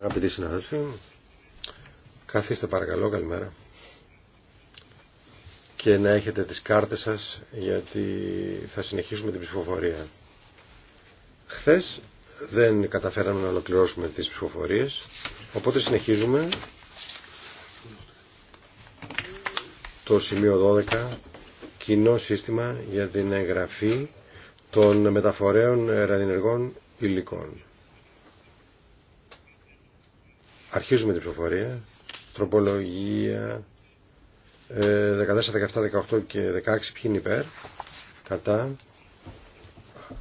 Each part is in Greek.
Αγαπητοί συνάδελφοι, καθίστε παρακαλώ, καλημέρα. Και να έχετε τις κάρτες σας, γιατί θα συνεχίσουμε την ψηφοφορία. Χθες δεν καταφέραμε να ολοκληρώσουμε τις ψηφοφορίες, οπότε συνεχίζουμε το σημείο 12, κοινό σύστημα για την εγγραφή των μεταφορέων ραδιενεργών υλικών. Αρχίζουμε την πληροφορία Τροπολογία 14, 17, 18 και 16. Ποιοι είναι υπέρ. Κατά.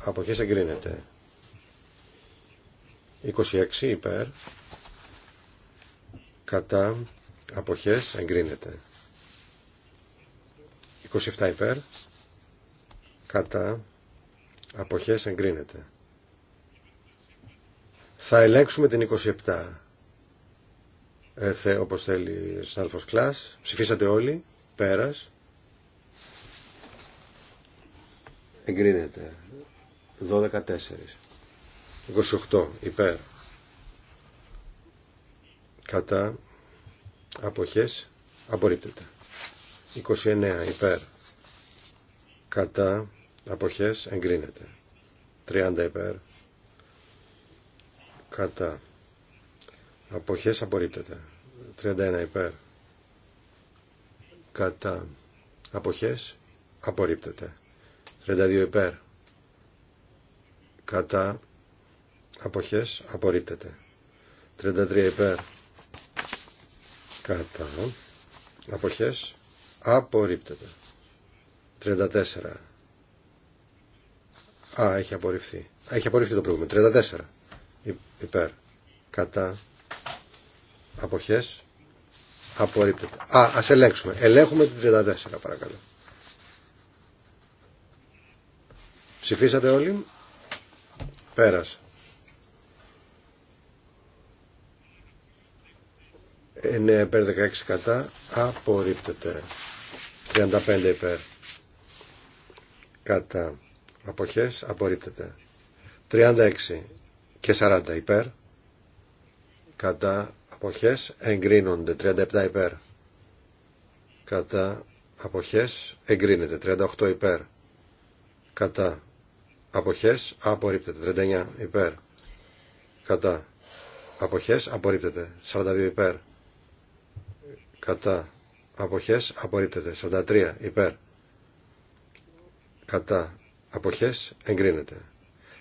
Αποχές εγκρίνεται. 26 υπέρ. Κατά. Αποχές εγκρίνεται. 27 υπέρ. Κατά. Αποχές εγκρίνεται. Θα ελέγξουμε την 27. Ε, θε, όπως σαλφος συνάδελφος Κλάς. Ψηφίσατε όλοι. Πέρας. Εγκρίνεται. 12-4. 28 υπέρ. Κατά. Αποχές. Απορρίπτεται. 29 υπέρ. Κατά. Αποχές. Εγκρίνεται. 30 υπέρ. Κατά Αποχές απορρίπτεται. 31 υπέρ. Κατά. Αποχές απορρίπτεται. 32 υπέρ. Κατά. Αποχές απορρίπτεται. 33 υπέρ. Κατά. Αποχές απορρίπτεται. 34. Α, έχει απορριφθεί. Έχει απορριφθεί το πρόβλημα. 34 υπέρ. Κατά Αποχές. Απορρίπτεται. Α, ας ελέγξουμε. Ελέγχουμε την 34 παρακαλώ. Ψηφίσατε όλοι. Πέρασε. 9 υπέρ 16 κατά. Απορρίπτεται. 35 υπέρ. Κατά. Αποχές. Απορρίπτεται. 36 και 40 υπέρ. Κατά αποχές εγκρίνονται 37 υπέρ κατά αποχές εγκρίνεται 38 υπέρ κατά αποχές απορρίπτεται 39 υπέρ κατά αποχές απορρίπτεται 42 υπέρ κατά αποχές απορρίπτεται 43 υπέρ κατά αποχές εγκρίνεται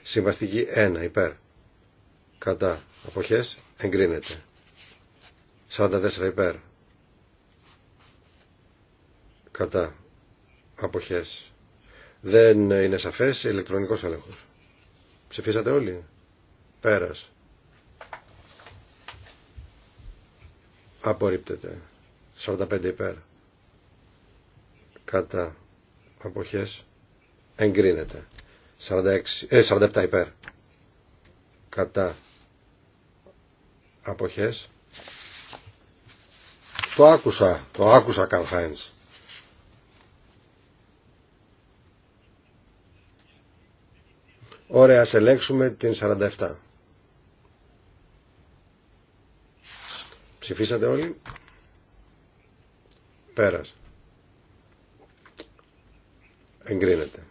συμβαστική 1 υπέρ κατά αποχές εγκρίνεται 44 υπέρ. Κατά. Αποχές. Δεν είναι σαφές ηλεκτρονικός έλεγχος. Ψηφίσατε όλοι. Πέρας. Απορρίπτεται. 45 υπέρ. Κατά. Αποχές. Εγκρίνεται. 46, 47 ε, υπέρ. Κατά. Αποχές. Το άκουσα, το άκουσα Καρλ Ωραία, ας ελέγξουμε την 47. Ψηφίσατε όλοι. Πέρας. Εγκρίνεται.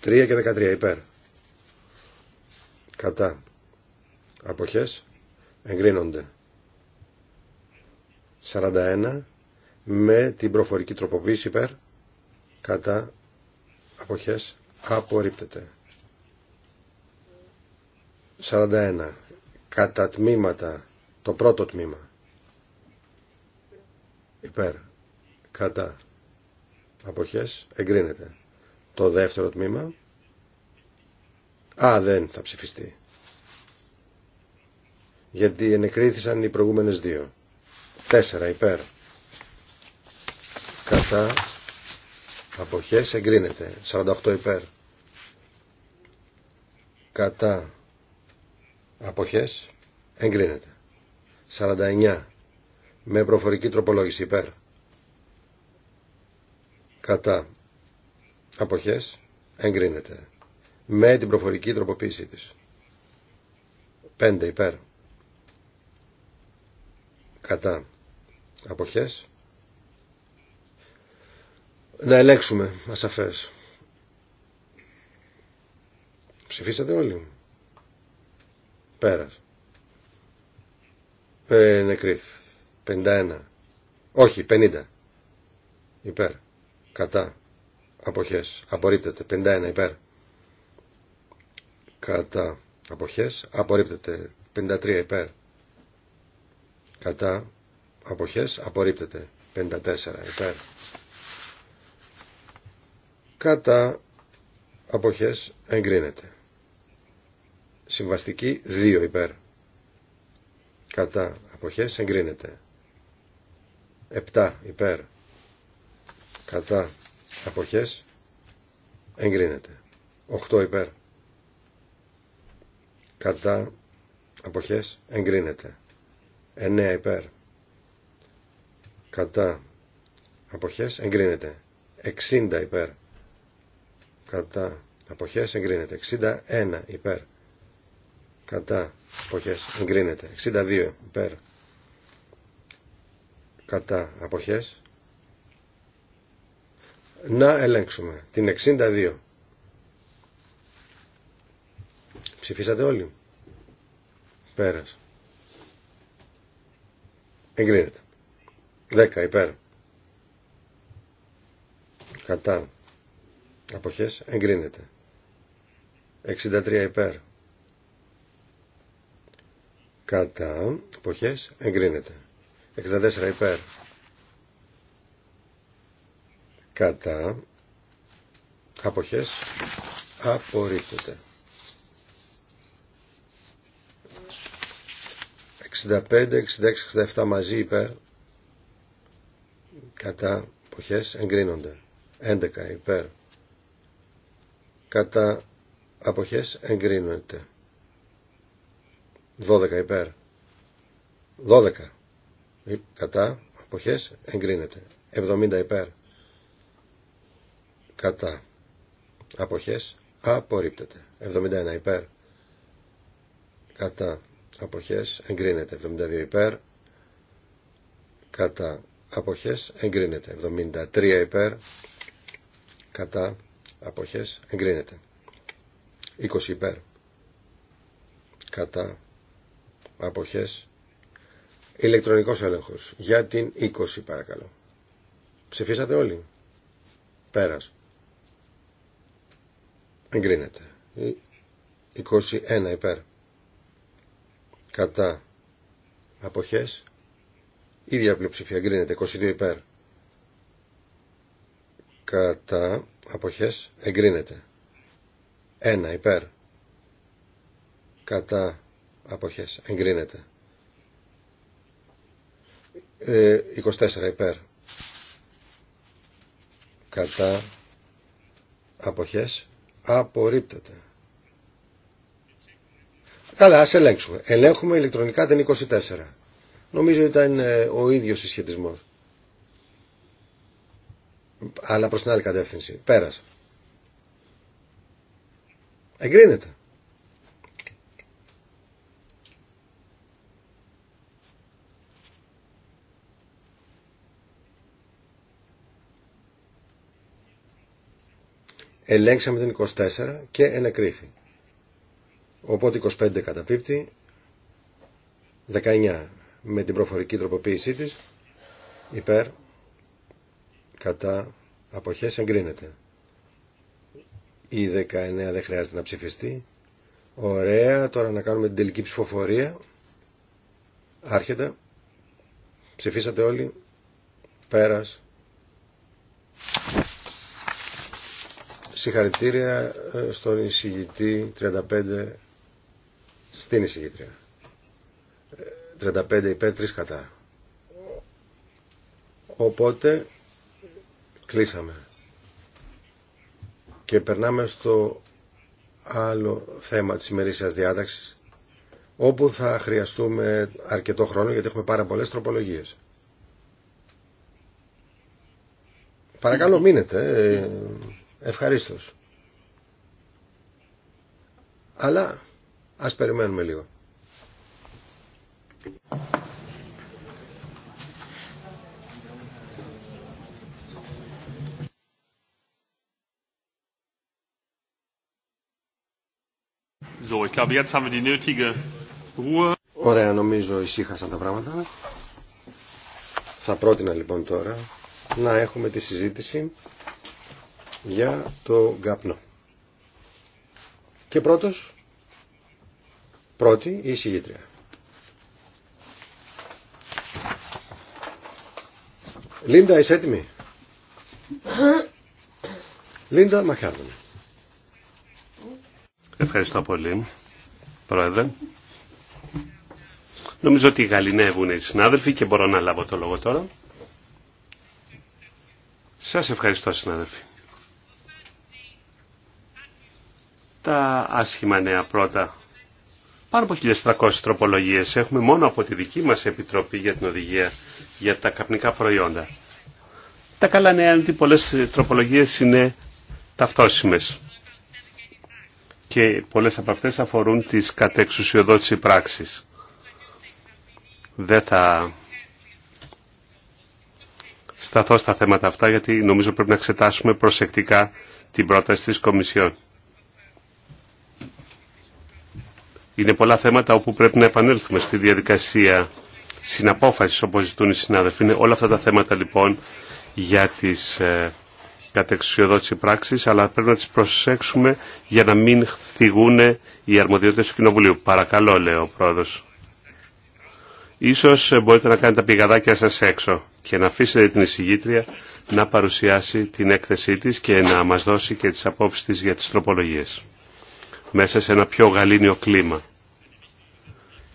Τρία και 13 υπέρ κατά αποχές εγκρίνονται 41 με την προφορική τροποποίηση υπέρ κατά αποχές απορρίπτεται 41 κατά τμήματα το πρώτο τμήμα υπέρ κατά αποχές εγκρίνεται το δεύτερο τμήμα Α, δεν θα ψηφιστεί. Γιατί ενεκρίθησαν οι προηγούμενες δύο. Τέσσερα υπέρ. Κατά αποχές εγκρίνεται. 48 υπέρ. Κατά αποχές εγκρίνεται. 49 με προφορική τροπολόγηση υπέρ. Κατά αποχές εγκρίνεται με την προφορική τροποποίησή της. 5 υπέρ. Κατά. Αποχές. Να ελέγξουμε, ασαφές. Ψηφίσατε όλοι. Πέρας. Ε, 51. Όχι, 50. Υπέρ. Κατά. Αποχές. Απορρίπτεται. 51 υπέρ κατά αποχές απορρίπτεται 53 υπέρ κατά αποχές απορρίπτεται 54 υπέρ κατά αποχές εγκρίνεται συμβαστική 2 υπέρ κατά αποχές εγκρίνεται 7 υπέρ κατά αποχές εγκρίνεται 8 υπέρ κατά αποχές εγκρίνεται 9 υπέρ κατά αποχές εγκρίνεται 60 υπέρ κατά αποχές εγκρίνεται 61 υπέρ κατά αποχές εγκρίνεται 62 υπέρ κατά αποχές να ελέγξουμε την 62 Ψηφίσατε όλοι. Πέρας. Εγκρίνεται. 10 υπέρ. Κατά. Αποχές. Εγκρίνεται. 63 υπέρ. Κατά. Αποχές. Εγκρίνεται. 64 υπέρ. Κατά. Αποχές. Απορρίπτεται. 65, 66, 67 μαζί υπέρ. Κατά αποχές εγκρίνονται. 11 υπέρ. Κατά αποχές εγκρίνονται. 12 υπέρ. 12 κατά αποχές εγκρίνεται. 70 υπέρ. Κατά αποχές απορρίπτεται. 71 υπέρ. Κατά αποχές εγκρίνεται 72 υπέρ κατά αποχές εγκρίνεται 73 υπέρ κατά αποχές εγκρίνεται 20 υπέρ κατά αποχές ηλεκτρονικός έλεγχος για την 20 παρακαλώ ψηφίσατε όλοι πέρας εγκρίνεται 21 υπέρ κατά αποχές ίδια πλειοψηφία εγκρίνεται 22 υπέρ κατά αποχές εγκρίνεται 1 υπέρ κατά αποχές εγκρίνεται 24 ε, υπέρ κατά αποχές απορρίπτεται Καλά, ας ελέγξουμε. Ελέγχουμε ηλεκτρονικά την 24. Νομίζω ήταν ε, ο ίδιος συσχετισμός. Αλλά προς την άλλη κατεύθυνση. Πέρασε. Εγκρίνεται. Ελέγξαμε την 24 και ενεκρίθη. Οπότε 25 καταπίπτει. 19 με την προφορική τροποποίησή της. Υπέρ. Κατά. Αποχές εγκρίνεται. Η 19 δεν χρειάζεται να ψηφιστεί. Ωραία. Τώρα να κάνουμε την τελική ψηφοφορία. Άρχεται. Ψηφίσατε όλοι. Πέρας. Συγχαρητήρια ε, στον εισηγητή 35 στην εισηγήτρια. 35 ε, υπέρ, 3 κατά. Οπότε κλείσαμε. Και περνάμε στο άλλο θέμα της ημερήσιας διάταξης, όπου θα χρειαστούμε αρκετό χρόνο γιατί έχουμε πάρα πολλές τροπολογίες. Παρακαλώ μείνετε, ε, ευχαρίστως. Αλλά Ας περιμένουμε λίγο. Ωραία, νομίζω ησύχασαν τα πράγματα. Θα πρότεινα λοιπόν τώρα να έχουμε τη συζήτηση για το γκάπνο. Και πρώτος, Πρώτη η εισηγήτρια. Λίντα, είσαι έτοιμη. Λίντα Μακάρδον. Ευχαριστώ πολύ, Πρόεδρε. Νομίζω ότι γαλινεύουν οι συνάδελφοι και μπορώ να λάβω το λόγο τώρα. Σας ευχαριστώ, συνάδελφοι. Τα άσχημα νέα πρώτα πάνω από 1.300 τροπολογίες έχουμε μόνο από τη δική μας Επιτροπή για την Οδηγία για τα καπνικά προϊόντα. Τα καλά νέα είναι ότι πολλές τροπολογίες είναι ταυτόσιμες και πολλές από αυτές αφορούν τις κατεξουσιοδότηση πράξεις. Δεν θα σταθώ στα θέματα αυτά γιατί νομίζω πρέπει να εξετάσουμε προσεκτικά την πρόταση της Κομισιόν. Είναι πολλά θέματα όπου πρέπει να επανέλθουμε στη διαδικασία συναπόφασης όπως ζητούν οι συνάδελφοι. Είναι όλα αυτά τα θέματα λοιπόν για τις ε, κατεξουσιοδότηση αλλά πρέπει να τις προσέξουμε για να μην θυγούν οι αρμοδιότητες του Κοινοβουλίου. Παρακαλώ, λέει ο Πρόεδρος. Ίσως ε, μπορείτε να κάνετε τα πηγαδάκια σας έξω και να αφήσετε την εισηγήτρια να παρουσιάσει την έκθεσή της και να μας δώσει και τις απόψεις της για τις τροπολογίες μέσα σε ένα πιο γαλήνιο κλίμα.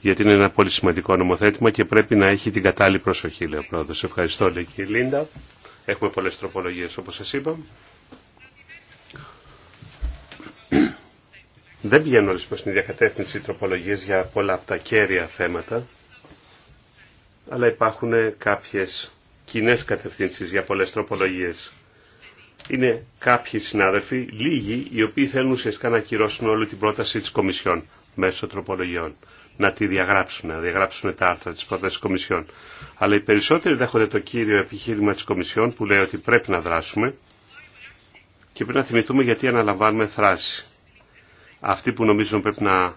Γιατί είναι ένα πολύ σημαντικό νομοθέτημα και πρέπει να έχει την κατάλληλη προσοχή, λέει ο πρόεδρος. Ευχαριστώ, λέει και η Λίντα. Έχουμε πολλέ τροπολογίε, όπως σας είπα. Δεν πηγαίνουν όλες προς την διακατεύθυνση οι τροπολογίες για πολλά από τα κέρια θέματα, αλλά υπάρχουν κάποιες κοινέ κατευθύνσεις για πολλές τροπολογίες είναι κάποιοι συνάδελφοι, λίγοι, οι οποίοι θέλουν ουσιαστικά να ακυρώσουν όλη την πρόταση της Κομισιόν μέσω τροπολογιών. Να τη διαγράψουν, να διαγράψουν τα άρθρα της πρόταση της Κομισιόν. Αλλά οι περισσότεροι δέχονται το κύριο επιχείρημα της Κομισιόν που λέει ότι πρέπει να δράσουμε και πρέπει να θυμηθούμε γιατί αναλαμβάνουμε θράση. Αυτοί που νομίζουν πρέπει να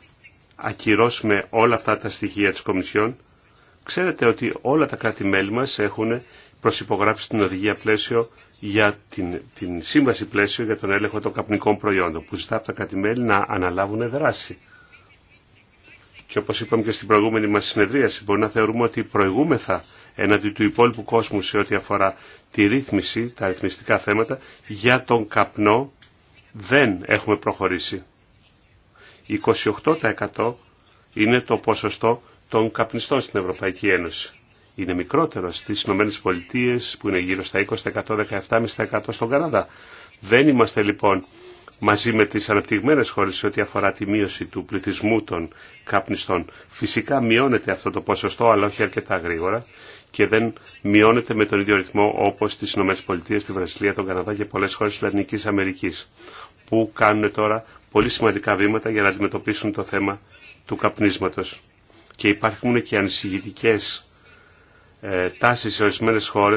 ακυρώσουμε όλα αυτά τα στοιχεία της Κομισιόν, ξέρετε ότι όλα τα κράτη-μέλη μας έχουν προσυπογράψει την οδηγία πλαίσιο για την, την σύμβαση πλαίσιο για τον έλεγχο των καπνικών προϊόντων που ζητά από τα κατημέλη να αναλάβουν δράση. Και όπως είπαμε και στην προηγούμενη μας συνεδρίαση, μπορεί να θεωρούμε ότι προηγούμεθα έναντι του υπόλοιπου κόσμου σε ό,τι αφορά τη ρύθμιση, τα ρυθμιστικά θέματα, για τον καπνό δεν έχουμε προχωρήσει. 28% είναι το ποσοστό των καπνιστών στην Ευρωπαϊκή Ένωση είναι μικρότερο στις Ηνωμένες Πολιτείες που είναι γύρω στα 20%, 17,5% στον Καναδά. Δεν είμαστε λοιπόν μαζί με τις αναπτυγμένες χώρες σε ό,τι αφορά τη μείωση του πληθυσμού των καπνιστών. Φυσικά μειώνεται αυτό το ποσοστό, αλλά όχι αρκετά γρήγορα και δεν μειώνεται με τον ίδιο ρυθμό όπως στις Πολιτείες, στη Βραζιλία, τον Καναδά και πολλές χώρες της Λατινικής Αμερικής που κάνουν τώρα πολύ σημαντικά βήματα για να αντιμετωπίσουν το θέμα του καπνίσματος. Και υπάρχουν και ανησυχητικές ε, τάση σε ορισμένε χώρε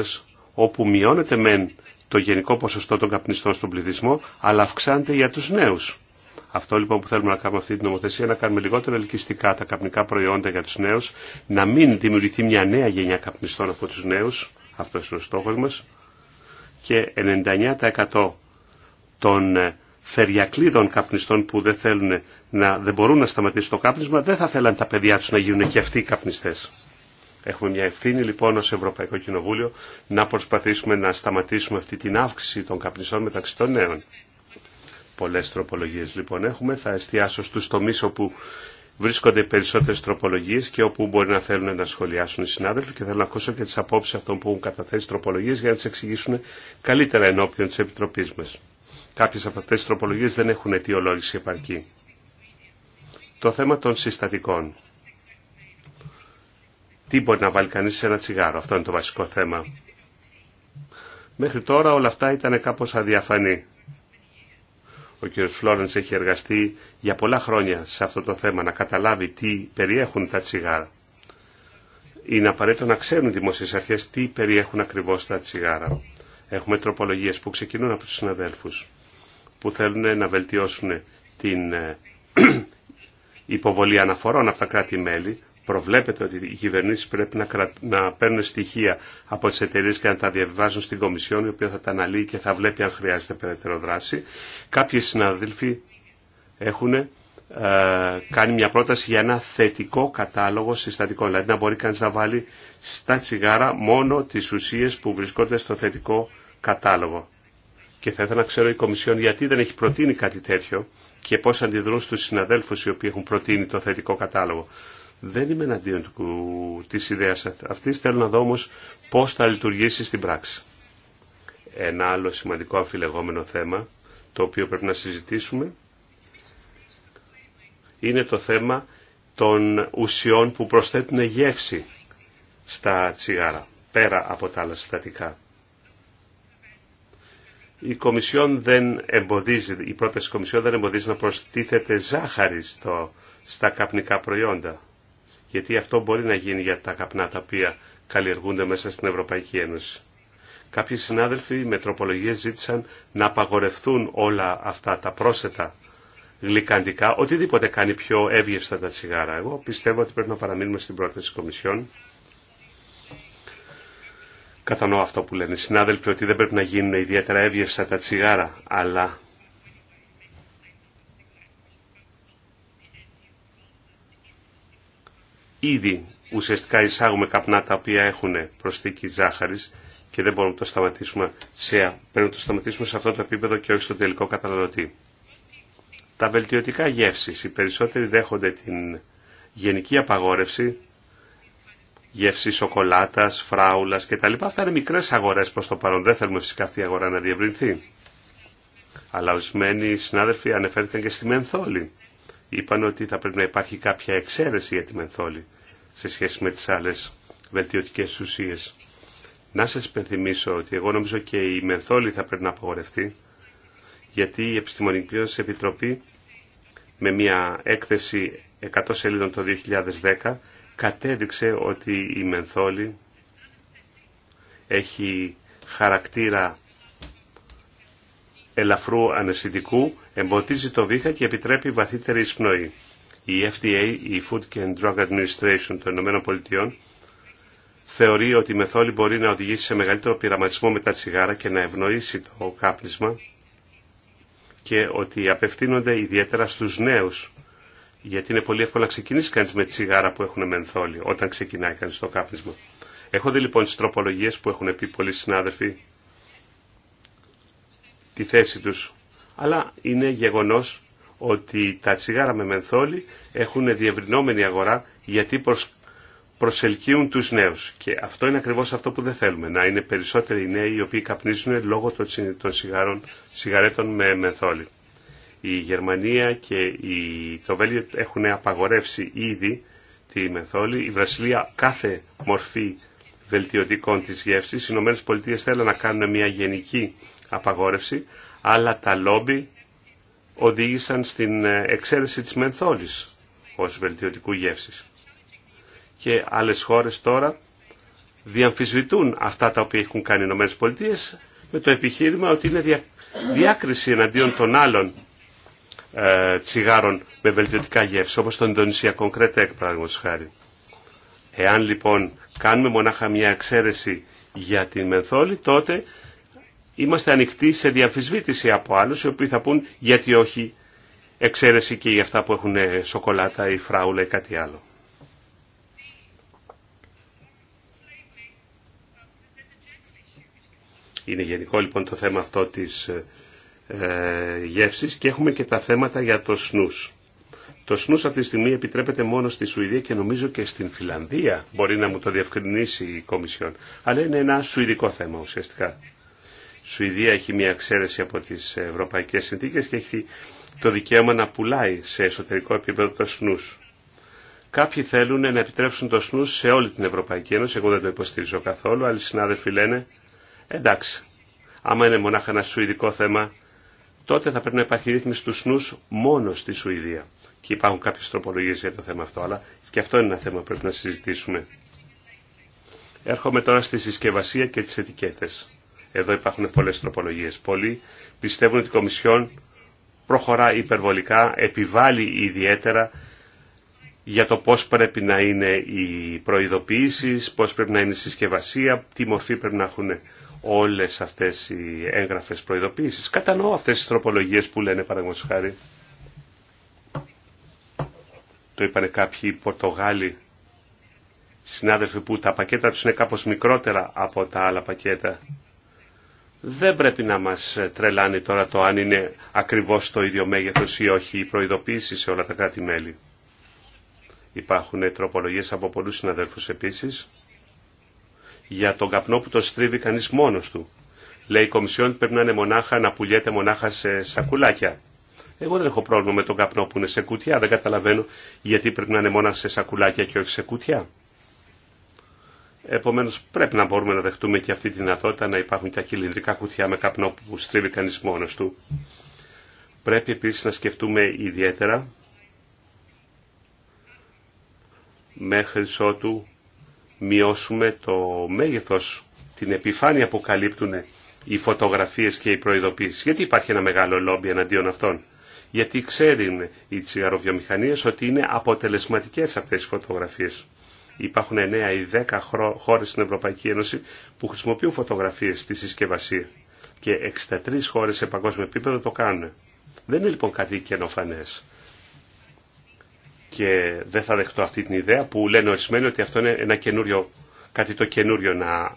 όπου μειώνεται μεν το γενικό ποσοστό των καπνιστών στον πληθυσμό, αλλά αυξάνεται για του νέου. Αυτό λοιπόν που θέλουμε να κάνουμε αυτή την νομοθεσία, να κάνουμε λιγότερο ελκυστικά τα καπνικά προϊόντα για του νέου, να μην δημιουργηθεί μια νέα γενιά καπνιστών από του νέου, αυτό είναι ο στόχο μα, και 99% των ε, φεριακλείδων καπνιστών που δεν, θέλουν να, δεν μπορούν να σταματήσουν το κάπνισμα, δεν θα θέλαν τα παιδιά του να γίνουν και αυτοί οι καπνιστές. Έχουμε μια ευθύνη λοιπόν ως Ευρωπαϊκό Κοινοβούλιο να προσπαθήσουμε να σταματήσουμε αυτή την αύξηση των καπνιστών μεταξύ των νέων. Πολλές τροπολογίες λοιπόν έχουμε. Θα εστιάσω στους τομείς όπου βρίσκονται οι περισσότερες τροπολογίες και όπου μπορεί να θέλουν να σχολιάσουν οι συνάδελφοι και θέλω να ακούσω και τις απόψεις αυτών που έχουν καταθέσει τροπολογίες για να τις εξηγήσουν καλύτερα ενώπιον της Επιτροπής μας. Κάποιες από αυτές τις τροπολογίες δεν έχουν αιτιολόγηση επαρκή. Το θέμα των συστατικών τι μπορεί να βάλει κανείς σε ένα τσιγάρο. Αυτό είναι το βασικό θέμα. Μέχρι τώρα όλα αυτά ήταν κάπως αδιαφανή. Ο κ. Φλόρενς έχει εργαστεί για πολλά χρόνια σε αυτό το θέμα να καταλάβει τι περιέχουν τα τσιγάρα. Είναι απαραίτητο να ξέρουν οι δημοσίες αρχές τι περιέχουν ακριβώς τα τσιγάρα. Έχουμε τροπολογίες που ξεκινούν από τους συναδέλφους που θέλουν να βελτιώσουν την ε, υποβολή αναφορών από τα κράτη-μέλη Προβλέπετε ότι οι κυβερνήσει πρέπει να, να παίρνουν στοιχεία από τι εταιρείε και να τα διαβάζουν στην Κομισιόν, η οποία θα τα αναλύει και θα βλέπει αν χρειάζεται περαιτέρω δράση. Κάποιοι συναδέλφοι έχουν ε, κάνει μια πρόταση για ένα θετικό κατάλογο συστατικών. Δηλαδή να μπορεί κανεί να βάλει στα τσιγάρα μόνο τι ουσίε που βρισκόνται στο θετικό κατάλογο. Και θα ήθελα να ξέρω η Κομισιόν γιατί δεν έχει προτείνει κάτι τέτοιο και πώς αντιδρούν στους συναδέλφους οι οποίοι έχουν προτείνει το θετικό κατάλογο. Δεν είμαι εναντίον τη ιδέα. Αυτή θέλω να δω όμως πώς θα λειτουργήσει στην πράξη. Ένα άλλο σημαντικό αμφιλεγόμενο θέμα, το οποίο πρέπει να συζητήσουμε, είναι το θέμα των ουσιών που προσθέτουν γεύση στα τσιγάρα, πέρα από τα άλλα συστατικά. Η, Κομισιόν δεν εμποδίζει, η πρόταση της Κομισιόν δεν εμποδίζει να προστίθεται ζάχαρη στα καπνικά προϊόντα γιατί αυτό μπορεί να γίνει για τα καπνά τα οποία καλλιεργούνται μέσα στην Ευρωπαϊκή Ένωση. Κάποιοι συνάδελφοι με τροπολογίε ζήτησαν να απαγορευτούν όλα αυτά τα πρόσθετα γλυκαντικά, οτιδήποτε κάνει πιο εύγευστα τα τσιγάρα. Εγώ πιστεύω ότι πρέπει να παραμείνουμε στην πρόταση της Κομισιόν. Κατανοώ αυτό που λένε οι συνάδελφοι ότι δεν πρέπει να γίνουν ιδιαίτερα εύγευστα τα τσιγάρα, αλλά ήδη ουσιαστικά εισάγουμε καπνά τα οποία έχουν προσθήκη ζάχαρης και δεν μπορούμε να το σταματήσουμε σε, πρέπει να το σταματήσουμε σε αυτό το επίπεδο και όχι στο τελικό καταναλωτή. Τα βελτιωτικά γεύσεις. Οι περισσότεροι δέχονται την γενική απαγόρευση γεύση σοκολάτα, φράουλα κτλ. Αυτά είναι μικρέ αγορέ προ το παρόν. Δεν θέλουμε φυσικά αυτή η αγορά να διευρυνθεί. Αλλά ορισμένοι συνάδελφοι αναφέρθηκαν και στη Μενθόλη είπαν ότι θα πρέπει να υπάρχει κάποια εξαίρεση για τη μενθόλη σε σχέση με τις άλλες βελτιωτικές ουσίες. Να σας υπενθυμίσω ότι εγώ νομίζω και η μενθόλη θα πρέπει να απογορευτεί γιατί η Επιστημονική Επιτροπή με μια έκθεση 100 σελίδων το 2010 κατέδειξε ότι η μενθόλη έχει χαρακτήρα ελαφρού αναισθητικού εμποτίζει το βήχα και επιτρέπει βαθύτερη εισπνοή. Η FDA, η Food and Drug Administration των Πολιτειών, θεωρεί ότι η μεθόλη μπορεί να οδηγήσει σε μεγαλύτερο πειραματισμό με τα τσιγάρα και να ευνοήσει το κάπνισμα και ότι απευθύνονται ιδιαίτερα στους νέους. Γιατί είναι πολύ εύκολο να ξεκινήσει κανείς με τσιγάρα που έχουν μενθόλη όταν ξεκινάει κανείς το κάπνισμα. Έχονται λοιπόν τις τροπολογίες που έχουν πει πολλοί συνάδελφοι τη θέση τους. Αλλά είναι γεγονός ότι τα τσιγάρα με μενθόλη έχουν διευρυνόμενη αγορά γιατί προσελκύουν τους νέους. Και αυτό είναι ακριβώς αυτό που δεν θέλουμε. Να είναι περισσότεροι οι νέοι οι οποίοι καπνίζουν λόγω των σιγάρων, σιγαρέτων με μενθόλη. Η Γερμανία και η... το Βέλγιο έχουν απαγορεύσει ήδη τη μενθόλη. Η Βρασιλία κάθε μορφή βελτιωτικών της γεύσης. Οι Ηνωμένες Πολιτείες θέλουν να κάνουν μια γενική απαγόρευση, αλλά τα λόμπι οδήγησαν στην ε, εξαίρεση της μενθόλης ως βελτιωτικού γεύσης. Και άλλες χώρες τώρα διαμφισβητούν αυτά τα οποία έχουν κάνει οι Ηνωμένες Πολιτείες με το επιχείρημα ότι είναι διάκριση εναντίον των άλλων ε, τσιγάρων με βελτιωτικά γεύση, όπως τον Ινδονησιακό Κρέτεκ, παραδείγματο χάρη. Εάν λοιπόν κάνουμε μονάχα μια εξαίρεση για την μενθόλη, τότε είμαστε ανοιχτοί σε διαφυσβήτηση από άλλους οι οποίοι θα πούν γιατί όχι εξαίρεση και για αυτά που έχουν ε, σοκολάτα ή φράουλα ή κάτι άλλο. Είναι γενικό λοιπόν το θέμα αυτό της ε, ε γεύσης και έχουμε και τα θέματα για το σνούς. Το σνούς αυτή τη στιγμή επιτρέπεται μόνο στη Σουηδία και νομίζω και στην Φιλανδία. Μπορεί να μου το διευκρινίσει η Κομισιόν. Αλλά είναι ένα σουηδικό θέμα ουσιαστικά. Σουηδία έχει μια εξαίρεση από τις ευρωπαϊκές συνθήκες και έχει το δικαίωμα να πουλάει σε εσωτερικό επίπεδο το σνούς. Κάποιοι θέλουν να επιτρέψουν το σνούς σε όλη την Ευρωπαϊκή Ένωση, εγώ δεν το υποστηρίζω καθόλου, άλλοι συνάδελφοι λένε εντάξει, άμα είναι μονάχα ένα σουηδικό θέμα, τότε θα πρέπει να υπάρχει ρύθμιση του σνούς μόνο στη Σουηδία. Και υπάρχουν κάποιε τροπολογίε για το θέμα αυτό, αλλά και αυτό είναι ένα θέμα που πρέπει να συζητήσουμε. Έρχομαι τώρα στη συσκευασία και τις ετικέτες. Εδώ υπάρχουν πολλές τροπολογίες. Πολλοί πιστεύουν ότι η Κομισιόν προχωρά υπερβολικά, επιβάλλει ιδιαίτερα για το πώς πρέπει να είναι οι προειδοποιήσεις, πώς πρέπει να είναι η συσκευασία, τι μορφή πρέπει να έχουν όλες αυτές οι έγγραφες προειδοποίησεις. Κατανοώ αυτές τις τροπολογίες που λένε παραγωγή χάρη. Το είπαν κάποιοι Πορτογάλοι συνάδελφοι που τα πακέτα τους είναι κάπως μικρότερα από τα άλλα πακέτα δεν πρέπει να μας τρελάνει τώρα το αν είναι ακριβώς το ίδιο μέγεθος ή όχι η προειδοποίηση σε όλα τα κράτη-μέλη. Υπάρχουν τροπολογίες από πολλούς συναδέλφους επίσης για τον καπνό που το στρίβει κανείς μόνος του. Λέει η Κομισιόν πρέπει να είναι μονάχα, να πουλιέται μονάχα σε σακουλάκια. Εγώ δεν έχω πρόβλημα με τον καπνό που είναι σε κουτιά, δεν καταλαβαίνω γιατί πρέπει να είναι μόνο σε σακουλάκια και όχι σε κουτιά. Επομένω πρέπει να μπορούμε να δεχτούμε και αυτή τη δυνατότητα να υπάρχουν και κυλινδρικά κουτιά με καπνό που στρίβει κανεί μόνο του. Πρέπει επίση να σκεφτούμε ιδιαίτερα μέχρι ότου μειώσουμε το μέγεθος, την επιφάνεια που καλύπτουν οι φωτογραφίες και οι προειδοποίησεις. Γιατί υπάρχει ένα μεγάλο λόμπι εναντίον αυτών. Γιατί ξέρουν οι τσιγαροβιομηχανίες ότι είναι αποτελεσματικές αυτές οι φωτογραφίες. Υπάρχουν 9 ή 10 χώρες στην Ευρωπαϊκή Ένωση που χρησιμοποιούν φωτογραφίες στη συσκευασία και 63 χώρες σε παγκόσμιο επίπεδο το κάνουν. Δεν είναι λοιπόν κάτι καινοφανές. Και δεν θα δεχτώ αυτή την ιδέα που λένε ορισμένοι ότι αυτό είναι ένα καινούριο, κάτι το καινούριο να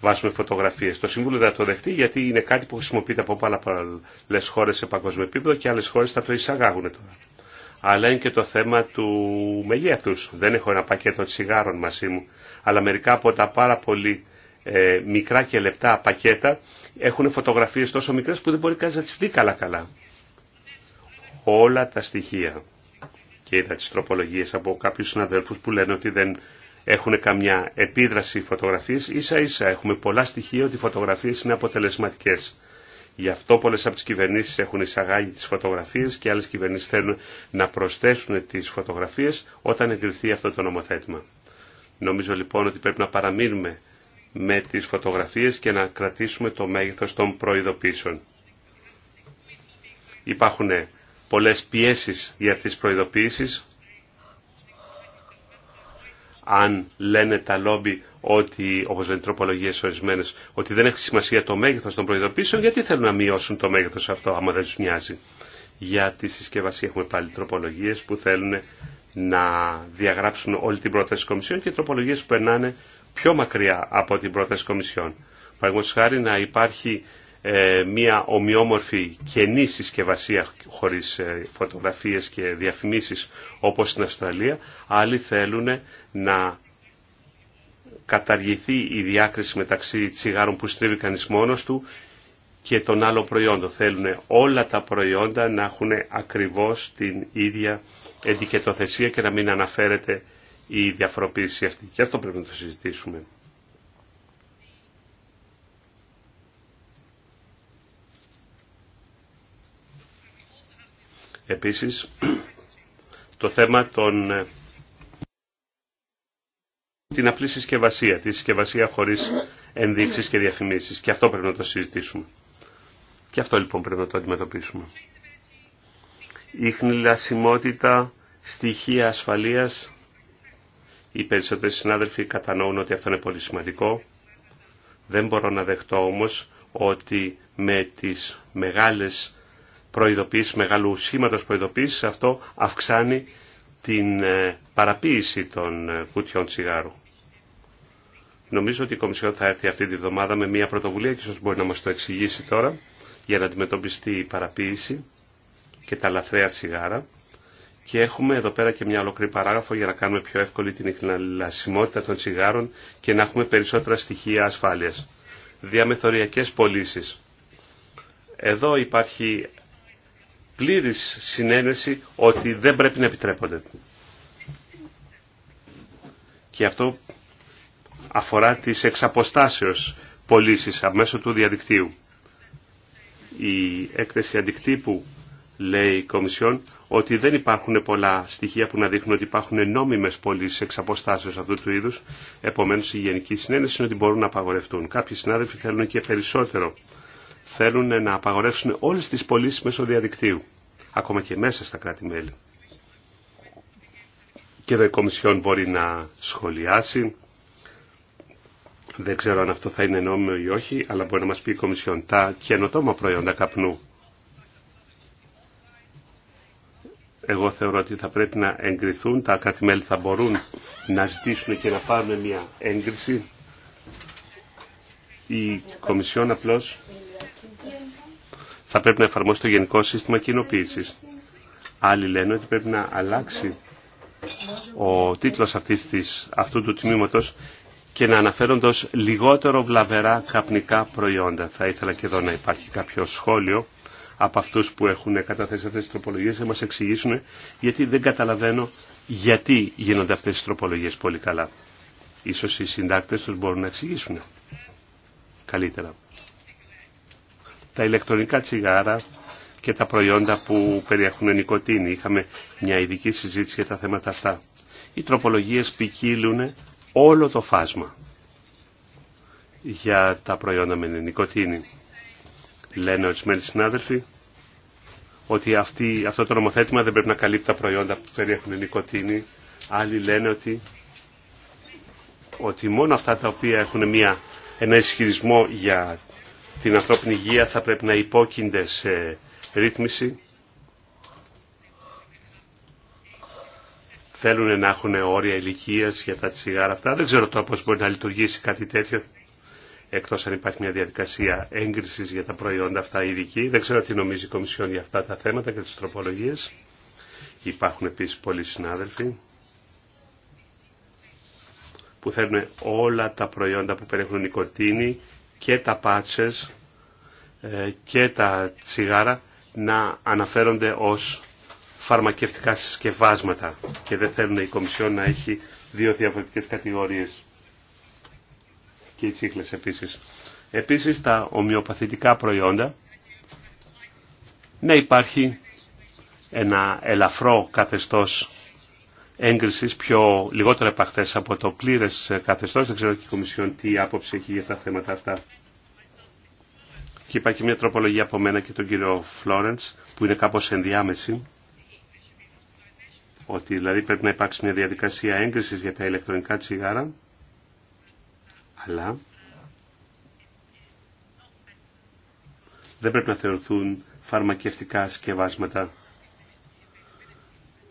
βάζουμε φωτογραφίε. Το Συμβούλιο δεν θα το δεχτεί γιατί είναι κάτι που χρησιμοποιείται από πάρα πολλέ χώρε σε παγκόσμιο επίπεδο και άλλε χώρε θα το εισαγάγουν τώρα αλλά είναι και το θέμα του μεγέθους. Δεν έχω ένα πακέτο τσιγάρων μαζί μου, αλλά μερικά από τα πάρα πολύ ε, μικρά και λεπτά πακέτα έχουν φωτογραφίες τόσο μικρές που δεν μπορεί κανείς να τις δει καλά καλά. Όλα τα στοιχεία και είδα τις τροπολογίες από κάποιους συναδέλφους που λένε ότι δεν έχουν καμιά επίδραση φωτογραφίες. Ίσα ίσα έχουμε πολλά στοιχεία ότι οι φωτογραφίες είναι αποτελεσματικές. Γι' αυτό πολλέ από τι κυβερνήσει έχουν εισαγάγει τι φωτογραφίε και άλλε κυβερνήσει θέλουν να προσθέσουν τι φωτογραφίε όταν εγκριθεί αυτό το νομοθέτημα. Νομίζω λοιπόν ότι πρέπει να παραμείνουμε με τι φωτογραφίε και να κρατήσουμε το μέγεθο των προειδοποίησεων. Υπάρχουν πολλέ πιέσει για τι προειδοποίησει. Αν λένε τα λόμπι ότι, όπω λένε οι τροπολογίες ότι δεν έχει σημασία το μέγεθο των προειδοποίησεων, γιατί θέλουν να μειώσουν το μέγεθος αυτό, άμα δεν του μοιάζει. Για τη συσκευασία έχουμε πάλι τροπολογίε που θέλουν να διαγράψουν όλη την πρόταση της Κομισιόν και τροπολογίε που περνάνε πιο μακριά από την πρόταση της Κομισιόν. Παραδείγματο χάρη να υπάρχει ε, μια ομοιόμορφη καινή συσκευασία χωρίς ε, φωτογραφίες και διαφημίσεις όπως στην Αυστραλία. Άλλοι θέλουν να καταργηθεί η διάκριση μεταξύ τσιγάρων που στρίβει κανείς μόνος του και των άλλων προϊόντων. Θέλουν όλα τα προϊόντα να έχουν ακριβώς την ίδια ετικετοθεσία και να μην αναφέρεται η διαφοροποίηση αυτή. Και αυτό πρέπει να το συζητήσουμε. Επίσης, το θέμα των την απλή συσκευασία, τη συσκευασία χωρίς ενδείξεις και διαφημίσεις. Και αυτό πρέπει να το συζητήσουμε. Και αυτό λοιπόν πρέπει να το αντιμετωπίσουμε. Η χνηλασιμότητα, στοιχεία ασφαλείας. Οι περισσότεροι συνάδελφοι κατανοούν ότι αυτό είναι πολύ σημαντικό. Δεν μπορώ να δεχτώ όμως ότι με τις μεγάλες προειδοποίησεις, μεγάλου σχήματος προειδοποίησης, αυτό αυξάνει την ε, παραποίηση των ε, κουτιών τσιγάρου. Νομίζω ότι η Κομισιόν θα έρθει αυτή τη βδομάδα με μια πρωτοβουλία και ίσως μπορεί να μας το εξηγήσει τώρα για να αντιμετωπιστεί η παραποίηση και τα λαθρέα τσιγάρα. Και έχουμε εδώ πέρα και μια ολόκληρη παράγραφο για να κάνουμε πιο εύκολη την ειχναλασιμότητα των τσιγάρων και να έχουμε περισσότερα στοιχεία ασφάλειας. Διαμεθοριακές πωλήσει. Εδώ υπάρχει πλήρης συνένεση ότι δεν πρέπει να επιτρέπονται. Και αυτό αφορά τις εξαποστάσεως πωλήσει μέσω του διαδικτύου. Η έκθεση αντικτύπου λέει η Κομισιόν ότι δεν υπάρχουν πολλά στοιχεία που να δείχνουν ότι υπάρχουν νόμιμες πωλήσει εξ αυτού του είδους, επομένως η Γενική Συνένεση είναι ότι μπορούν να απαγορευτούν. Κάποιοι συνάδελφοι θέλουν και περισσότερο. Θέλουν να απαγορεύσουν όλες τις πωλήσει μέσω διαδικτύου, ακόμα και μέσα στα κράτη-μέλη. Και εδώ η Κομισιόν μπορεί να σχολιάσει δεν ξέρω αν αυτό θα είναι νόμιμο ή όχι, αλλά μπορεί να μας πει η Κομισιόν. Τα καινοτόμα προϊόντα καπνού. Εγώ θεωρώ ότι θα πρέπει να εγκριθούν, τα κατημέλη θα μπορούν να ζητήσουν και να πάρουν μια έγκριση. Η Κομισιόν απλώς θα πρέπει να εφαρμόσει το γενικό σύστημα κοινοποίησης. Άλλοι λένε ότι πρέπει να αλλάξει ο τίτλος αυτής της, αυτού του τμήματος και να αναφέρονται ως λιγότερο βλαβερά καπνικά προϊόντα. Θα ήθελα και εδώ να υπάρχει κάποιο σχόλιο από αυτούς που έχουν καταθέσει αυτές τις τροπολογίες να μας εξηγήσουν γιατί δεν καταλαβαίνω γιατί γίνονται αυτές τις τροπολογίες πολύ καλά. Ίσως οι συντάκτες τους μπορούν να εξηγήσουν καλύτερα. Τα ηλεκτρονικά τσιγάρα και τα προϊόντα που περιέχουν νοικοτήνη. Είχαμε μια ειδική συζήτηση για τα θέματα αυτά. Οι τροπολογίες ποικίλουν όλο το φάσμα για τα προϊόντα με νοικοτήνη. Λένε ορισμένοι συνάδελφοι ότι αυτή, αυτό το νομοθέτημα δεν πρέπει να καλύπτει τα προϊόντα που περιέχουν νοικοτήνη. Άλλοι λένε ότι, ότι μόνο αυτά τα οποία έχουν μια, ένα ισχυρισμό για την ανθρώπινη υγεία θα πρέπει να υπόκεινται σε ρύθμιση. θέλουν να έχουν όρια ηλικία για τα τσιγάρα αυτά. Δεν ξέρω τώρα πώς μπορεί να λειτουργήσει κάτι τέτοιο, εκτός αν υπάρχει μια διαδικασία έγκρισης για τα προϊόντα αυτά ειδική. Δεν ξέρω τι νομίζει η Κομισιόν για αυτά τα θέματα και τις τροπολογίες. Υπάρχουν επίσης πολλοί συνάδελφοι που θέλουν όλα τα προϊόντα που περιέχουν νοικοτήνη και τα πάτσες ε, και τα τσιγάρα να αναφέρονται ως φαρμακευτικά συσκευάσματα και δεν θέλουν η Κομισιόν να έχει δύο διαφορετικές κατηγορίες και οι τσίχλες επίσης. Επίσης τα ομοιοπαθητικά προϊόντα να υπάρχει ένα ελαφρό καθεστώς έγκρισης πιο λιγότερο επαχθές από το πλήρες καθεστώς. Δεν ξέρω και η Κομισιόν τι άποψη έχει για τα θέματα αυτά. Και υπάρχει μια τροπολογία από μένα και τον κύριο Φλόρεντς που είναι κάπως ενδιάμεση ότι δηλαδή πρέπει να υπάρξει μια διαδικασία έγκρισης για τα ηλεκτρονικά τσιγάρα, αλλά δεν πρέπει να θεωρηθούν φαρμακευτικά σκευάσματα,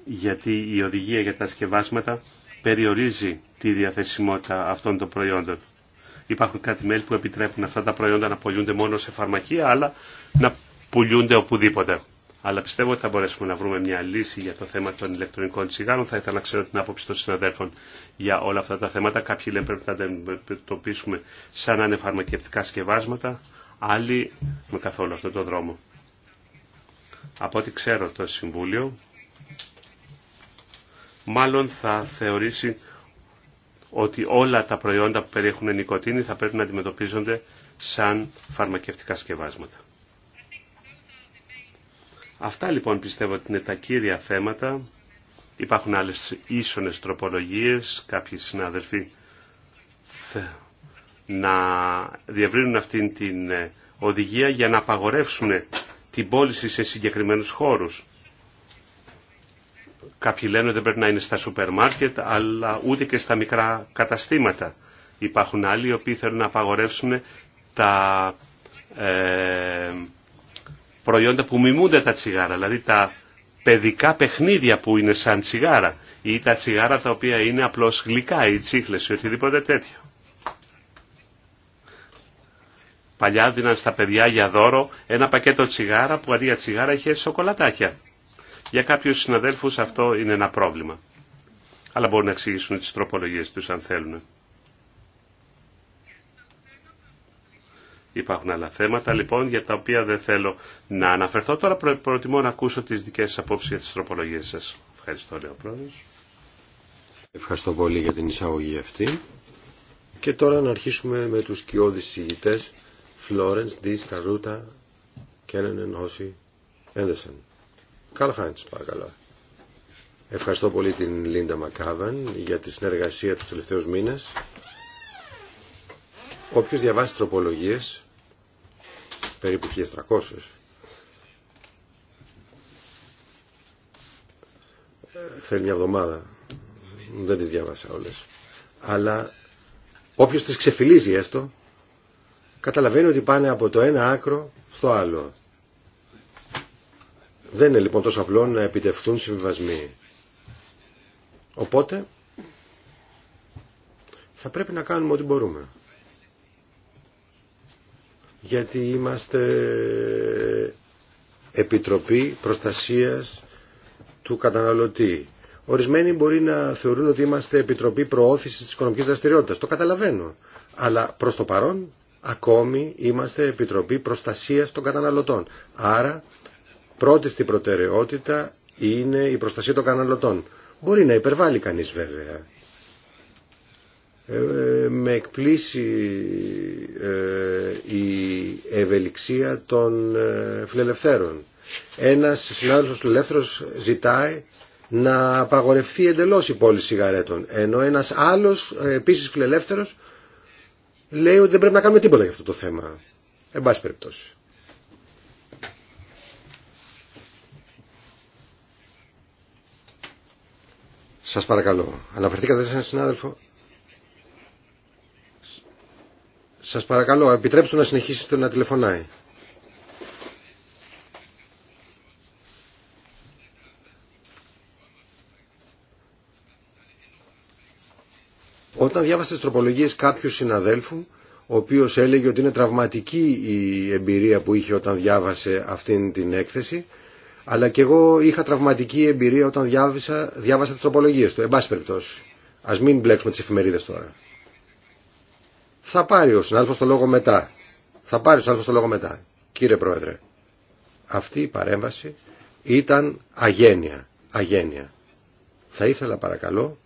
γιατί η οδηγία για τα σκευάσματα περιορίζει τη διαθεσιμότητα αυτών των προϊόντων. Υπάρχουν κάτι μέλη που επιτρέπουν αυτά τα προϊόντα να πουλούνται μόνο σε φαρμακεία, αλλά να πουλούνται οπουδήποτε αλλά πιστεύω ότι θα μπορέσουμε να βρούμε μια λύση για το θέμα των ηλεκτρονικών τσιγάρων. Θα ήθελα να ξέρω την άποψη των συναδέλφων για όλα αυτά τα θέματα. Κάποιοι λένε πρέπει να τα αντιμετωπίσουμε σαν να είναι φαρμακευτικά σκευάσματα, άλλοι με καθόλου αυτό τον δρόμο. Από ό,τι ξέρω το Συμβούλιο, μάλλον θα θεωρήσει ότι όλα τα προϊόντα που περιέχουν νοικοτήνη θα πρέπει να αντιμετωπίζονται σαν φαρμακευτικά σκευάσματα. Αυτά λοιπόν πιστεύω ότι είναι τα κύρια θέματα. Υπάρχουν άλλες ίσονες τροπολογίες, κάποιοι συνάδελφοι να διευρύνουν αυτήν την ε, οδηγία για να απαγορεύσουν την πώληση σε συγκεκριμένους χώρους. Κάποιοι λένε ότι δεν πρέπει να είναι στα σούπερ μάρκετ, αλλά ούτε και στα μικρά καταστήματα. Υπάρχουν άλλοι οι οποίοι θέλουν να απαγορεύσουν τα, ε, προϊόντα που μιμούνται τα τσιγάρα, δηλαδή τα παιδικά παιχνίδια που είναι σαν τσιγάρα ή τα τσιγάρα τα οποία είναι απλώς γλυκά ή τσίχλες ή οτιδήποτε τέτοιο. Παλιά δίναν στα παιδιά για δώρο ένα πακέτο τσιγάρα που αντί για τσιγάρα είχε σοκολατάκια. Για κάποιους συναδέλφους αυτό είναι ένα πρόβλημα. Αλλά μπορούν να εξηγήσουν τις τροπολογίες τους αν θέλουν. Υπάρχουν άλλα θέματα λοιπόν για τα οποία δεν θέλω να αναφερθώ. Τώρα προτιμώ να ακούσω τις δικές σας απόψεις για τις τροπολογίες σας. Ευχαριστώ λέω Ευχαριστώ πολύ για την εισαγωγή αυτή. Και τώρα να αρχίσουμε με τους κοιόδης συγητές Φλόρενς, Ντις, Καρούτα, Κένενεν, Όσοι, Ένδεσεν. Καλ παρακαλώ. Ευχαριστώ πολύ την Λίντα Μακάβαν για τη συνεργασία του τελευταίους μήνες Όποιος διαβάσει τροπολογίες, περίπου 1300, θέλει μια εβδομάδα, δεν τις διάβασα όλες, αλλά όποιος τις ξεφυλίζει έστω, καταλαβαίνει ότι πάνε από το ένα άκρο στο άλλο. Δεν είναι λοιπόν τόσο απλό να επιτευχθούν συμβιβασμοί. Οπότε θα πρέπει να κάνουμε ό,τι μπορούμε γιατί είμαστε Επιτροπή Προστασίας του Καταναλωτή. Ορισμένοι μπορεί να θεωρούν ότι είμαστε Επιτροπή Προώθησης της Οικονομικής Δραστηριότητας. Το καταλαβαίνω. Αλλά προς το παρόν ακόμη είμαστε Επιτροπή Προστασίας των Καταναλωτών. Άρα πρώτη στην προτεραιότητα είναι η προστασία των καταναλωτών. Μπορεί να υπερβάλλει κανείς βέβαια. Ε, με εκπλήσει ε, η ευελιξία των ε, φιλελευθέρων. Ένας συνάδελφος φιλελεύθερος ζητάει να απαγορευτεί εντελώς η πώληση σιγαρέτων, ενώ ένας άλλος ε, επίσης φιλελεύθερος λέει ότι δεν πρέπει να κάνουμε τίποτα για αυτό το θέμα. Εν πάση περιπτώσει. Σας παρακαλώ, αναφερθήκατε σε έναν συνάδελφο Σας παρακαλώ, επιτρέψτε να συνεχίσετε να τηλεφωνάει. Όταν διάβασα τις τροπολογίες κάποιου συναδέλφου, ο οποίος έλεγε ότι είναι τραυματική η εμπειρία που είχε όταν διάβασε αυτήν την έκθεση, αλλά και εγώ είχα τραυματική εμπειρία όταν διάβασα, διάβασα τις τροπολογίες του. Εν πάση περιπτώσει, ας μην μπλέξουμε τις εφημερίδες τώρα. Θα πάρει ο συνάδελφος το λόγο μετά. Θα πάρει ο συνάδελφος το λόγο μετά. Κύριε Πρόεδρε, αυτή η παρέμβαση ήταν αγένεια. Αγένεια. Θα ήθελα παρακαλώ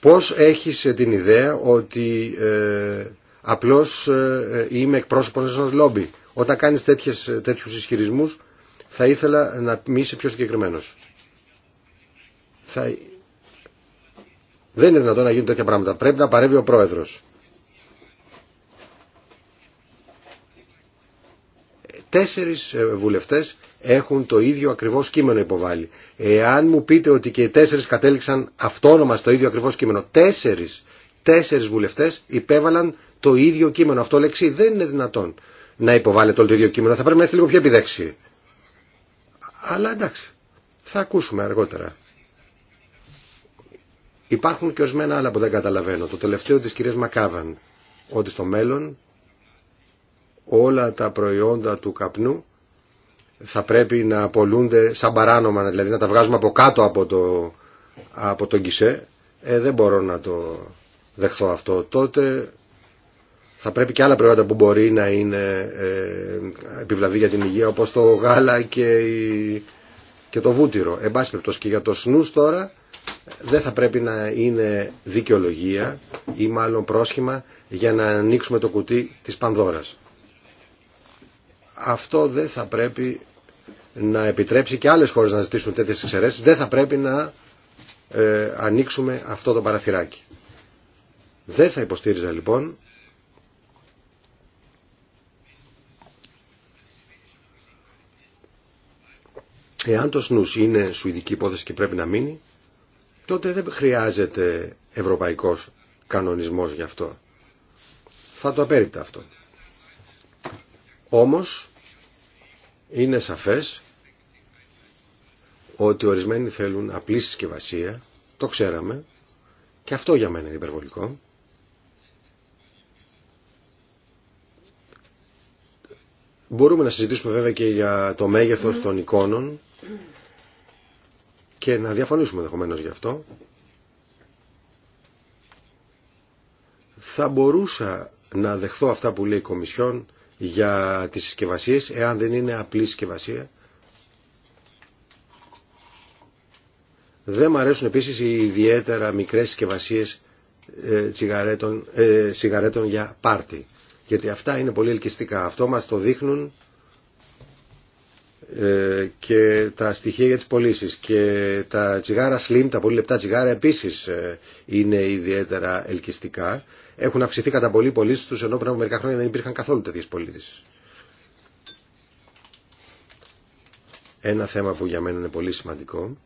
πώς έχεις την ιδέα ότι ε, απλώς ε, ε είμαι εκπρόσωπος ενός λόμπι. Όταν κάνεις τέτοιες, ε, τέτοιους ισχυρισμούς θα ήθελα να μη είσαι πιο συγκεκριμένος. Θα δεν είναι δυνατόν να γίνουν τέτοια πράγματα. Πρέπει να παρεύει ο πρόεδρος. Τέσσερις ε, βουλευτές έχουν το ίδιο ακριβώς κείμενο υποβάλει. Εάν μου πείτε ότι και οι τέσσερις κατέληξαν αυτόνομα στο ίδιο ακριβώς κείμενο, τέσσερις, τέσσερις βουλευτές υπέβαλαν το ίδιο κείμενο. Αυτό λέξη δεν είναι δυνατόν να υποβάλλεται όλο το ίδιο κείμενο. Θα πρέπει να είστε λίγο πιο επιδέξιοι. Αλλά εντάξει, θα ακούσουμε αργότερα. Υπάρχουν και ορισμένα άλλα που δεν καταλαβαίνω. Το τελευταίο της κυρίας Μακάβαν, ότι στο μέλλον όλα τα προϊόντα του καπνού θα πρέπει να απολούνται σαν παράνομα, δηλαδή να τα βγάζουμε από κάτω από, το, από τον κισέ. Ε, δεν μπορώ να το δεχθώ αυτό. Τότε θα πρέπει και άλλα προϊόντα που μπορεί να είναι ε, επιβλαβή για την υγεία, όπως το γάλα και, το βούτυρο. Εν πάση και για το σνούς τώρα δεν θα πρέπει να είναι δικαιολογία ή μάλλον πρόσχημα για να ανοίξουμε το κουτί της Πανδώρας. Αυτό δεν θα πρέπει να επιτρέψει και άλλες χώρες να ζητήσουν τέτοιες εξαιρέσεις. Δεν θα πρέπει να ε, ανοίξουμε αυτό το παραθυράκι. Δεν θα υποστήριζα λοιπόν εάν το σνους είναι σουηδική υπόθεση και πρέπει να μείνει τότε δεν χρειάζεται ευρωπαϊκός κανονισμός γι' αυτό. Θα το απέριπτα αυτό. Όμως είναι σαφές ότι ορισμένοι θέλουν απλή συσκευασία, το ξέραμε, και αυτό για μένα είναι υπερβολικό. Μπορούμε να συζητήσουμε βέβαια και για το μέγεθος των εικόνων και να διαφωνήσουμε ενδεχομένω γι' αυτό, θα μπορούσα να δεχθώ αυτά που λέει η Κομισιόν για τις συσκευασίε, εάν δεν είναι απλή συσκευασία. Δεν μου αρέσουν επίσης οι ιδιαίτερα μικρές συσκευασίε ε, ε, σιγαρέτων για πάρτι. Γιατί αυτά είναι πολύ ελκυστικά. Αυτό μας το δείχνουν ε, και τα στοιχεία για τις πωλήσει. και τα τσιγάρα slim, τα πολύ λεπτά τσιγάρα επίσης ε, είναι ιδιαίτερα ελκυστικά. Έχουν αυξηθεί κατά πολύ πωλήσει τους ενώ πριν από μερικά χρόνια δεν υπήρχαν καθόλου τέτοιες πωλήσει. Ένα θέμα που για μένα είναι πολύ σημαντικό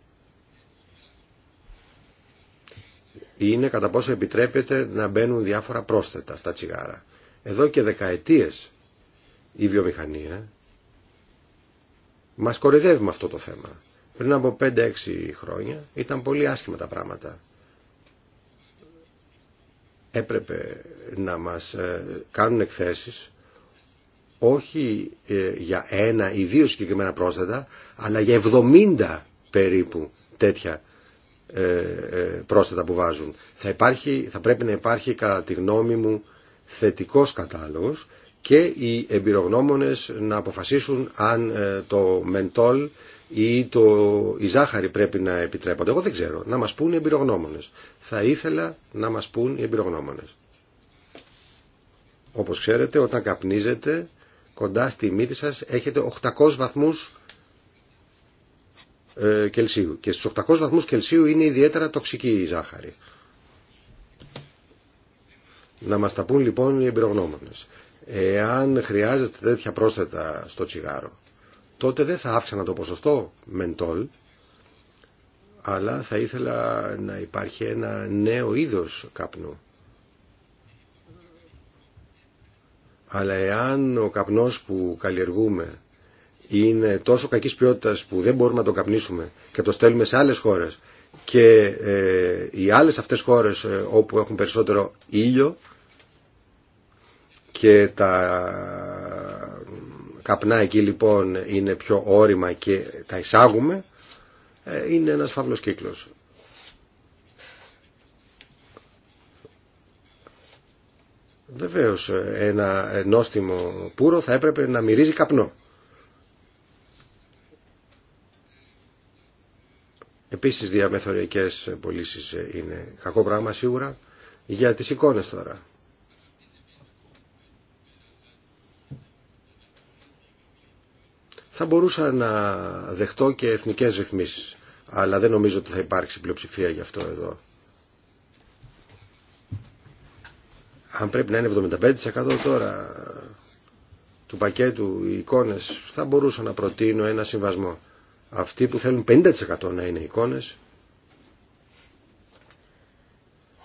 είναι κατά πόσο επιτρέπεται να μπαίνουν διάφορα πρόσθετα στα τσιγάρα. Εδώ και δεκαετίες η βιομηχανία μας κορυδεύουμε αυτό το θέμα. Πριν από 5-6 χρόνια ήταν πολύ άσχημα τα πράγματα. Έπρεπε να μας ε, κάνουν εκθέσεις όχι ε, για ένα ή δύο συγκεκριμένα πρόσθετα, αλλά για 70 περίπου τέτοια ε, πρόσθετα που βάζουν. Θα, υπάρχει, θα πρέπει να υπάρχει κατά τη γνώμη μου θετικός κατάλογος και οι εμπειρογνώμονες να αποφασίσουν αν ε, το μεντόλ ή το, η ζάχαρη πρέπει να επιτρέπονται. Εγώ δεν ξέρω. Να μας πούν οι εμπειρογνώμονες. Θα ήθελα να μας πούν οι εμπειρογνώμονες. Όπως ξέρετε όταν καπνίζετε κοντά στη μύτη σας έχετε 800 βαθμούς ε, Κελσίου. Και στους 800 βαθμούς Κελσίου είναι ιδιαίτερα τοξική η ζάχαρη. Να μας τα πούν λοιπόν οι εμπειρογνώμονες. Εάν χρειάζεται τέτοια πρόσθετα στο τσιγάρο, τότε δεν θα αύξανα το ποσοστό μεντόλ, αλλά θα ήθελα να υπάρχει ένα νέο είδος καπνού. Αλλά εάν ο καπνός που καλλιεργούμε είναι τόσο κακής ποιότητας που δεν μπορούμε να το καπνίσουμε και το στέλνουμε σε άλλες χώρες και ε, οι άλλες αυτές χώρες ε, όπου έχουν περισσότερο ήλιο και τα καπνά εκεί λοιπόν είναι πιο όρημα και τα εισάγουμε ε, είναι ένας φαύλος κύκλος. Βεβαίως ένα νόστιμο πουρο θα έπρεπε να μυρίζει καπνό. Επίσης διαμεθοριακές πωλήσει είναι κακό πράγμα σίγουρα για τις εικόνες τώρα. θα μπορούσα να δεχτώ και εθνικές ρυθμίσεις. Αλλά δεν νομίζω ότι θα υπάρξει πλειοψηφία γι' αυτό εδώ. Αν πρέπει να είναι 75% τώρα του πακέτου οι εικόνες, θα μπορούσα να προτείνω ένα συμβασμό. Αυτοί που θέλουν 50% να είναι εικόνες,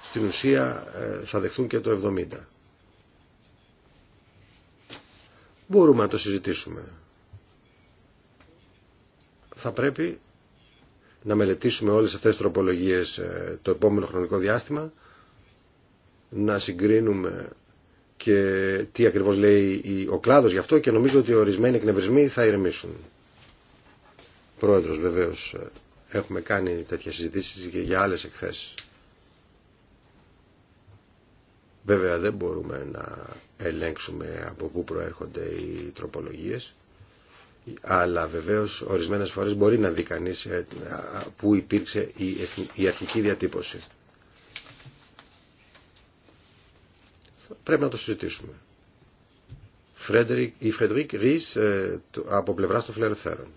στην ουσία ε, θα δεχθούν και το 70%. Μπορούμε να το συζητήσουμε θα πρέπει να μελετήσουμε όλες αυτές τις τροπολογίες ε, το επόμενο χρονικό διάστημα, να συγκρίνουμε και τι ακριβώς λέει ο κλάδος γι' αυτό και νομίζω ότι ορισμένοι εκνευρισμοί θα ηρεμήσουν. Πρόεδρος βεβαίως ε, έχουμε κάνει τέτοιες συζητήσεις και για άλλες εκθέσεις. Βέβαια δεν μπορούμε να ελέγξουμε από πού προέρχονται οι τροπολογίες αλλά βεβαίως ορισμένες φορές μπορεί να δει κανείς ε, που υπήρξε η αρχική διατύπωση. Πρέπει να το συζητήσουμε. η Φρεντρίκ Ρίς ε, από πλευράς των φιλελευθέρων.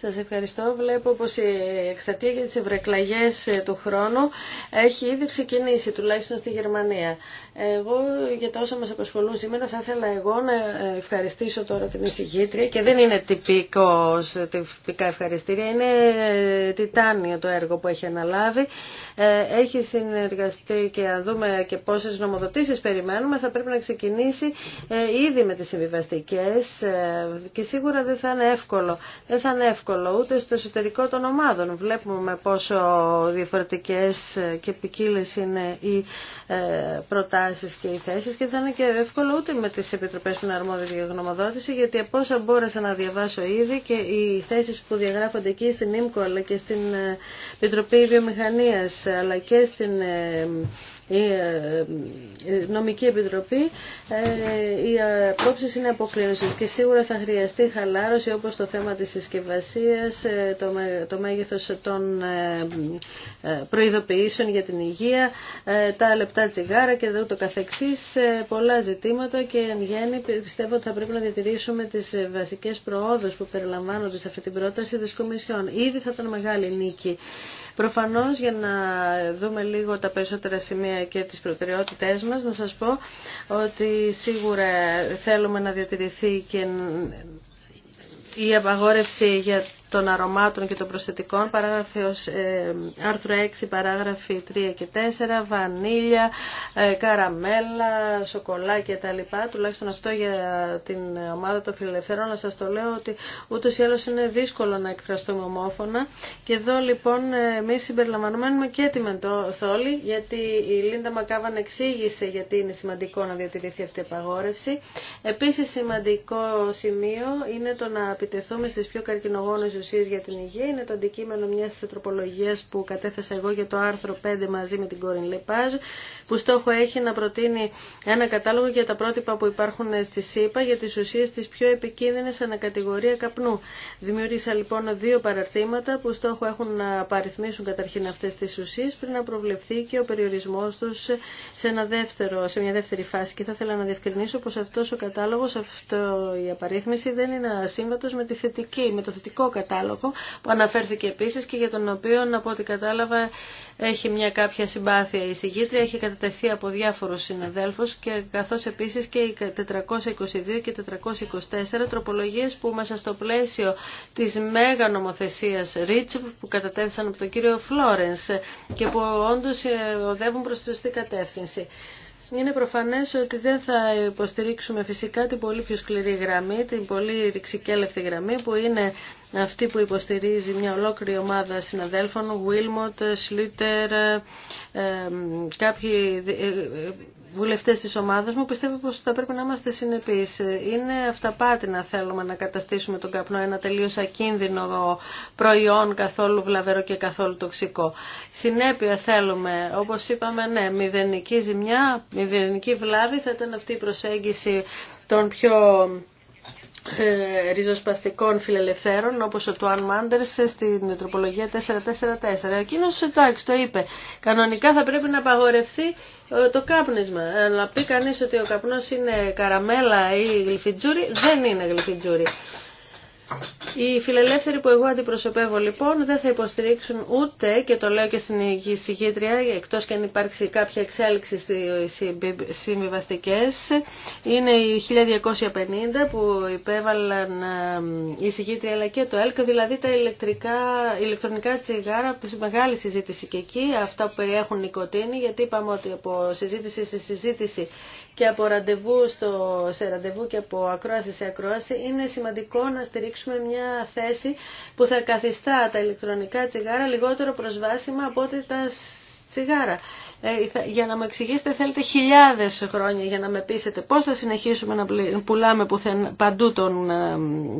Σας ευχαριστώ. Βλέπω πως η εκστατεία για τις ευρεκλαγές ε, του χρόνου έχει ήδη ξεκινήσει, τουλάχιστον στη Γερμανία. Εγώ για τα όσα μας απασχολούν σήμερα θα ήθελα εγώ να ε, ευχαριστήσω τώρα την εισηγήτρια και δεν είναι τυπικός, ε, τυπικά ευχαριστήρια, είναι τιτάνιο το έργο που έχει αναλάβει. Έχει συνεργαστεί και αν δούμε και πόσες νομοδοτήσεις περιμένουμε θα πρέπει να ξεκινήσει ήδη με τις συμβιβαστικέ και σίγουρα δεν θα είναι εύκολο. Δεν θα είναι εύκολο εύκολο ούτε στο εσωτερικό των ομάδων. Βλέπουμε πόσο διαφορετικές και ποικίλε είναι οι ε, προτάσεις και οι θέσεις και δεν είναι και εύκολο ούτε με τις επιτροπές που είναι αρμόδιες για γνωμοδότηση γιατί από όσα μπόρεσα να διαβάσω ήδη και οι θέσεις που διαγράφονται εκεί στην ΙΜΚΟ αλλά και στην ε, Επιτροπή Βιομηχανίας αλλά και στην ε, η ε, ε, ε, νομική επιτροπή οι απόψεις είναι αποκλίνωσες και σίγουρα θα χρειαστεί χαλάρωση όπως το θέμα της συσκευασία, το μέγεθος των προειδοποιήσεων για την υγεία, τα λεπτά τσιγάρα και το καθεξής, πολλά ζητήματα και εν γέννη πιστεύω ότι θα πρέπει να διατηρήσουμε τις βασικές προόδους που περιλαμβάνονται σε αυτή την πρόταση της Κομισιόν. Ήδη θα ήταν μεγάλη νίκη. Προφανώς για να δούμε λίγο τα περισσότερα σημεία και τις προτεραιότητές μας, να σας πω ότι σίγουρα θέλουμε να διατηρηθεί και η απαγόρευση για των αρωμάτων και των προσθετικών, παράγραφος, ε, άρθρο 6, παράγραφη 3 και 4, βανίλια, ε, καραμέλα, τα λοιπά Τουλάχιστον αυτό για την ομάδα των φιλελευθερών, να σας το λέω ότι ούτως ή άλλως είναι δύσκολο να εκφραστούμε ομόφωνα. Και εδώ λοιπόν εμείς συμπεριλαμβανομένουμε και τη μεντοθόλη, γιατί η Λίντα Μακάβαν εξήγησε γιατί είναι σημαντικό να διατηρηθεί αυτή η απαγόρευση. Επίσης σημαντικό σημείο είναι το να επιτεθούμε στις πιο καρκινογόνες για την υγεία είναι το αντικείμενο μιας τροπολογίας που κατέθεσα εγώ για το άρθρο 5 μαζί με την Κόριν Λεπάζ που στόχο έχει να προτείνει ένα κατάλογο για τα πρότυπα που υπάρχουν στη ΣΥΠΑ για τις ουσίες της πιο επικίνδυνες ανακατηγορία καπνού. Δημιούργησα λοιπόν δύο παραρτήματα που στόχο έχουν να απαριθμίσουν καταρχήν αυτές τις ουσίες πριν να προβλεφθεί και ο περιορισμός τους σε, σε μια δεύτερη φάση και θα ήθελα να διευκρινίσω πως αυτός ο κατάλογος, αυτό η απαρίθμηση δεν είναι ασύμβατο με, τη θετική, με το θετικό κατάλογο κατάλογο που αναφέρθηκε επίσης και για τον οποίο από ό,τι κατάλαβα έχει μια κάποια συμπάθεια η συγγήτρια έχει κατατεθεί από διάφορους συναδέλφους και καθώς επίσης και οι 422 και 424 τροπολογίες που μέσα στο πλαίσιο της μέγα νομοθεσίας REACH που κατατέθησαν από τον κύριο Φλόρενς και που όντως ε, οδεύουν προς τη σωστή κατεύθυνση. Είναι προφανές ότι δεν θα υποστηρίξουμε φυσικά την πολύ πιο σκληρή γραμμή, την πολύ ρηξικέλευτη γραμμή που είναι αυτή που υποστηρίζει μια ολόκληρη ομάδα συναδέλφων, Βίλμοντ, Σλίτερ, ε, κάποιοι ε, ε, Βουλευτέ τη ομάδα μου πιστεύω πω θα πρέπει να είμαστε συνεπεί. Είναι αυταπάτη να θέλουμε να καταστήσουμε τον καπνό ένα τελείω ακίνδυνο προϊόν καθόλου βλαβερό και καθόλου τοξικό. Συνέπεια θέλουμε, όπω είπαμε, ναι, μηδενική ζημιά, μηδενική βλάβη θα ήταν αυτή η προσέγγιση των πιο ε, ριζοσπαστικών φιλελευθέρων όπως ο Τουάν Μάντερς στην τροπολογία 444. Εκείνος εντάξει το είπε. Κανονικά θα πρέπει να απαγορευτεί ε, το κάπνισμα. Ε, να πει κανείς ότι ο καπνός είναι καραμέλα ή γλυφιτζούρι, δεν είναι γλυφιτζούρι. Οι φιλελεύθεροι που εγώ αντιπροσωπεύω λοιπόν δεν θα υποστηρίξουν ούτε, και το λέω και στην εισηγήτρια, εκτός και αν υπάρξει κάποια εξέλιξη στις συμβιβαστικέ, είναι οι 1250 που υπέβαλαν η εισηγήτρια αλλά και το ΕΛΚ, δηλαδή τα ηλεκτρικά, ηλεκτρονικά τσιγάρα, που μεγάλη συζήτηση και εκεί, αυτά που περιέχουν νοικοτήνη, γιατί είπαμε ότι από συζήτηση σε συζήτηση και από ραντεβού στο, σε ραντεβού και από ακρόαση σε ακρόαση, είναι σημαντικό να στηρίξουμε μια θέση που θα καθιστά τα ηλεκτρονικά τσιγάρα λιγότερο προσβάσιμα από ό,τι τα τσιγάρα. Ε, για να μου εξηγήσετε θέλετε χιλιάδες χρόνια για να με πείσετε πώς θα συνεχίσουμε να πουλάμε πουθεν, παντού τον ε,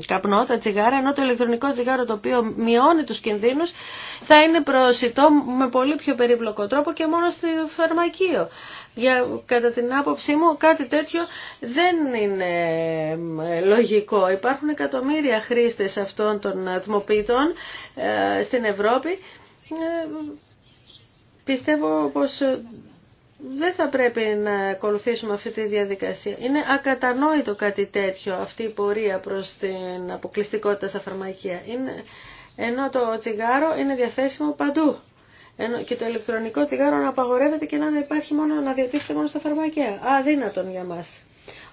καπνό, τα τσιγάρα, ενώ το ηλεκτρονικό τσιγάρο το οποίο μειώνει του κινδύνου θα είναι προσιτό με πολύ πιο περίπλοκο τρόπο και μόνο στο φαρμακείο. Για, κατά την άποψή μου κάτι τέτοιο δεν είναι ε, λογικό. Υπάρχουν εκατομμύρια χρήστες αυτών των ατμοποιητών ε, στην Ευρώπη. Ε, πιστεύω πως δεν θα πρέπει να ακολουθήσουμε αυτή τη διαδικασία. Είναι ακατανόητο κάτι τέτοιο αυτή η πορεία προς την αποκλειστικότητα στα φαρμακεία. Είναι, ενώ το τσιγάρο είναι διαθέσιμο παντού και το ηλεκτρονικό τσιγάρο να απαγορεύεται και να υπάρχει μόνο, να διατίθεται μόνο στα φαρμακεία. Αδύνατον για μας.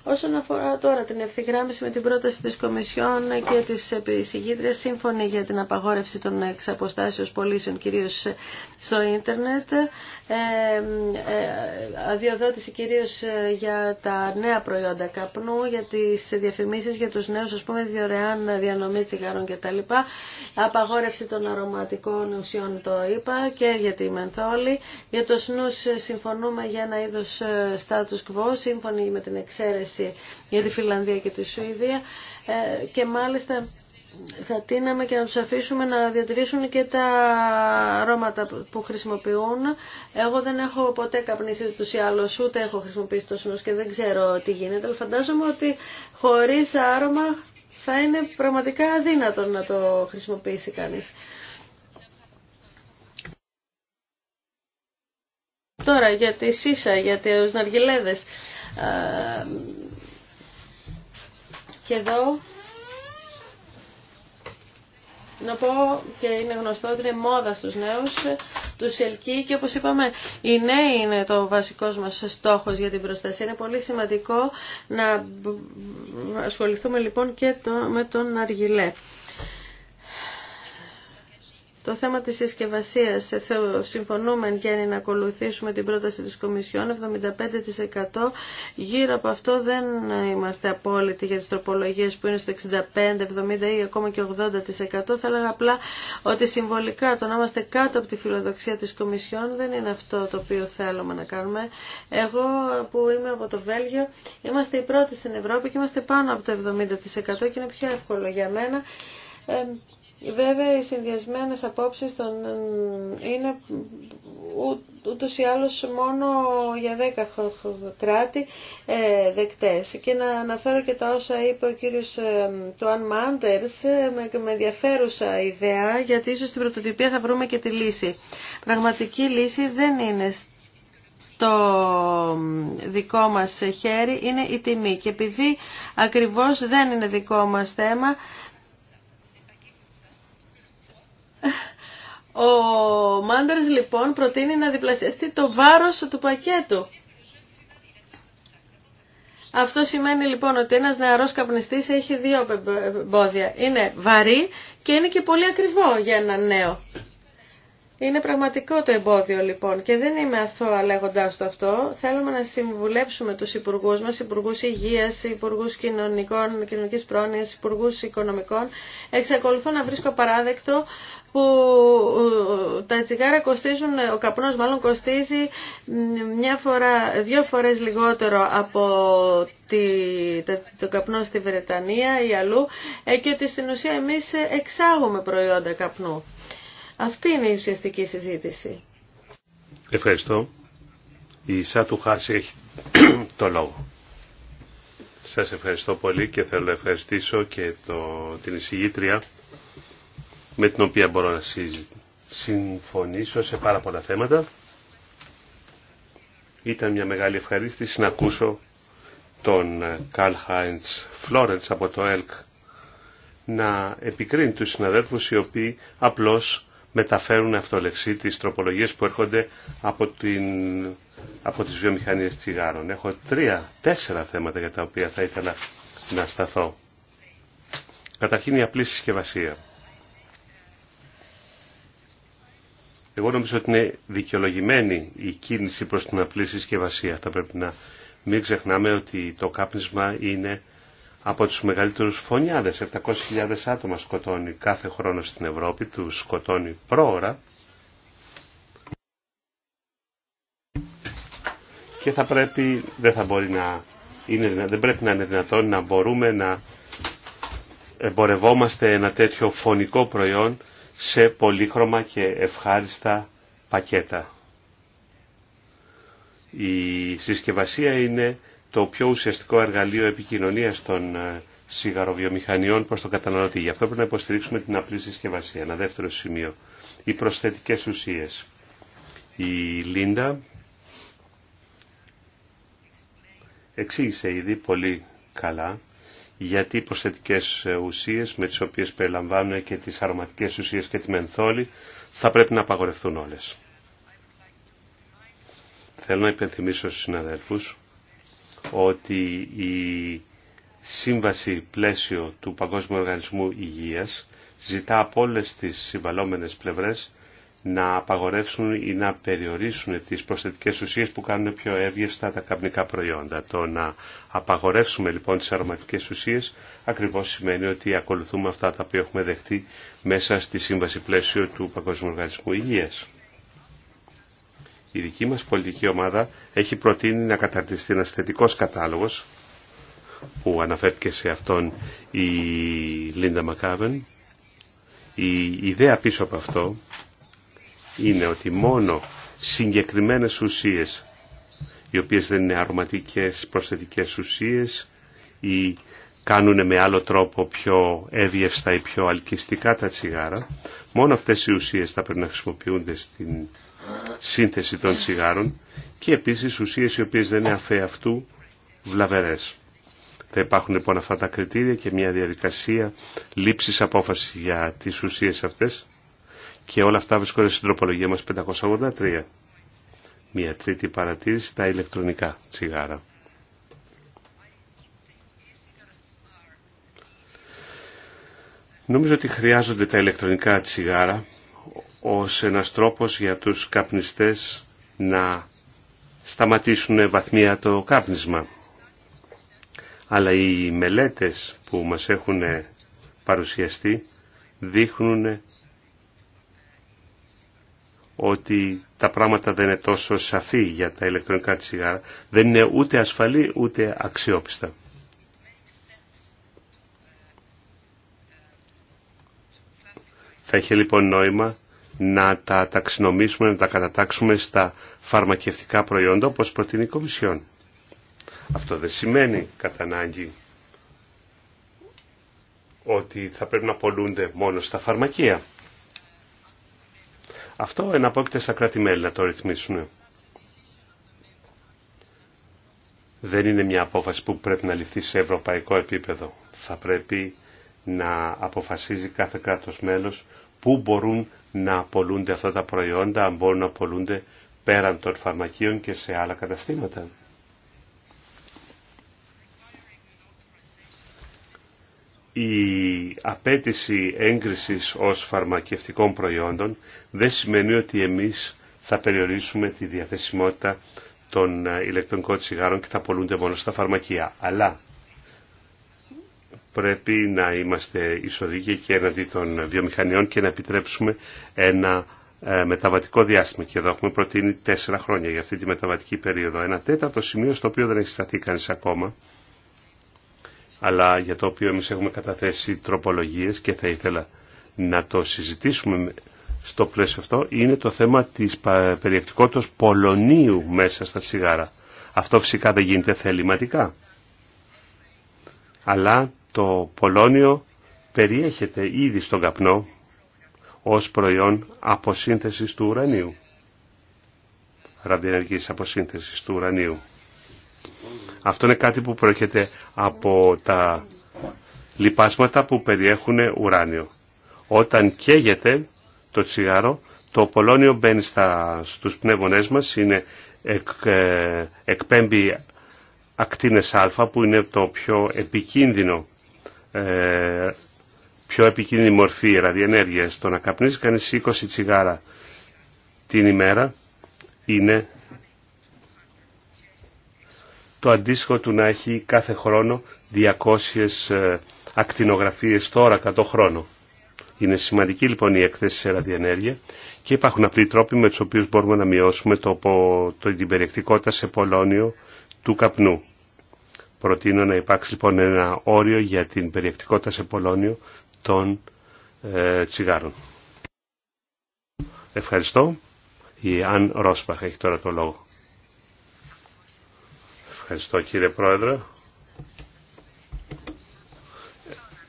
Όσον αφορά τώρα την ευθυγράμμιση με την πρόταση της Κομισιόν και της επισηγήτριας σύμφωνη για την απαγόρευση των εξαποστάσεων πωλήσεων κυρίως στο ίντερνετ, ε, αδειοδότηση κυρίως ε, για τα νέα προϊόντα καπνού, για τις διαφημίσεις για τους νέους, ας πούμε, διωρεάν διανομή τσιγάρων κτλ. Απαγόρευση των αρωματικών ουσιών, το είπα, και για τη μενθόλη. Για το σνούς ε, συμφωνούμε για ένα είδος status quo, σύμφωνοι με την εξαίρεση για τη Φιλανδία και τη Σουηδία. Και μάλιστα θα τίναμε και να τους αφήσουμε να διατηρήσουν και τα αρώματα που χρησιμοποιούν. Εγώ δεν έχω ποτέ καπνίσει τους ή άλλους, ούτε έχω χρησιμοποιήσει το σνούς και δεν ξέρω τι γίνεται, αλλά φαντάζομαι ότι χωρίς άρωμα θα είναι πραγματικά αδύνατο να το χρησιμοποιήσει κανείς. Τώρα για τη σίσα, για τους ναργιλέδες. Ε, και εδώ να πω και είναι γνωστό ότι είναι μόδα στους νέους, τους ελκύει και όπως είπαμε οι νέοι είναι το βασικό μας στόχος για την προστασία. Είναι πολύ σημαντικό να ασχοληθούμε λοιπόν και με τον αργυλέ. Το θέμα της συσκευασία ε, συμφωνούμε γέννη να ακολουθήσουμε την πρόταση της Κομισιόν, 75% γύρω από αυτό δεν ε, είμαστε απόλυτοι για τις τροπολογίες που είναι στο 65, 70 ή ακόμα και 80%. Θα έλεγα απλά ότι συμβολικά το να είμαστε κάτω από τη φιλοδοξία της Κομισιόν δεν είναι αυτό το οποίο θέλουμε να κάνουμε. Εγώ που είμαι από το Βέλγιο είμαστε οι πρώτοι στην Ευρώπη και είμαστε πάνω από το 70% και είναι πιο εύκολο για μένα ε, Βέβαια, οι συνδυασμένες απόψεις των, είναι ούτως ή μόνο για δέκα κράτη ε, δεκτές. Και να αναφέρω και τα όσα είπε ο κύριος ε, Τουάν Μάντερς ε, με, με ενδιαφέρουσα ιδέα, γιατί ίσως στην πρωτοτυπία θα βρούμε και τη λύση. Πραγματική λύση δεν είναι το δικό μας χέρι είναι η τιμή και επειδή ακριβώς δεν είναι δικό μας θέμα Ο Μάντερς λοιπόν προτείνει να διπλασιαστεί το βάρος του πακέτου. Αυτό σημαίνει λοιπόν ότι ένας νεαρός καπνιστής έχει δύο εμπόδια. Είναι βαρύ και είναι και πολύ ακριβό για ένα νέο. Είναι πραγματικό το εμπόδιο λοιπόν και δεν είμαι αθώα λέγοντάς το αυτό. Θέλουμε να συμβουλέψουμε τους υπουργούς μας, υπουργούς υγείας, υπουργούς κοινωνικών, κοινωνικής πρόνοιας, υπουργούς οικονομικών. Εξακολουθώ να βρίσκω παράδεκτο που ε, τα τσιγάρα κοστίζουν, ο καπνός μάλλον κοστίζει μια φορά, δύο φορές λιγότερο από τη, το καπνό στη Βρετανία ή αλλού ε, και ότι στην ουσία εμείς εξάγουμε προϊόντα καπνού. Αυτή είναι η ουσιαστική συζήτηση. Ευχαριστώ. Η Σάτου Χάση έχει το λόγο. Σας ευχαριστώ πολύ και θέλω να ευχαριστήσω και το, την εισηγήτρια με την οποία μπορώ να συμφωνήσω σε πάρα πολλά θέματα. Ήταν μια μεγάλη ευχαρίστηση να ακούσω τον ε, Καλ Χάιντς Φλόρεντς από το ΕΛΚ να επικρίνει τους συναδέλφους οι οποίοι απλώς μεταφέρουν αυτολεξή τις τροπολογίες που έρχονται από, την, από τις βιομηχανίες τσιγάρων. Έχω τρία, τέσσερα θέματα για τα οποία θα ήθελα να σταθώ. Καταρχήν η απλή συσκευασία. Εγώ νομίζω ότι είναι δικαιολογημένη η κίνηση προς την απλή συσκευασία. Θα πρέπει να μην ξεχνάμε ότι το κάπνισμα είναι από τους μεγαλύτερους φωνιάδες. 700.000 άτομα σκοτώνει κάθε χρόνο στην Ευρώπη, του σκοτώνει πρόωρα. Και θα πρέπει, δεν θα μπορεί να είναι, δεν πρέπει να είναι δυνατόν να μπορούμε να εμπορευόμαστε ένα τέτοιο φωνικό προϊόν σε πολύχρωμα και ευχάριστα πακέτα. Η συσκευασία είναι το πιο ουσιαστικό εργαλείο επικοινωνίας των ε, σιγαροβιομηχανιών προς τον καταναλωτή. Γι' αυτό πρέπει να υποστηρίξουμε την απλή συσκευασία. Ένα δεύτερο σημείο. Οι προσθετικές ουσίες. Η Λίντα εξήγησε ήδη πολύ καλά γιατί οι προσθετικές ε, ουσίες με τις οποίες περιλαμβάνουν και τις αρωματικές ουσίες και τη μενθόλη θα πρέπει να απαγορευτούν όλες. Θέλω να υπενθυμίσω στους συναδέλφους ότι η σύμβαση πλαίσιο του Παγκόσμιου Οργανισμού Υγείας ζητά από όλες τις συμβαλόμενες πλευρές να απαγορεύσουν ή να περιορίσουν τις προσθετικές ουσίες που κάνουν πιο εύγευστα τα καπνικά προϊόντα. Το να απαγορεύσουμε λοιπόν τις αρωματικές ουσίες ακριβώς σημαίνει ότι ακολουθούμε αυτά τα οποία έχουμε δεχτεί μέσα στη σύμβαση πλαίσιο του Παγκόσμιου Οργανισμού Υγείας. Η δική μας πολιτική ομάδα έχει προτείνει να καταρτιστεί ένας θετικός κατάλογος που αναφέρθηκε σε αυτόν η Λίντα Μακάβεν. Η ιδέα πίσω από αυτό είναι ότι μόνο συγκεκριμένες ουσίες, οι οποίες δεν είναι αρωματικές προσθετικές ουσίες ή κάνουν με άλλο τρόπο πιο εύγευστα ή πιο αλκυστικά τα τσιγάρα, μόνο αυτές οι ουσίες θα πρέπει να χρησιμοποιούνται στην σύνθεση των τσιγάρων και επίσης ουσίες οι οποίες δεν είναι αφέ αυτού βλαβερές. Θα υπάρχουν λοιπόν αυτά τα κριτήρια και μια διαδικασία λήψης απόφασης για τις ουσίες αυτές και όλα αυτά βρίσκονται στην τροπολογία μας 583. Μια τρίτη παρατήρηση, τα ηλεκτρονικά τσιγάρα. Νομίζω ότι χρειάζονται τα ηλεκτρονικά τσιγάρα ως ένας τρόπος για τους καπνιστές να σταματήσουν βαθμία το κάπνισμα. Αλλά οι μελέτες που μας έχουν παρουσιαστεί δείχνουν ότι τα πράγματα δεν είναι τόσο σαφή για τα ηλεκτρονικά τσιγάρα. Δεν είναι ούτε ασφαλή ούτε αξιόπιστα. Θα είχε λοιπόν νόημα να τα ταξινομήσουμε, να τα κατατάξουμε στα φαρμακευτικά προϊόντα όπως προτείνει η Κομισιόν. Αυτό δεν σημαίνει κατά ανάγκη ότι θα πρέπει να πολλούνται μόνο στα φαρμακεία. Αυτό εναπόκειται στα κράτη-μέλη να το ρυθμίσουν. Δεν είναι μια απόφαση που πρέπει να ληφθεί σε ευρωπαϊκό επίπεδο. Θα πρέπει να αποφασίζει κάθε κράτος μέλος πού μπορούν να απολούνται αυτά τα προϊόντα, αν μπορούν να απολούνται πέραν των φαρμακείων και σε άλλα καταστήματα. η απέτηση έγκρισης ως φαρμακευτικών προϊόντων δεν σημαίνει ότι εμείς θα περιορίσουμε τη διαθεσιμότητα των ε, ηλεκτρονικών τσιγάρων και θα πολλούνται μόνο στα φαρμακεία. Αλλά πρέπει να είμαστε ισοδίκαιοι και έναντι των βιομηχανιών και να επιτρέψουμε ένα ε, μεταβατικό διάστημα. Και εδώ έχουμε προτείνει τέσσερα χρόνια για αυτή τη μεταβατική περίοδο. Ένα τέταρτο σημείο στο οποίο δεν έχει σταθεί κανείς ακόμα αλλά για το οποίο εμείς έχουμε καταθέσει τροπολογίες και θα ήθελα να το συζητήσουμε στο πλαίσιο αυτό, είναι το θέμα της περιεκτικότητας πολωνίου μέσα στα τσιγάρα. Αυτό φυσικά δεν γίνεται θεληματικά. Αλλά το πολονίο περιέχεται ήδη στον καπνό ως προϊόν αποσύνθεσης του ουρανίου. Ραδιενεργής αποσύνθεσης του ουρανίου. Αυτό είναι κάτι που προέρχεται από τα λιπάσματα που περιέχουν ουράνιο. Όταν καίγεται το τσιγάρο, το πολόνιο μπαίνει στα, στους πνεύμονές μας, είναι ε, εκπέμπει ακτίνες α που είναι το πιο επικίνδυνο ε, πιο επικίνδυνη μορφή ραδιενέργειας. Το να καπνίζει κανείς 20 τσιγάρα την ημέρα είναι το αντίστοιχο του να έχει κάθε χρόνο 200 ε, ακτινογραφίες τώρα κατό χρόνο. Είναι σημαντική λοιπόν η έκθεση σε ραδιενέργεια και υπάρχουν απλοί τρόποι με τους οποίους μπορούμε να μειώσουμε το, το, την περιεκτικότητα σε πολώνιο του καπνού. Προτείνω να υπάρξει λοιπόν ένα όριο για την περιεκτικότητα σε πολώνιο των ε, τσιγάρων. Ευχαριστώ. Η Αν Ρόσπαχ έχει τώρα το λόγο. Ευχαριστώ κύριε Πρόεδρε.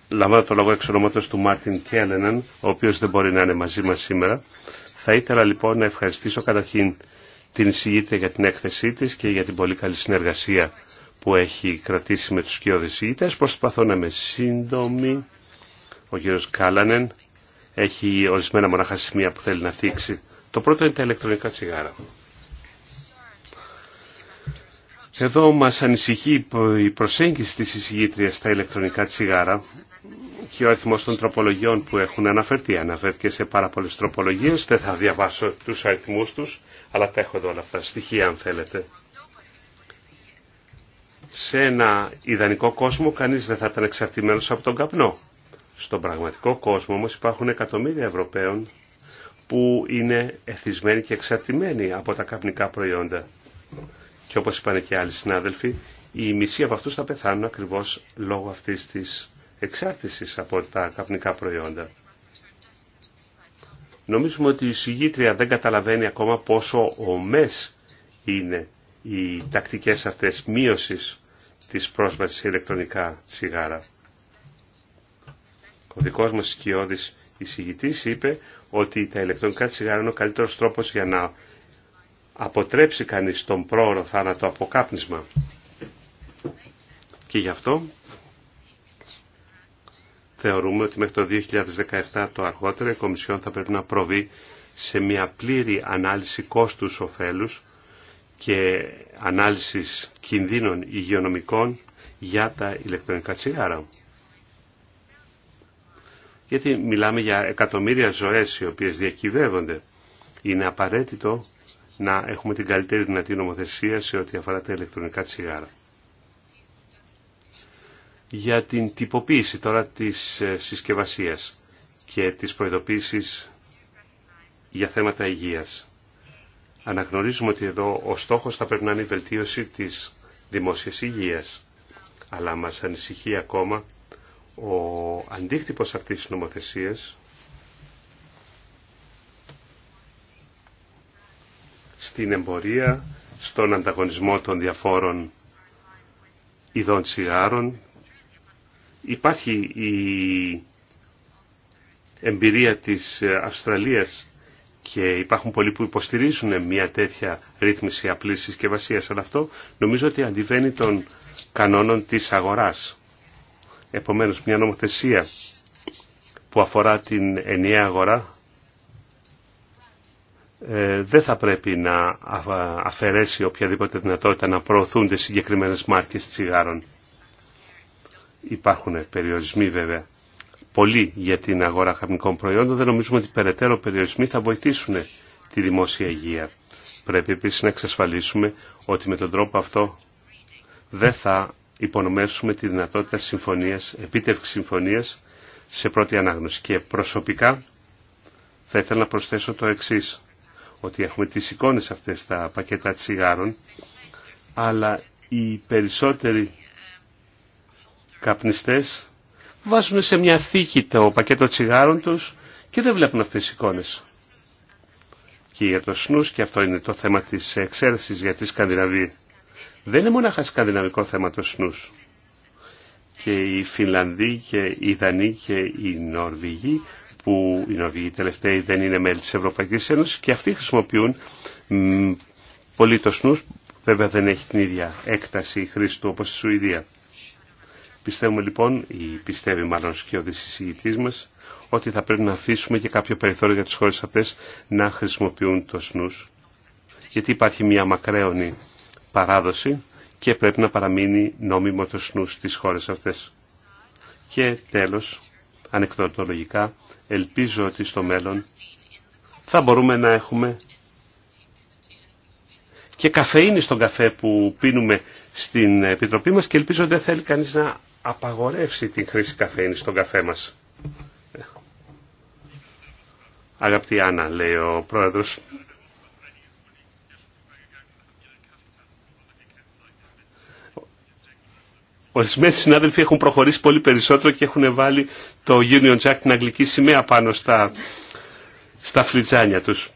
Λαμβάνω το λόγο εξ του Μάρτιν Κέλεναν, ο οποίος δεν μπορεί να είναι μαζί μας σήμερα. Θα ήθελα λοιπόν να ευχαριστήσω καταρχήν την εισηγήτρια για την έκθεσή της και για την πολύ καλή συνεργασία που έχει κρατήσει με τους κύριους εισηγητές. Προσπαθώ να είμαι σύντομη. Ο κύριος Κάλανεν έχει ορισμένα μονάχα σημεία που θέλει να θίξει. Το πρώτο είναι τα ηλεκτρονικά τσιγάρα. Εδώ μας ανησυχεί η προσέγγιση της εισηγήτριας στα ηλεκτρονικά τσιγάρα και ο αριθμός των τροπολογιών που έχουν αναφερθεί. Αναφέρθηκε σε πάρα πολλέ τροπολογίες, δεν θα διαβάσω τους αριθμούς τους, αλλά τα έχω εδώ όλα αυτά, στοιχεία αν θέλετε. Σε ένα ιδανικό κόσμο κανείς δεν θα ήταν εξαρτημένος από τον καπνό. Στον πραγματικό κόσμο όμως υπάρχουν εκατομμύρια Ευρωπαίων που είναι εθισμένοι και εξαρτημένοι από τα καπνικά προϊόντα. Και όπως είπαν και άλλοι συνάδελφοι, οι μισοί από αυτούς θα πεθάνουν ακριβώς λόγω αυτής της εξάρτησης από τα καπνικά προϊόντα. Νομίζουμε ότι η συγγήτρια δεν καταλαβαίνει ακόμα πόσο ομές είναι οι τακτικές αυτές μείωσης της πρόσβασης σε ηλεκτρονικά σιγάρα. Ο δικός μας σκιώδης εισηγητής είπε ότι τα ηλεκτρονικά τσιγάρα είναι ο καλύτερος τρόπος για να αποτρέψει κανείς τον πρόωρο θάνατο από κάπνισμα. Και γι' αυτό θεωρούμε ότι μέχρι το 2017 το αργότερο η Κομισιόν θα πρέπει να προβεί σε μια πλήρη ανάλυση κόστους ωφέλους και ανάλυσης κινδύνων υγειονομικών για τα ηλεκτρονικά τσιγάρα. Γιατί μιλάμε για εκατομμύρια ζωές οι οποίες διακυβεύονται. Είναι απαραίτητο να έχουμε την καλύτερη δυνατή νομοθεσία σε ό,τι αφορά τα ηλεκτρονικά τσιγάρα. Για την τυποποίηση τώρα της ε, συσκευασίας και της προειδοποίησης για θέματα υγείας. Αναγνωρίζουμε ότι εδώ ο στόχος θα πρέπει να είναι η βελτίωση της δημόσιας υγείας. Αλλά μας ανησυχεί ακόμα ο αντίκτυπος αυτής της νομοθεσίας στην εμπορία, στον ανταγωνισμό των διαφόρων ειδών τσιγάρων. Υπάρχει η εμπειρία της Αυστραλίας και υπάρχουν πολλοί που υποστηρίζουν μια τέτοια ρύθμιση απλής συσκευασία, αλλά αυτό νομίζω ότι αντιβαίνει των κανόνων της αγοράς. Επομένως, μια νομοθεσία που αφορά την ενιαία αγορά ε, δεν θα πρέπει να αφαιρέσει οποιαδήποτε δυνατότητα να προωθούνται συγκεκριμένες μάρκες τσιγάρων. Υπάρχουν περιορισμοί βέβαια. Πολλοί για την αγορά χαμικών προϊόντων δεν νομίζουμε ότι περαιτέρω περιορισμοί θα βοηθήσουν τη δημόσια υγεία. Πρέπει επίσης να εξασφαλίσουμε ότι με τον τρόπο αυτό δεν θα υπονομεύσουμε τη δυνατότητα συμφωνίας, επίτευξη συμφωνίας σε πρώτη ανάγνωση. Και προσωπικά θα ήθελα να προσθέσω το εξής ότι έχουμε τις εικόνες αυτές τα πακέτα τσιγάρων, αλλά οι περισσότεροι καπνιστές βάζουν σε μια θήκη το πακέτο τσιγάρων τους και δεν βλέπουν αυτές τις εικόνες. Και για το σνούς, και αυτό είναι το θέμα της εξαίρεσης για τη Σκανδιναβή, δεν είναι μόνο σκανδιναβικό θέμα το σνούς. Και οι Φινλανδοί και οι Δανείοι και οι Νορβηγοί που οι Νορβηγοί τελευταίοι δεν είναι μέλη της Ευρωπαϊκής Ένωσης και αυτοί χρησιμοποιούν το πολύ σνούς, βέβαια δεν έχει την ίδια έκταση χρήση του όπως στη Σουηδία. Πιστεύουμε λοιπόν, ή πιστεύει μάλλον και ο συζητητή μας, ότι θα πρέπει να αφήσουμε και κάποιο περιθώριο για τις χώρες αυτές να χρησιμοποιούν το σνους, γιατί υπάρχει μια μακραίωνη παράδοση και πρέπει να παραμείνει νόμιμο το σνους στις χώρες αυτές. Και τέλος, ανεκδοτολογικά, ελπίζω ότι στο μέλλον θα μπορούμε να έχουμε και καφεΐνη στον καφέ που πίνουμε στην Επιτροπή μας και ελπίζω ότι δεν θέλει κανείς να απαγορεύσει την χρήση καφέινης στον καφέ μας. Αγαπητή Άννα, λέει ο πρόεδρος, Ορισμένοι συνάδελφοι έχουν προχωρήσει πολύ περισσότερο και έχουν βάλει το Union Jack την αγγλική σημαία πάνω στα, στα φλιτζάνια τους.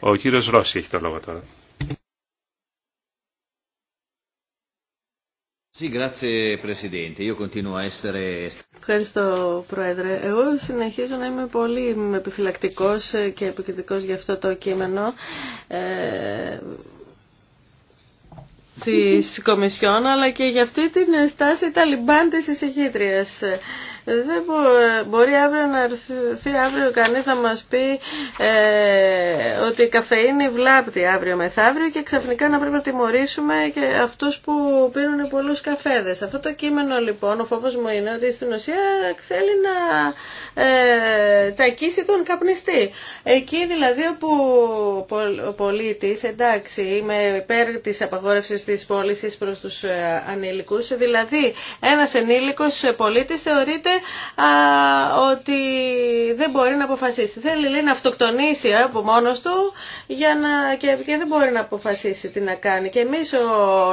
Ο κύριος Ρώση έχει το λόγο τώρα. Ευχαριστώ Πρόεδρε. Εγώ συνεχίζω να είμαι πολύ επιφυλακτικός και επικριτικός για αυτό το κείμενο. Ε, της Κομισιόν αλλά και για αυτή την στάση Ταλιμπάν της εισηγήτριας. Δεν μπορεί αύριο να έρθει αύριο κανείς να μας πει ε, ότι η καφεΐνη βλάπτει αύριο μεθαύριο και ξαφνικά να πρέπει να τιμωρήσουμε και αυτούς που πίνουν πολλούς καφέδες. Αυτό το κείμενο λοιπόν, ο φόβος μου είναι ότι στην ουσία θέλει να ε, τακίσει τον καπνιστή. Εκεί δηλαδή όπου ο πολίτης, εντάξει, είμαι υπέρ της απαγόρευσης της πώλησης προς τους ε, ανήλικους, δηλαδή ένας ενήλικο πολίτης θεωρείται ότι δεν μπορεί να αποφασίσει. Θέλει λέει, να αυτοκτονήσει από μόνος του για να... και δεν μπορεί να αποφασίσει τι να κάνει. Και εμείς ο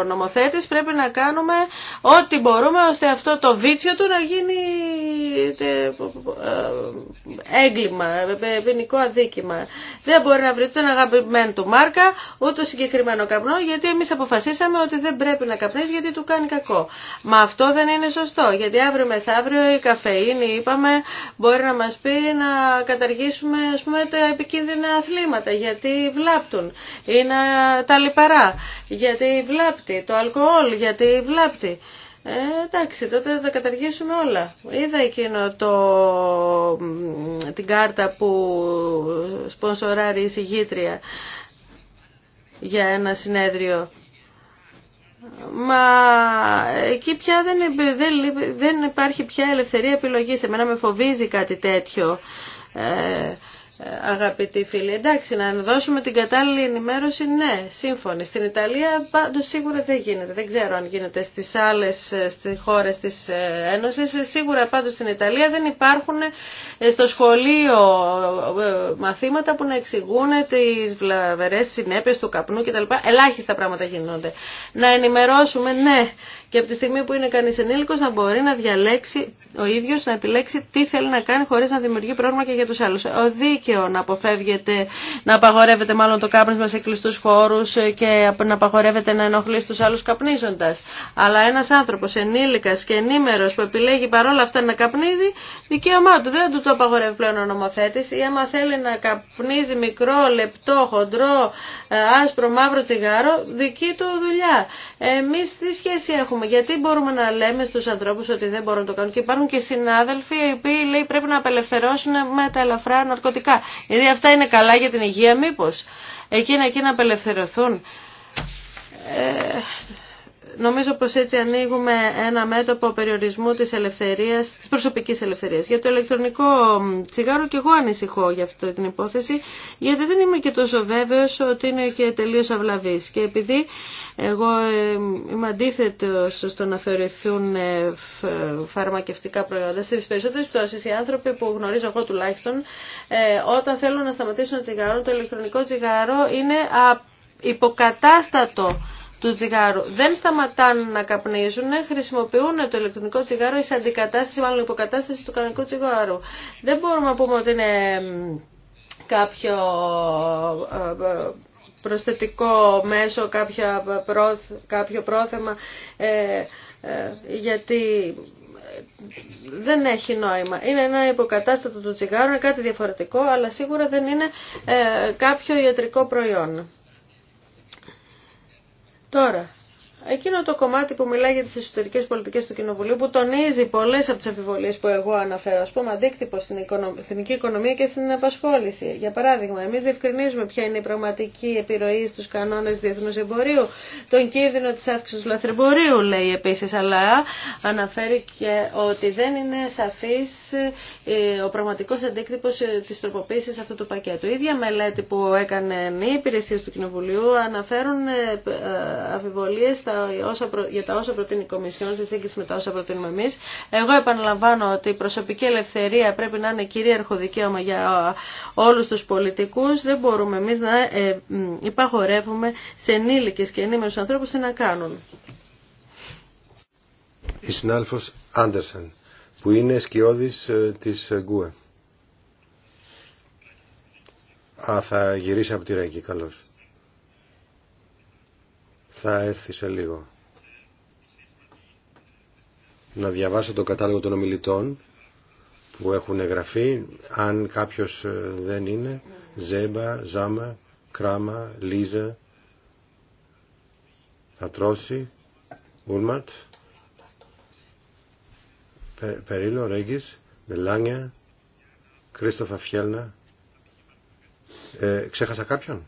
νομοθέτης πρέπει να κάνουμε ό,τι μπορούμε ώστε αυτό το βίτσιο του να γίνει ε, έγκλημα, ε, ποινικό αδίκημα. Δεν μπορεί να βρει ούτε ένα αγαπημένο του μάρκα, ούτε συγκεκριμένο καπνό, γιατί εμείς αποφασίσαμε ότι δεν πρέπει να καπνίσει γιατί του κάνει κακό. Μα αυτό δεν είναι σωστό, γιατί αύριο μεθαύριο η καφεΐνη είπαμε μπορεί να μας πει να καταργήσουμε ας πούμε, τα επικίνδυνα αθλήματα γιατί βλάπτουν ή τα λιπαρά γιατί βλάπτει, το αλκοόλ γιατί βλάπτει. Ε, εντάξει, τότε θα τα καταργήσουμε όλα. Είδα εκείνο το, την κάρτα που σπονσοράρει η συγγήτρια για ένα συνέδριο Μα εκεί πια δεν, δεν, υπάρχει πια ελευθερία επιλογής. Εμένα με φοβίζει κάτι τέτοιο. Ε, αγαπητοί φίλοι. Εντάξει, να δώσουμε την κατάλληλη ενημέρωση, ναι, Σύμφωνη. Στην Ιταλία πάντω σίγουρα δεν γίνεται. Δεν ξέρω αν γίνεται στι άλλε χώρε τη ε, Ένωση. Σίγουρα πάντω στην Ιταλία δεν υπάρχουν ε, στο σχολείο ε, μαθήματα που να εξηγούν τι βλαβερέ συνέπειε του καπνού κτλ. Ελάχιστα πράγματα γίνονται. Να ενημερώσουμε, ναι, και από τη στιγμή που είναι κανεί ενήλικο να μπορεί να διαλέξει ο ίδιο να επιλέξει τι θέλει να κάνει χωρί να δημιουργεί πρόβλημα και για του άλλου δίκαιο να αποφεύγεται, να απαγορεύεται μάλλον το κάπνισμα σε κλειστού χώρου και να απαγορεύεται να ενοχλεί του άλλου καπνίζοντα. Αλλά ένα άνθρωπο ενήλικα και ενήμερο που επιλέγει παρόλα αυτά να καπνίζει, δικαίωμά του δεν του το απαγορεύει πλέον ο νομοθέτη. Ή άμα θέλει να καπνίζει μικρό, λεπτό, χοντρό, ε, άσπρο, μαύρο τσιγάρο, δική του δουλειά. Εμεί τι σχέση έχουμε, γιατί μπορούμε να λέμε στου ανθρώπου ότι δεν μπορούν να το κάνουν. Και υπάρχουν και συνάδελφοι οι οποίοι λέει πρέπει να απελευθερώσουν με τα ελαφρά ναρκωτικά. Δηλαδή Γιατί αυτά είναι καλά για την υγεία μήπως. Εκείνα εκεί να απελευθερωθούν. Ε, νομίζω πως έτσι ανοίγουμε ένα μέτωπο περιορισμού της ελευθερίας, της προσωπικής ελευθερίας. Για το ηλεκτρονικό τσιγάρο και εγώ ανησυχώ για αυτή την υπόθεση, γιατί δεν είμαι και τόσο βέβαιος ότι είναι και τελείως αυλαβής. Και επειδή εγώ ε, είμαι αντίθετο στο να θεωρηθούν ε, ε, φαρμακευτικά προϊόντα. Στι περισσότερε πτώσεις οι άνθρωποι που γνωρίζω εγώ τουλάχιστον, όταν θέλουν να σταματήσουν τσιγάρο, το ηλεκτρονικό τσιγάρο είναι υποκατάστατο του τσιγάρου δεν σταματάνε να καπνίζουν, χρησιμοποιούν το ηλεκτρονικό τσιγάρο ει αντικατάσταση, μάλλον υποκατάσταση του κανονικού τσιγάρου. Δεν μπορούμε να πούμε ότι είναι κάποιο ε, ε, προσθετικό μέσο, κάποιο πρόθεμα, ε, γιατί δεν έχει νόημα. Είναι ένα υποκατάστατο του τσιγάρου, είναι κάτι διαφορετικό, αλλά σίγουρα δεν είναι κάποιο ιατρικό προϊόν. Τώρα, εκείνο το κομμάτι που μιλάει για τι εσωτερικέ πολιτικέ του Κοινοβουλίου που τονίζει πολλέ από τι αμφιβολίε που εγώ αναφέρω, α πούμε αντίκτυπο στην εθνική οικονομία και στην απασχόληση. Για παράδειγμα, εμεί διευκρινίζουμε ποια είναι η πραγματική επιρροή στου κανόνε Διεθνού, εμπορίου, τον κίνδυνο τη αύξηση του λαθρεμπορίου λέει επίση αλλά αναφέρει και ότι δεν είναι σαφή ε, ο πραγματικό αντίκτυπο ε, τη τροποποίηση αυτού του πακέτου. Η ίδια μελέτη που έκανε οι του Κοινοβουλίου αναφέρουν ε, αμφιβολίε για τα όσα προτείνει η Κομισιόν σε σύγκριση με τα όσα προτείνουμε εμεί. Εγώ επαναλαμβάνω ότι η προσωπική ελευθερία πρέπει να είναι κυρίαρχο δικαίωμα για όλου του πολιτικού. Δεν μπορούμε εμεί να ε, υπαγορεύουμε σε ενήλικε και ενήμερου ανθρώπου τι να κάνουν. Η συνάδελφο Άντερσεν, που είναι σκιώδη ε, τη ε, ΓΚΟΕ. Α, θα γυρίσει από τη Ρέγκη, καλώς. Θα έρθει σε λίγο. Να διαβάσω το κατάλογο των ομιλητών που έχουν εγγραφεί. Αν κάποιος ε, δεν είναι, Ζέμπα, Ζάμα, Κράμα, Λίζα, Ατρόση, Ούλματ, Περίλο, Ρέγγις, Μελάνια, Κρίστοφα Φιέλνα. Ε, ξέχασα κάποιον?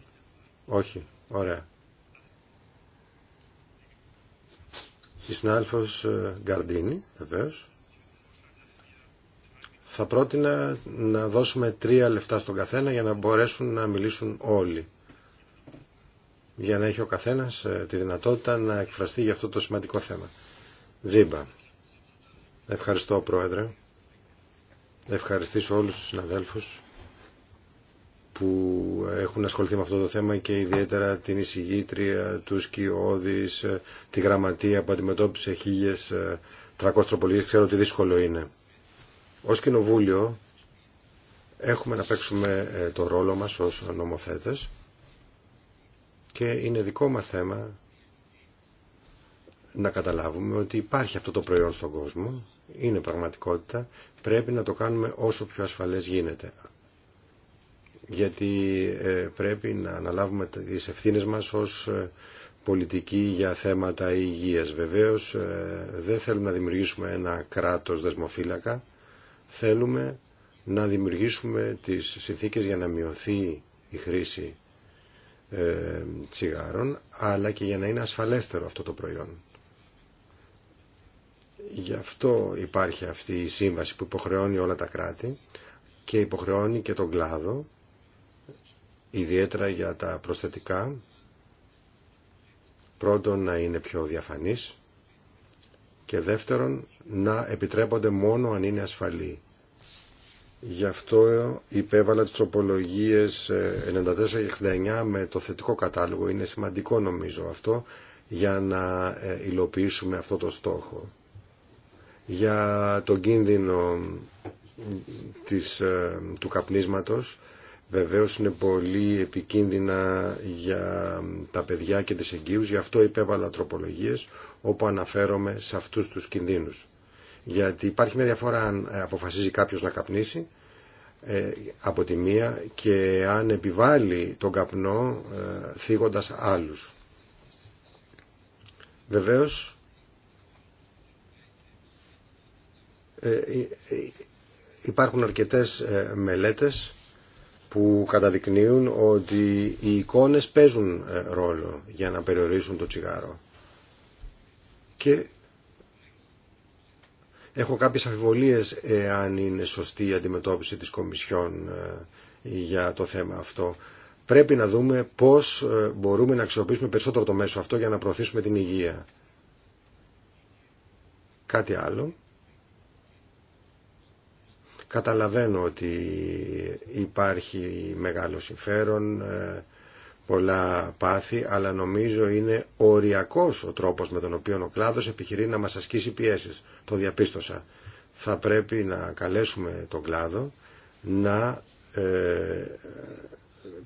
Όχι. Ωραία. η συνάδελφος ε, Γκαρντίνη, βεβαίω. Θα πρότεινα να δώσουμε τρία λεφτά στον καθένα για να μπορέσουν να μιλήσουν όλοι. Για να έχει ο καθένας ε, τη δυνατότητα να εκφραστεί για αυτό το σημαντικό θέμα. Ζήμπα. Ευχαριστώ, Πρόεδρε. Ευχαριστήσω όλους τους συναδέλφους που έχουν ασχοληθεί με αυτό το θέμα και ιδιαίτερα την εισηγήτρια, του Σκιώδης, ε, τη γραμματεία που αντιμετώπισε 1.300 ε, τροπολίες. Ξέρω ότι δύσκολο είναι. Ως κοινοβούλιο έχουμε να παίξουμε ε, το ρόλο μας ως νομοθέτες και είναι δικό μας θέμα να καταλάβουμε ότι υπάρχει αυτό το προϊόν στον κόσμο, είναι πραγματικότητα, πρέπει να το κάνουμε όσο πιο ασφαλές γίνεται γιατί ε, πρέπει να αναλάβουμε τις ευθύνες μας ως ε, πολιτικοί για θέματα υγείας. Βεβαίως ε, δεν θέλουμε να δημιουργήσουμε ένα κράτος δεσμοφύλακα, θέλουμε να δημιουργήσουμε τις συνθήκες για να μειωθεί η χρήση τσιγάρων, αλλά και για να είναι ασφαλέστερο αυτό το προϊόν. Γι' αυτό υπάρχει αυτή η σύμβαση που υποχρεώνει όλα τα κράτη και υποχρεώνει και τον κλάδο ιδιαίτερα για τα προσθετικά. Πρώτον, να είναι πιο διαφανής και δεύτερον, να επιτρέπονται μόνο αν είναι ασφαλή. Γι' αυτό υπέβαλα τις τροπολογίες 94-69 ε, με το θετικό κατάλογο. Είναι σημαντικό νομίζω αυτό για να ε, υλοποιήσουμε αυτό το στόχο. Για τον κίνδυνο της, ε, του καπνίσματος βεβαίως είναι πολύ επικίνδυνα για τα παιδιά και τις εγγύους, γι' αυτό υπέβαλα τροπολογίες όπου αναφέρομαι σε αυτούς τους κινδύνους. Γιατί υπάρχει μια διαφορά αν ε, αποφασίζει κάποιος να καπνίσει ε, από τη μία και αν επιβάλλει τον καπνό ε, θίγοντας άλλους. Βεβαίως υπάρχουν αρκετές μελέτες που καταδεικνύουν ότι οι εικόνες παίζουν ε, ρόλο για να περιορίσουν το τσιγάρο. Και έχω κάποιες αφιβολίες εάν είναι σωστή η αντιμετώπιση της Κομισιόν ε, για το θέμα αυτό. Πρέπει να δούμε πώς ε, μπορούμε να αξιοποιήσουμε περισσότερο το μέσο αυτό για να προωθήσουμε την υγεία. Κάτι άλλο Καταλαβαίνω ότι υπάρχει μεγάλο συμφέρον, ε, πολλά πάθη, αλλά νομίζω είναι οριακός ο τρόπος με τον οποίο ο κλάδος επιχειρεί να μας ασκήσει πιέσεις. Το διαπίστωσα. Θα πρέπει να καλέσουμε τον κλάδο να ε,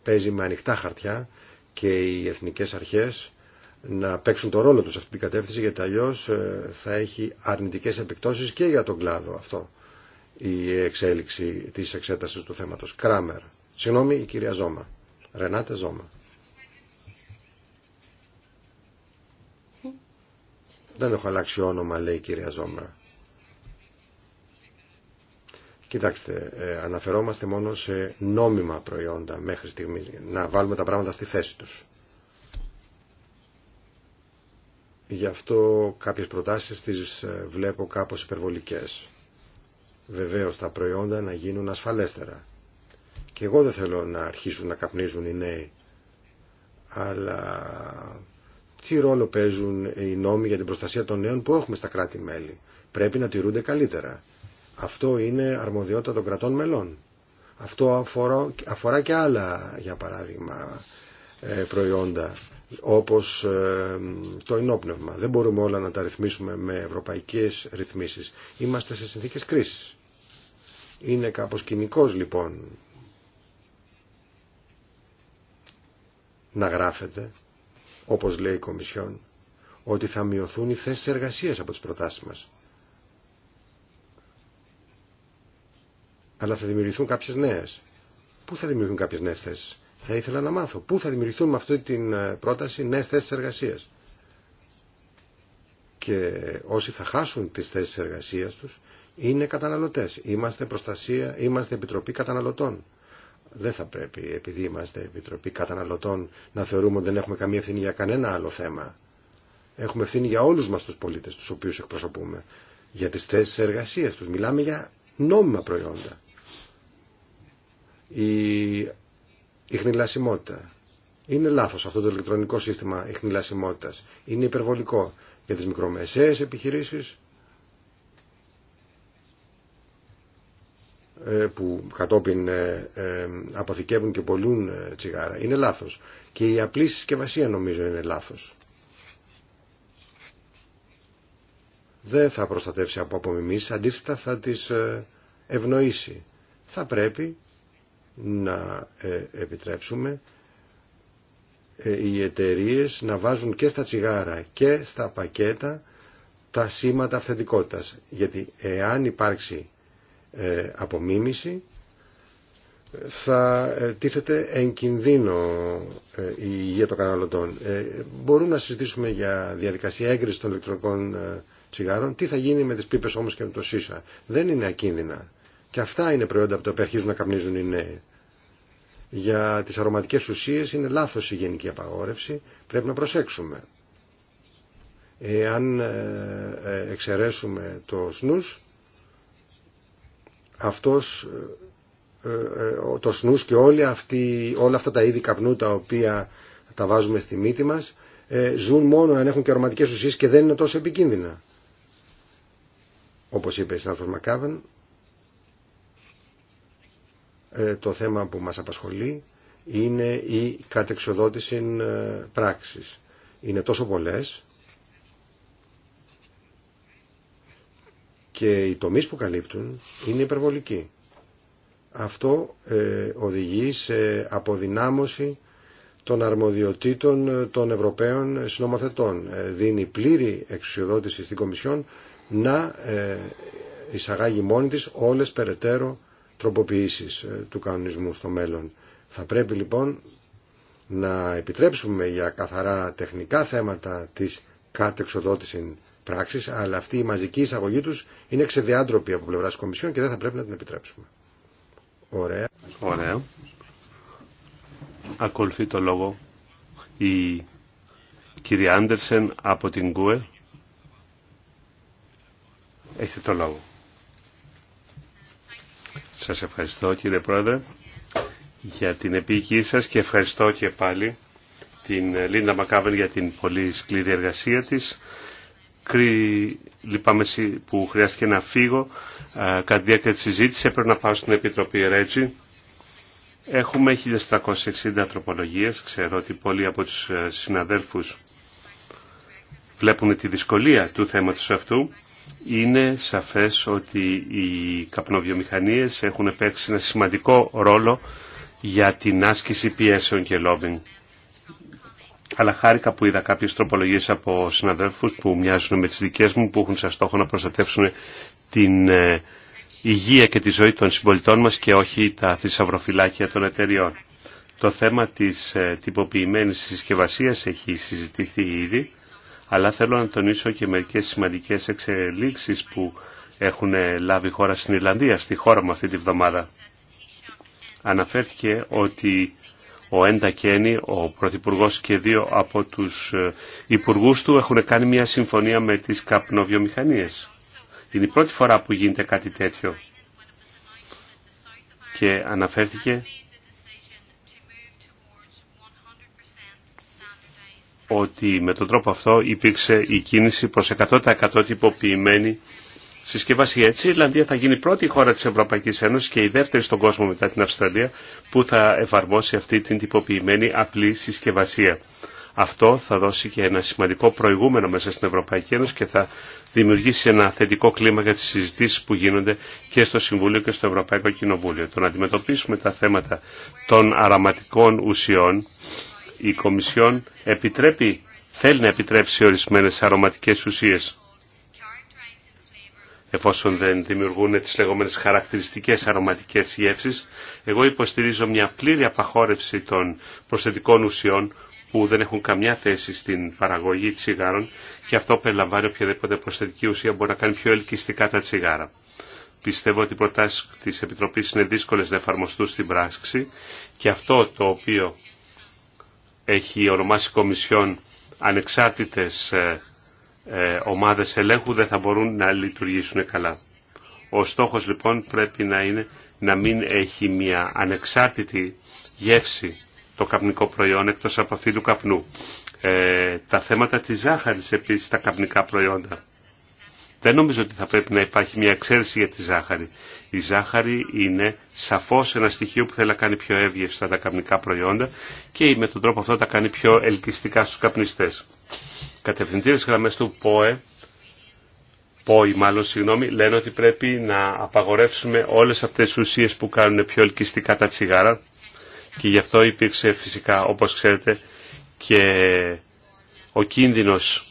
παίζει με ανοιχτά χαρτιά και οι εθνικές αρχές να παίξουν το ρόλο τους σε αυτή την κατεύθυνση γιατί αλλιώ ε, θα έχει αρνητικές επιπτώσει και για τον κλάδο αυτό η εξέλιξη της εξέτασης του θέματος. Κράμερ. Συγγνώμη, η κυρία Ζώμα. Ρενάτε Ζώμα. Δεν έχω αλλάξει όνομα, λέει η κυρία Ζώμα. Κοιτάξτε, ε, αναφερόμαστε μόνο σε νόμιμα προϊόντα μέχρι στιγμή. Να βάλουμε τα πράγματα στη θέση τους. Γι' αυτό κάποιες προτάσεις τις ε, βλέπω κάπως υπερβολικές βεβαίως τα προϊόντα να γίνουν ασφαλέστερα. Και εγώ δεν θέλω να αρχίσουν να καπνίζουν οι νέοι. Αλλά τι ρόλο παίζουν οι νόμοι για την προστασία των νέων που έχουμε στα κράτη-μέλη. Πρέπει να τηρούνται καλύτερα. Αυτό είναι αρμοδιότητα των κρατών μελών. Αυτό αφορά, αφορά και άλλα, για παράδειγμα, ε, προϊόντα, όπως ε, το ενόπνευμα. Δεν μπορούμε όλα να τα ρυθμίσουμε με ευρωπαϊκές ρυθμίσεις. Είμαστε σε συνθήκες κρίσης. Είναι κάπως κοινικός λοιπόν να γράφεται, όπως λέει η Κομισιόν, ότι θα μειωθούν οι θέσεις εργασίας από τις προτάσεις μας. Αλλά θα δημιουργηθούν κάποιες νέες. Πού θα δημιουργηθούν κάποιες νέες θέσεις. Θα ήθελα να μάθω. Πού θα δημιουργηθούν με αυτή την ε, πρόταση νέες θέσεις εργασίας. Και όσοι θα χάσουν τις θέσεις εργασίας τους είναι καταναλωτές. Είμαστε προστασία, είμαστε επιτροπή καταναλωτών. Δεν θα πρέπει, επειδή είμαστε επιτροπή καταναλωτών, να θεωρούμε ότι δεν έχουμε καμία ευθύνη για κανένα άλλο θέμα. Έχουμε ευθύνη για όλους μας τους πολίτες, τους οποίους εκπροσωπούμε. Για τις θέσεις εργασίας τους. Μιλάμε για νόμιμα προϊόντα. Η, Είναι λάθος αυτό το ηλεκτρονικό σύστημα χνηλασιμότητας. Είναι υπερβολικό για τις μικρομεσαίες επιχειρήσεις, Ε, που κατόπιν ε, ε, αποθηκεύουν και πολλούν τσιγάρα είναι λάθος και η απλή συσκευασία νομίζω είναι λάθος δεν θα προστατεύσει από απομιμήσεις αντίθετα θα τις ευνοήσει θα πρέπει να επιτρέψουμε οι εταιρείε να βάζουν και στα τσιγάρα και στα πακέτα τα σήματα αυθεντικότητας γιατί εάν υπάρξει ε, απομίμηση θα ε, τίθεται εν κινδύνο ε, η υγεία των καταναλωτών. Μπορούμε να συζητήσουμε για διαδικασία έγκριση των ηλεκτρονικών τσιγάρων. Τι θα γίνει με τις πίπες όμως και με το ΣΥΣΑ. Δεν είναι ακίνδυνα. Και αυτά είναι προϊόντα από τα οποία αρχίζουν να καπνίζουν οι νέοι. Για τις αρωματικές ουσίες είναι λάθος η γενική απαγόρευση. Πρέπει να προσέξουμε. Εάν εξαιρέσουμε το σνους, αυτός ε, ε, ε, το σνούς και όλη αυτή όλα αυτά τα είδη καπνού τα οποία τα βάζουμε στη μύτη μας ζουν μόνο αν έχουν και αρωματικές ουσίες και δεν είναι τόσο επικίνδυνα. Όπως είπε η Μακάβεν, το θέμα που μας απασχολεί είναι η κατεξοδότηση πράξης. Είναι τόσο πολλές και οι τομείς που καλύπτουν είναι υπερβολικοί. Αυτό ε, οδηγεί σε αποδυνάμωση των αρμοδιοτήτων των Ευρωπαίων συνομοθετών. Ε, δίνει πλήρη εξουσιοδότηση στην Κομισιόν να ε, εισαγάγει μόνη της όλες περαιτέρω τροποποιήσεις του κανονισμού στο μέλλον. Θα πρέπει λοιπόν να επιτρέψουμε για καθαρά τεχνικά θέματα της κατεξοδότηση πράξεις, αλλά αυτή η μαζική εισαγωγή τους είναι ξεδιάντροπη από πλευράς Κομισιόν και δεν θα πρέπει να την επιτρέψουμε. Ωραία. Ωραία. Ακολουθεί το λόγο η κυρία Άντερσεν από την ΚΟΕ. Έχετε το λόγο. Σας ευχαριστώ κύριε Πρόεδρε για την επίοικη σας και ευχαριστώ και πάλι την Λίντα Μακάβεν για την πολύ σκληρή εργασία της λυπάμαι που χρειάστηκε να φύγω ε, κατά τη διάρκεια της συζήτησης, έπρεπε να πάω στην Επιτροπή Ρέτζι. Έχουμε 1.360 τροπολογίες, ξέρω ότι πολλοί από τους ε, συναδέλφους βλέπουν τη δυσκολία του θέματος αυτού. Είναι σαφές ότι οι καπνοβιομηχανίες έχουν παίξει ένα σημαντικό ρόλο για την άσκηση πιέσεων και λόμπινγκ αλλά χάρηκα που είδα κάποιε τροπολογίε από συναδέλφου που μοιάζουν με τι δικέ μου, που έχουν σαν στόχο να προστατεύσουν την ε, υγεία και τη ζωή των συμπολιτών μας και όχι τα θησαυροφυλάκια των εταιριών. Το θέμα της ε, τυποποιημένη συσκευασία έχει συζητηθεί ήδη, αλλά θέλω να τονίσω και μερικέ σημαντικέ εξελίξει που έχουν ε, λάβει χώρα στην Ιρλανδία, στη χώρα μου αυτή τη βδομάδα. Αναφέρθηκε ότι ο Έντα Κένι, ο Πρωθυπουργό και δύο από τους ε, υπουργού του έχουν κάνει μια συμφωνία με τις καπνοβιομηχανίες. Είναι η πρώτη φορά που γίνεται κάτι τέτοιο. Και αναφέρθηκε ότι με τον τρόπο αυτό υπήρξε η κίνηση προς 100% τυποποιημένη συσκευασία. Έτσι η Ιρλανδία θα γίνει η πρώτη χώρα της Ευρωπαϊκής Ένωσης και η δεύτερη στον κόσμο μετά την Αυστραλία που θα εφαρμόσει αυτή την τυποποιημένη απλή συσκευασία. Αυτό θα δώσει και ένα σημαντικό προηγούμενο μέσα στην Ευρωπαϊκή Ένωση και θα δημιουργήσει ένα θετικό κλίμα για τις συζητήσεις που γίνονται και στο Συμβούλιο και στο Ευρωπαϊκό Κοινοβούλιο. Το να αντιμετωπίσουμε τα θέματα των αραματικών ουσιών, η Κομισιόν επιτρέπει, θέλει να επιτρέψει ορισμένες αρωματικές ουσίες εφόσον δεν δημιουργούν τις λεγόμενες χαρακτηριστικές αρωματικές γεύσεις. Εγώ υποστηρίζω μια πλήρη απαχώρευση των προσθετικών ουσιών που δεν έχουν καμιά θέση στην παραγωγή τσιγάρων και αυτό περιλαμβάνει οποιαδήποτε προσθετική ουσία μπορεί να κάνει πιο ελκυστικά τα τσιγάρα. Πιστεύω ότι οι προτάσεις της Επιτροπής είναι δύσκολες να εφαρμοστούν στην πράξη και αυτό το οποίο έχει ονομάσει Κομισιόν ανεξάρτητες ε, ε, ομάδες ελέγχου δεν θα μπορούν να λειτουργήσουν καλά. Ο στόχος λοιπόν πρέπει να είναι να μην έχει μια ανεξάρτητη γεύση το καπνικό προϊόν εκτός από αυτή του καπνού. Ε, τα θέματα της ζάχαρης επίσης τα καπνικά προϊόντα. Δεν νομίζω ότι θα πρέπει να υπάρχει μια εξαίρεση για τη ζάχαρη. Η ζάχαρη είναι σαφώς ένα στοιχείο που θέλει να κάνει πιο εύγευστα τα καπνικά προϊόντα και με τον τρόπο αυτό τα κάνει πιο ελκυστικά στους καπνιστές. Κατευθυντήρες γραμμές του ΠΟΕ ΠΟΗ μάλλον, συγγνώμη, λένε ότι πρέπει να απαγορεύσουμε όλες αυτές τις ουσίες που κάνουν πιο ελκυστικά τα τσιγάρα και γι' αυτό υπήρξε φυσικά, όπω ξέρετε, και ο κίνδυνος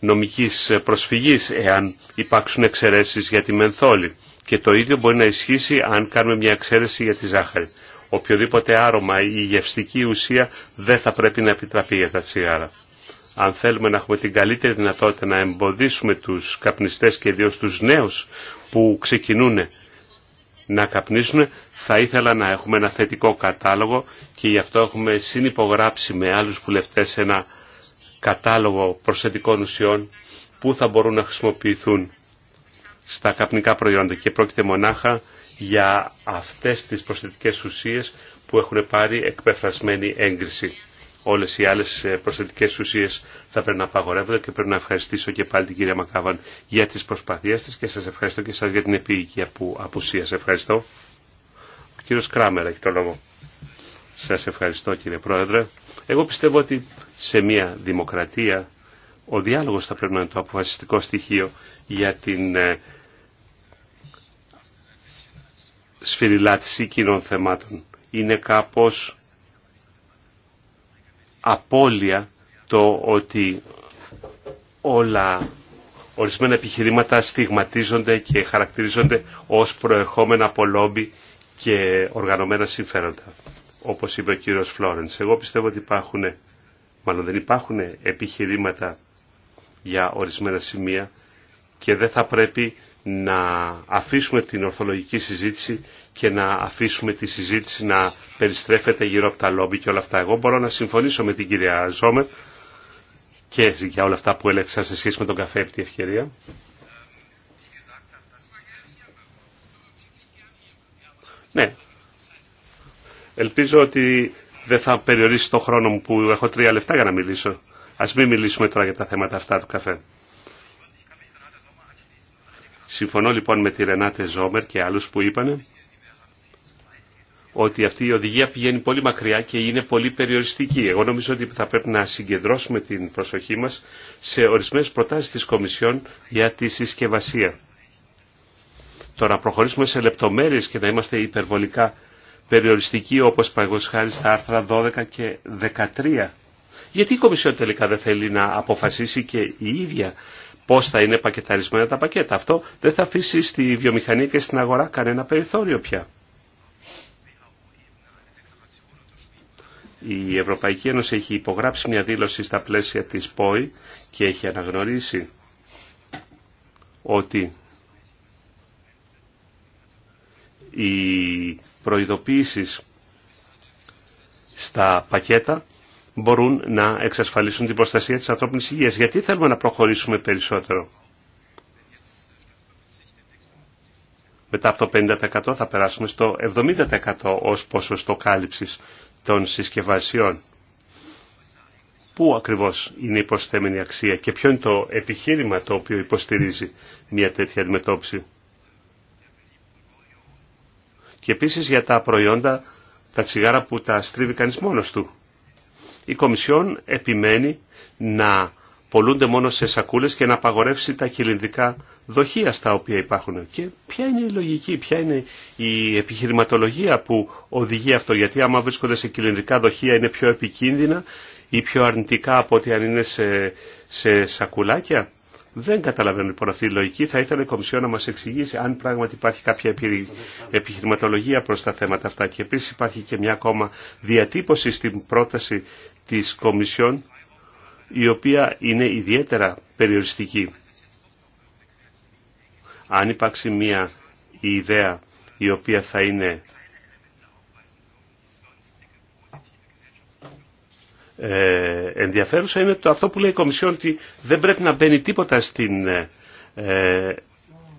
νομικής προσφυγής εάν υπάρξουν εξαιρέσεις για τη μενθόλη και το ίδιο μπορεί να ισχύσει αν κάνουμε μια εξαίρεση για τη ζάχαρη. Οποιοδήποτε άρωμα ή γευστική ουσία δεν θα πρέπει να επιτραπεί για τα τσιγάρα. Αν θέλουμε να έχουμε την καλύτερη δυνατότητα να εμποδίσουμε τους καπνιστές και ιδίως τους νέους που ξεκινούν να καπνίσουν, θα ήθελα να έχουμε ένα θετικό κατάλογο και γι' αυτό έχουμε συνυπογράψει με άλλους βουλευτές ένα κατάλογο προσθετικών ουσιών που θα μπορούν να χρησιμοποιηθούν στα καπνικά προϊόντα και πρόκειται μονάχα για αυτές τις προσθετικές ουσίες που έχουν πάρει εκπεφρασμένη έγκριση. Όλες οι άλλες ε, προσθετικές ουσίες θα πρέπει να απαγορεύονται και πρέπει να ευχαριστήσω και πάλι την κυρία Μακάβαν για τις προσπαθίες της και σας ευχαριστώ και σας για την επίοικια που απουσίασε. Ευχαριστώ. Ο κύριος Κράμερα έχει το λόγο. Σας ευχαριστώ κύριε Πρόεδρε. Εγώ πιστεύω ότι σε μια δημοκρατία ο διάλογος θα πρέπει να είναι το αποφασιστικό στοιχείο για την ε, σφυριλάτηση κοινών θεμάτων. Είναι κάπως απώλεια το ότι όλα ορισμένα επιχειρήματα στιγματίζονται και χαρακτηρίζονται ως προεχόμενα από λόμπι και οργανωμένα συμφέροντα. Όπως είπε ο κύριος Φλόρενς. Εγώ πιστεύω ότι υπάρχουν, μάλλον δεν υπάρχουν επιχειρήματα για ορισμένα σημεία και δεν θα πρέπει να αφήσουμε την ορθολογική συζήτηση και να αφήσουμε τη συζήτηση να περιστρέφεται γύρω από τα λόμπι και όλα αυτά. Εγώ μπορώ να συμφωνήσω με την κυρία Ζόμερ και για όλα αυτά που έλεγξα σε σχέση με τον καφέ επί τη ευκαιρία. Ναι. Ελπίζω ότι δεν θα περιορίσει το χρόνο μου που έχω τρία λεφτά για να μιλήσω. Ας μην μιλήσουμε τώρα για τα θέματα αυτά του καφέ. Συμφωνώ λοιπόν με τη Ρενάτε Ζόμερ και άλλους που είπανε ότι αυτή η οδηγία πηγαίνει πολύ μακριά και είναι πολύ περιοριστική. Εγώ νομίζω ότι θα πρέπει να συγκεντρώσουμε την προσοχή μας σε ορισμένες προτάσεις της Κομισιόν για τη συσκευασία. Το να προχωρήσουμε σε λεπτομέρειες και να είμαστε υπερβολικά περιοριστικοί όπως παγκοσχάρι χάρη στα άρθρα 12 και 13. Γιατί η Κομισιόν τελικά δεν θέλει να αποφασίσει και η ίδια πώς θα είναι πακεταρισμένα τα πακέτα. Αυτό δεν θα αφήσει στη βιομηχανία και στην αγορά κανένα περιθώριο πια. Η Ευρωπαϊκή Ένωση έχει υπογράψει μια δήλωση στα πλαίσια της ΠΟΗ και έχει αναγνωρίσει ότι οι προειδοποίησεις στα πακέτα μπορούν να εξασφαλίσουν την προστασία της ανθρώπινης υγείας. Γιατί θέλουμε να προχωρήσουμε περισσότερο. Μετά από το 50% θα περάσουμε στο 70% ως ποσοστό κάλυψης των συσκευασιών. Πού ακριβώς είναι η προσθέμενη αξία και ποιο είναι το επιχείρημα το οποίο υποστηρίζει μια τέτοια αντιμετώπιση. Και επίσης για τα προϊόντα, τα τσιγάρα που τα στρίβει κανείς μόνος του η Κομισιόν επιμένει να πολλούνται μόνο σε σακούλες και να απαγορεύσει τα κυλινδρικά δοχεία στα οποία υπάρχουν. Και ποια είναι η λογική, ποια είναι η επιχειρηματολογία που οδηγεί αυτό, γιατί άμα βρίσκονται σε κυλινδρικά δοχεία είναι πιο επικίνδυνα ή πιο αρνητικά από ότι αν είναι σε, σε σακουλάκια. Δεν καταλαβαίνω λοιπόν αυτή η λογική. Θα ήθελα η Κομισιόν να μα εξηγήσει αν πράγματι υπάρχει κάποια επιχειρηματολογία προ τα θέματα αυτά. Και επίση υπάρχει και μια ακόμα διατύπωση στην πρόταση τη Κομισιόν η οποία είναι ιδιαίτερα περιοριστική. Αν υπάρξει μια ιδέα η οποία θα είναι ε, ενδιαφέρουσα είναι το αυτό που λέει η Κομισιόν ότι δεν πρέπει να μπαίνει τίποτα στην ε,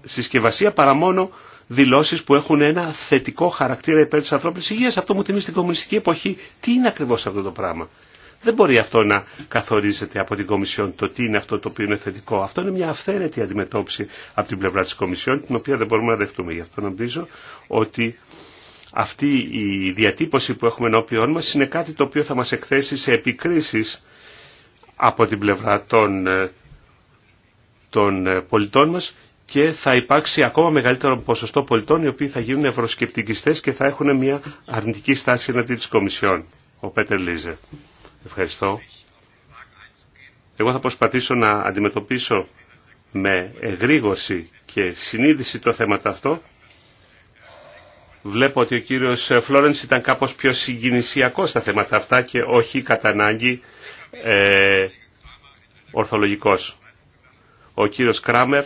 συσκευασία παρά μόνο δηλώσεις που έχουν ένα θετικό χαρακτήρα υπέρ της ανθρώπινης υγείας. Αυτό μου θυμίζει την κομμουνιστική εποχή. Τι είναι ακριβώς αυτό το πράγμα. Δεν μπορεί αυτό να καθορίζεται από την Κομισιόν το τι είναι αυτό το οποίο είναι θετικό. Αυτό είναι μια αυθαίρετη αντιμετώπιση από την πλευρά της Κομισιόν, την οποία δεν μπορούμε να δεχτούμε. Γι' αυτό νομίζω ότι αυτή η διατύπωση που έχουμε ενώπιόν μας είναι κάτι το οποίο θα μας εκθέσει σε επικρίσεις από την πλευρά των, ε, των ε, πολιτών μας και θα υπάρξει ακόμα μεγαλύτερο ποσοστό πολιτών οι οποίοι θα γίνουν ευρωσκεπτικιστές και θα έχουν μια αρνητική στάση εναντί της Κομισιόν. Ο Πέτερ Λίζε. Ευχαριστώ. Εγώ θα προσπαθήσω να αντιμετωπίσω με εγρήγορση και συνείδηση το θέμα αυτό Βλέπω ότι ο κύριος Φλόρενς ήταν κάπως πιο συγκινησιακός στα θέματα αυτά και όχι κατά ανάγκη ε, ορθολογικός. Ο κύριος Κράμερ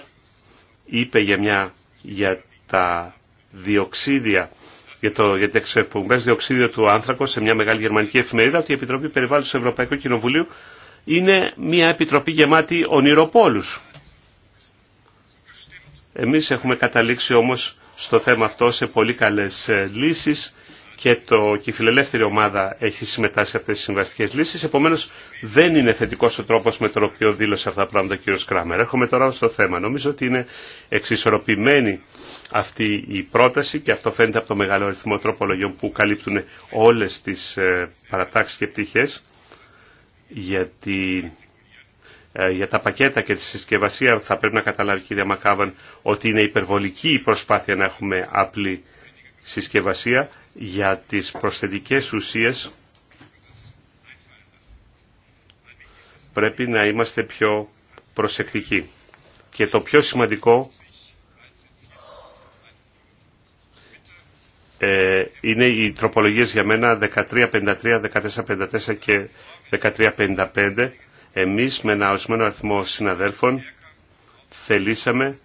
είπε για, μια, για τα διοξίδια, για, το, για τις εκπομπές διοξίδιο του άνθρακο σε μια μεγάλη γερμανική εφημερίδα ότι η Επιτροπή Περιβάλλοντος του Ευρωπαϊκού Κοινοβουλίου είναι μια επιτροπή γεμάτη ονειροπόλους. Εμείς έχουμε καταλήξει όμως στο θέμα αυτό σε πολύ καλές ε, λύσεις και, το, και η φιλελεύθερη ομάδα έχει συμμετάσχει σε αυτές τις συμβαστικές λύσεις. Επομένως δεν είναι θετικός ο τρόπος με τον οποίο δήλωσε αυτά τα πράγματα ο κ. Κράμερ. Έρχομαι τώρα στο θέμα. Νομίζω ότι είναι εξισορροπημένη αυτή η πρόταση και αυτό φαίνεται από το μεγάλο αριθμό τροπολογιών που καλύπτουν όλες τις ε, παρατάξεις και πτυχές γιατί ε, για τα πακέτα και τη συσκευασία θα πρέπει να καταλάβει κυρία Μακάβαν ότι είναι υπερβολική η προσπάθεια να έχουμε απλή συσκευασία για τις προσθετικές ουσίες πρέπει να είμαστε πιο προσεκτικοί. Και το πιο σημαντικό ε, είναι οι τροπολογίες για μένα 13.53, 14.54 και 13.55 εμείς με ένα ορισμένο αριθμό συναδέλφων θελήσαμε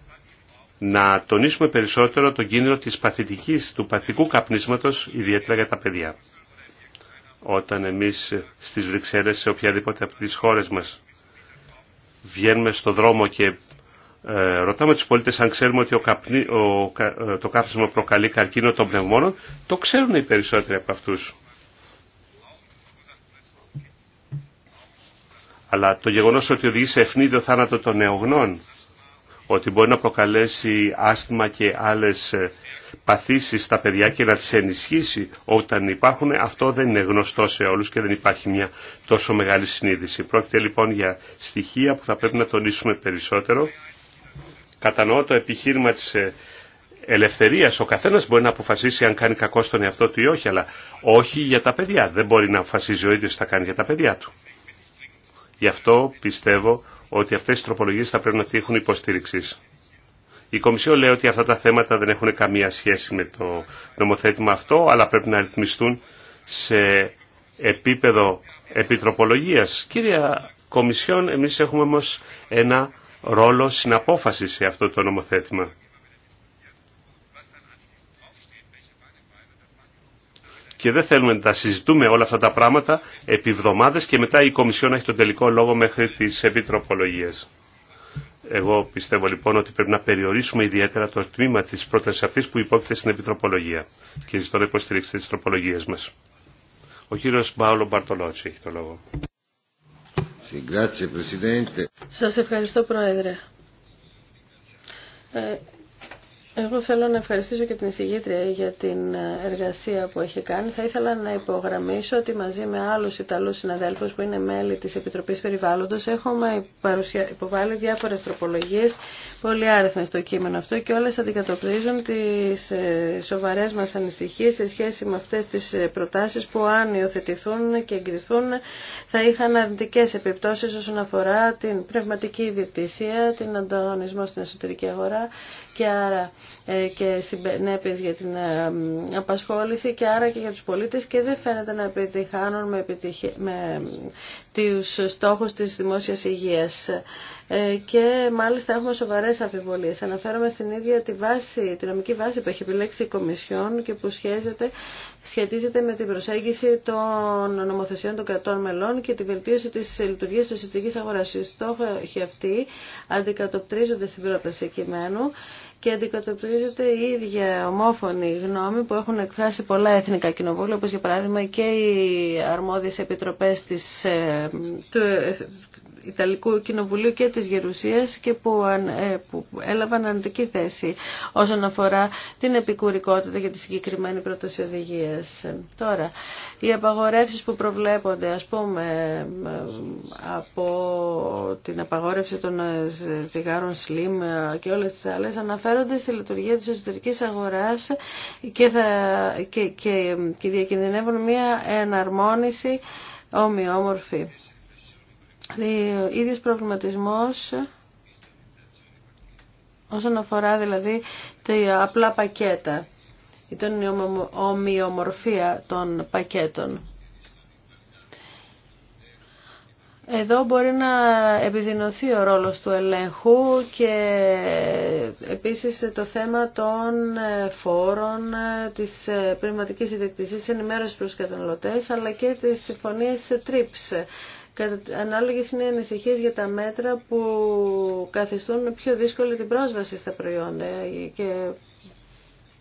να τονίσουμε περισσότερο τον κίνδυνο της παθητικής, του παθητικού καπνίσματος, ιδιαίτερα για τα παιδιά. Όταν εμείς στις Βρυξέλλες, σε οποιαδήποτε από τις χώρες μας, βγαίνουμε στο δρόμο και ε, ρωτάμε τους πολίτες αν ξέρουμε ότι ο καπνί, ε, το κάπνισμα προκαλεί καρκίνο των πνευμόνων, το ξέρουν οι περισσότεροι από αυτούς. Αλλά το γεγονός ότι οδηγεί σε ευνίδιο θάνατο των νεογνών, ότι μπορεί να προκαλέσει άσθημα και άλλες ε, παθήσεις στα παιδιά και να τις ενισχύσει όταν υπάρχουν, αυτό δεν είναι γνωστό σε όλους και δεν υπάρχει μια τόσο μεγάλη συνείδηση. Πρόκειται λοιπόν για στοιχεία που θα πρέπει να τονίσουμε περισσότερο. Κατανοώ το επιχείρημα της ε, ελευθερίας. Ο καθένας μπορεί να αποφασίσει αν κάνει κακό στον εαυτό του ή όχι, αλλά όχι για τα παιδιά. Δεν μπορεί να αποφασίζει ο ίδιος τι θα κάνει για τα παιδιά του. Γι' αυτό πιστεύω ότι αυτές οι τροπολογίες θα πρέπει να τύχουν υποστήριξη. Η Κομισιόν λέει ότι αυτά τα θέματα δεν έχουν καμία σχέση με το νομοθέτημα αυτό, αλλά πρέπει να ρυθμιστούν σε επίπεδο επιτροπολογίας. Κύρια Κομισιόν, εμείς έχουμε όμως ένα ρόλο συναπόφασης σε αυτό το νομοθέτημα. και δεν θέλουμε να συζητούμε όλα αυτά τα πράγματα επί εβδομάδες και μετά η Κομισιόν έχει τον τελικό λόγο μέχρι τις επιτροπολογίες. Εγώ πιστεύω λοιπόν ότι πρέπει να περιορίσουμε ιδιαίτερα το τμήμα της πρότασης αυτής που υπόκειται στην επιτροπολογία και ζητώ να υποστηρίξετε τις τροπολογίες μας. Ο κύριος Μπάολο Μπαρτολότσι έχει το λόγο. Σας ευχαριστώ Πρόεδρε. Ε, εγώ θέλω να ευχαριστήσω και την εισηγήτρια για την εργασία που έχει κάνει. Θα ήθελα να υπογραμμίσω ότι μαζί με άλλους Ιταλούς συναδέλφους που είναι μέλη της Επιτροπής Περιβάλλοντος έχουμε υποβάλει διάφορες τροπολογίες πολύ άριθμες στο κείμενο αυτό και όλες αντικατοπτρίζουν τις ε, σοβαρές μας ανησυχίες σε σχέση με αυτές τις ε, προτάσεις που αν υιοθετηθούν και εγκριθούν θα είχαν αρνητικές επιπτώσεις όσον αφορά την πνευματική ιδιοκτησία, την ανταγωνισμό στην εσωτερική αγορά και άρα ε, και συνέπειες για την ε, απασχόληση και άρα και για τους πολίτες και δεν φαίνεται να επιτυχάνουν με, επιτυχε... με τους στόχους της δημόσιας υγείας. Ε, και μάλιστα έχουμε σοβαρές αμφιβολίες. Αναφέρομαι στην ίδια τη βάση, τη νομική βάση που έχει επιλέξει η Κομισιόν και που σχέζεται, σχετίζεται με την προσέγγιση των νομοθεσιών των κρατών μελών και τη βελτίωση της λειτουργίας της εσωτερικής αγοράς. Οι στόχοι αυτοί αντικατοπτρίζονται στην πρόταση κειμένου και αντικατοπτρίζεται η ίδια ομόφωνη γνώμη που έχουν εκφράσει πολλά εθνικά κοινοβούλια, όπως για παράδειγμα και οι αρμόδιες επιτροπές της, ε, του Ιταλικού Κοινοβουλίου και της Γερουσίας και που, ε, που έλαβαν αντική θέση όσον αφορά την επικουρικότητα για τη συγκεκριμένη πρόταση οδηγία. Τώρα, οι απαγορεύσεις που προβλέπονται, ας πούμε, ε, από την απαγόρευση των τσιγάρων ε, slim και όλες τις άλλες, αναφέρονται στη λειτουργία της εσωτερικής αγοράς και, θα, και, και, και διακινδυνεύουν μια εναρμόνιση ομοιόμορφη. Ο ίδιος προβληματισμός όσον αφορά δηλαδή τα απλά πακέτα ή την ομοιομορφία των πακέτων. Εδώ μπορεί να επιδεινωθεί ο ρόλος του ελέγχου και επίσης το θέμα των ε, φόρων, ε, της ε, πνευματικής ιδιοκτησίας, ενημέρωσης προς καταναλωτές, αλλά και της συμφωνίας TRIPS Ανάλογες είναι οι ανησυχίες για τα μέτρα που καθιστούν πιο δύσκολη την πρόσβαση στα προϊόντα και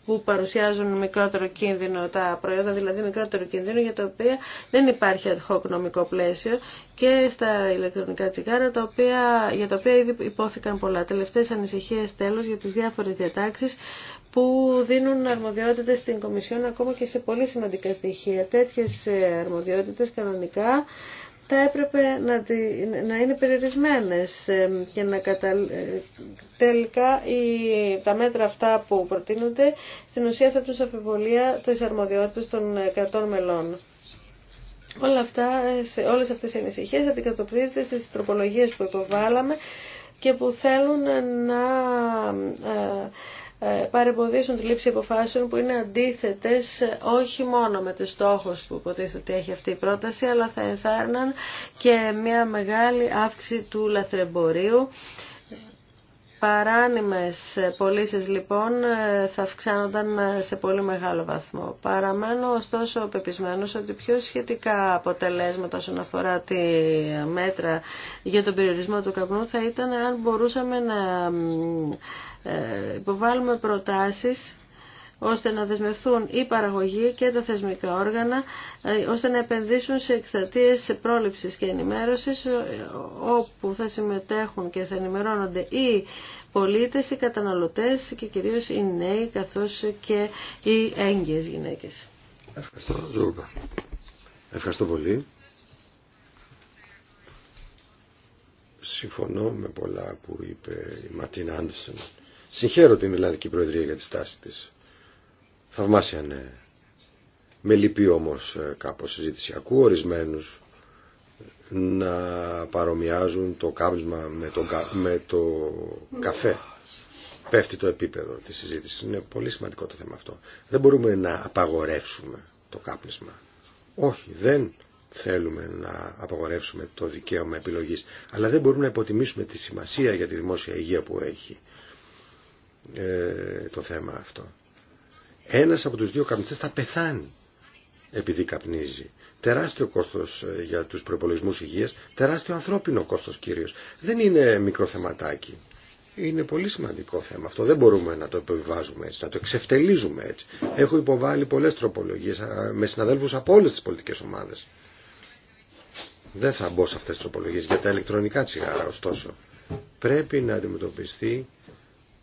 που παρουσιάζουν μικρότερο κίνδυνο τα προϊόντα, δηλαδή μικρότερο κίνδυνο για τα οποία δεν υπάρχει ad νομικό πλαίσιο και στα ηλεκτρονικά τσιγάρα τα οποία, για τα οποία ήδη υπόθηκαν πολλά. Τελευταίες ανησυχίες τέλος για τις διάφορες διατάξεις που δίνουν αρμοδιότητες στην Κομισιόν ακόμα και σε πολύ σημαντικά στοιχεία. Τέτοιες ε, αρμοδιότητε, κανονικά τα έπρεπε να, είναι περιορισμένες και να κατα... τελικά τα μέτρα αυτά που προτείνονται στην ουσία θα τους αφιβολία το αρμοδιότητες των ε, κρατών μελών. Όλα αυτά, ε, όλες αυτές οι ανησυχίες αντικατοπτρίζονται στις τροπολογίες που υποβάλαμε και που θέλουν να ε, ε, παρεμποδίσουν τη λήψη αποφάσεων που είναι αντίθετες ε, όχι μόνο με τους στόχους που υποτίθεται ότι έχει αυτή η πρόταση, αλλά θα ενθάρρυναν και μια μεγάλη αύξηση του λαθρεμπορίου. Παράνημες πωλήσει λοιπόν ε, θα αυξάνονταν σε πολύ μεγάλο βαθμό. Παραμένω ωστόσο πεπισμένος ότι πιο σχετικά αποτελέσματα όσον αφορά τη μέτρα για τον περιορισμό του καπνού θα ήταν αν μπορούσαμε να ε, υποβάλουμε προτάσεις ώστε να δεσμευθούν η παραγωγή και τα θεσμικά όργανα, ε, ώστε να επενδύσουν σε σε πρόληψης και ενημέρωσης, ε, όπου θα συμμετέχουν και θα ενημερώνονται οι πολίτες, οι καταναλωτές και κυρίως οι νέοι, καθώς και οι έγκυες γυναίκες. Ευχαριστώ, Ευχαριστώ πολύ. Συμφωνώ με πολλά που είπε η Ματίνα Συγχαίρω την Ιρλανδική Προεδρία για τη στάση της. Θαυμάσια ναι. Με λυπεί όμως ε, κάπως συζήτηση. Ακούω ορισμένους να παρομοιάζουν το κάπνισμα με το, με το καφέ. Πέφτει το επίπεδο της συζήτησης. Είναι πολύ σημαντικό το θέμα αυτό. Δεν μπορούμε να απαγορεύσουμε το κάπνισμα. Όχι, δεν θέλουμε να απαγορεύσουμε το δικαίωμα επιλογής. Αλλά δεν μπορούμε να υποτιμήσουμε τη σημασία για τη δημόσια υγεία που έχει ε, το θέμα αυτό. Ένας από τους δύο καπνιστές θα πεθάνει επειδή καπνίζει. Τεράστιο κόστος ε, για τους προπολογισμού υγείας, τεράστιο ανθρώπινο κόστος κυρίως. Δεν είναι μικρό θεματάκι. Είναι πολύ σημαντικό θέμα αυτό. Δεν μπορούμε να το επιβάζουμε έτσι, να το εξευτελίζουμε έτσι. Έχω υποβάλει πολλές τροπολογίες με συναδέλφους από όλες τις πολιτικές ομάδες. Δεν θα μπω σε αυτές τις τροπολογίες για τα ηλεκτρονικά τσιγάρα, ωστόσο. Πρέπει να αντιμετωπιστεί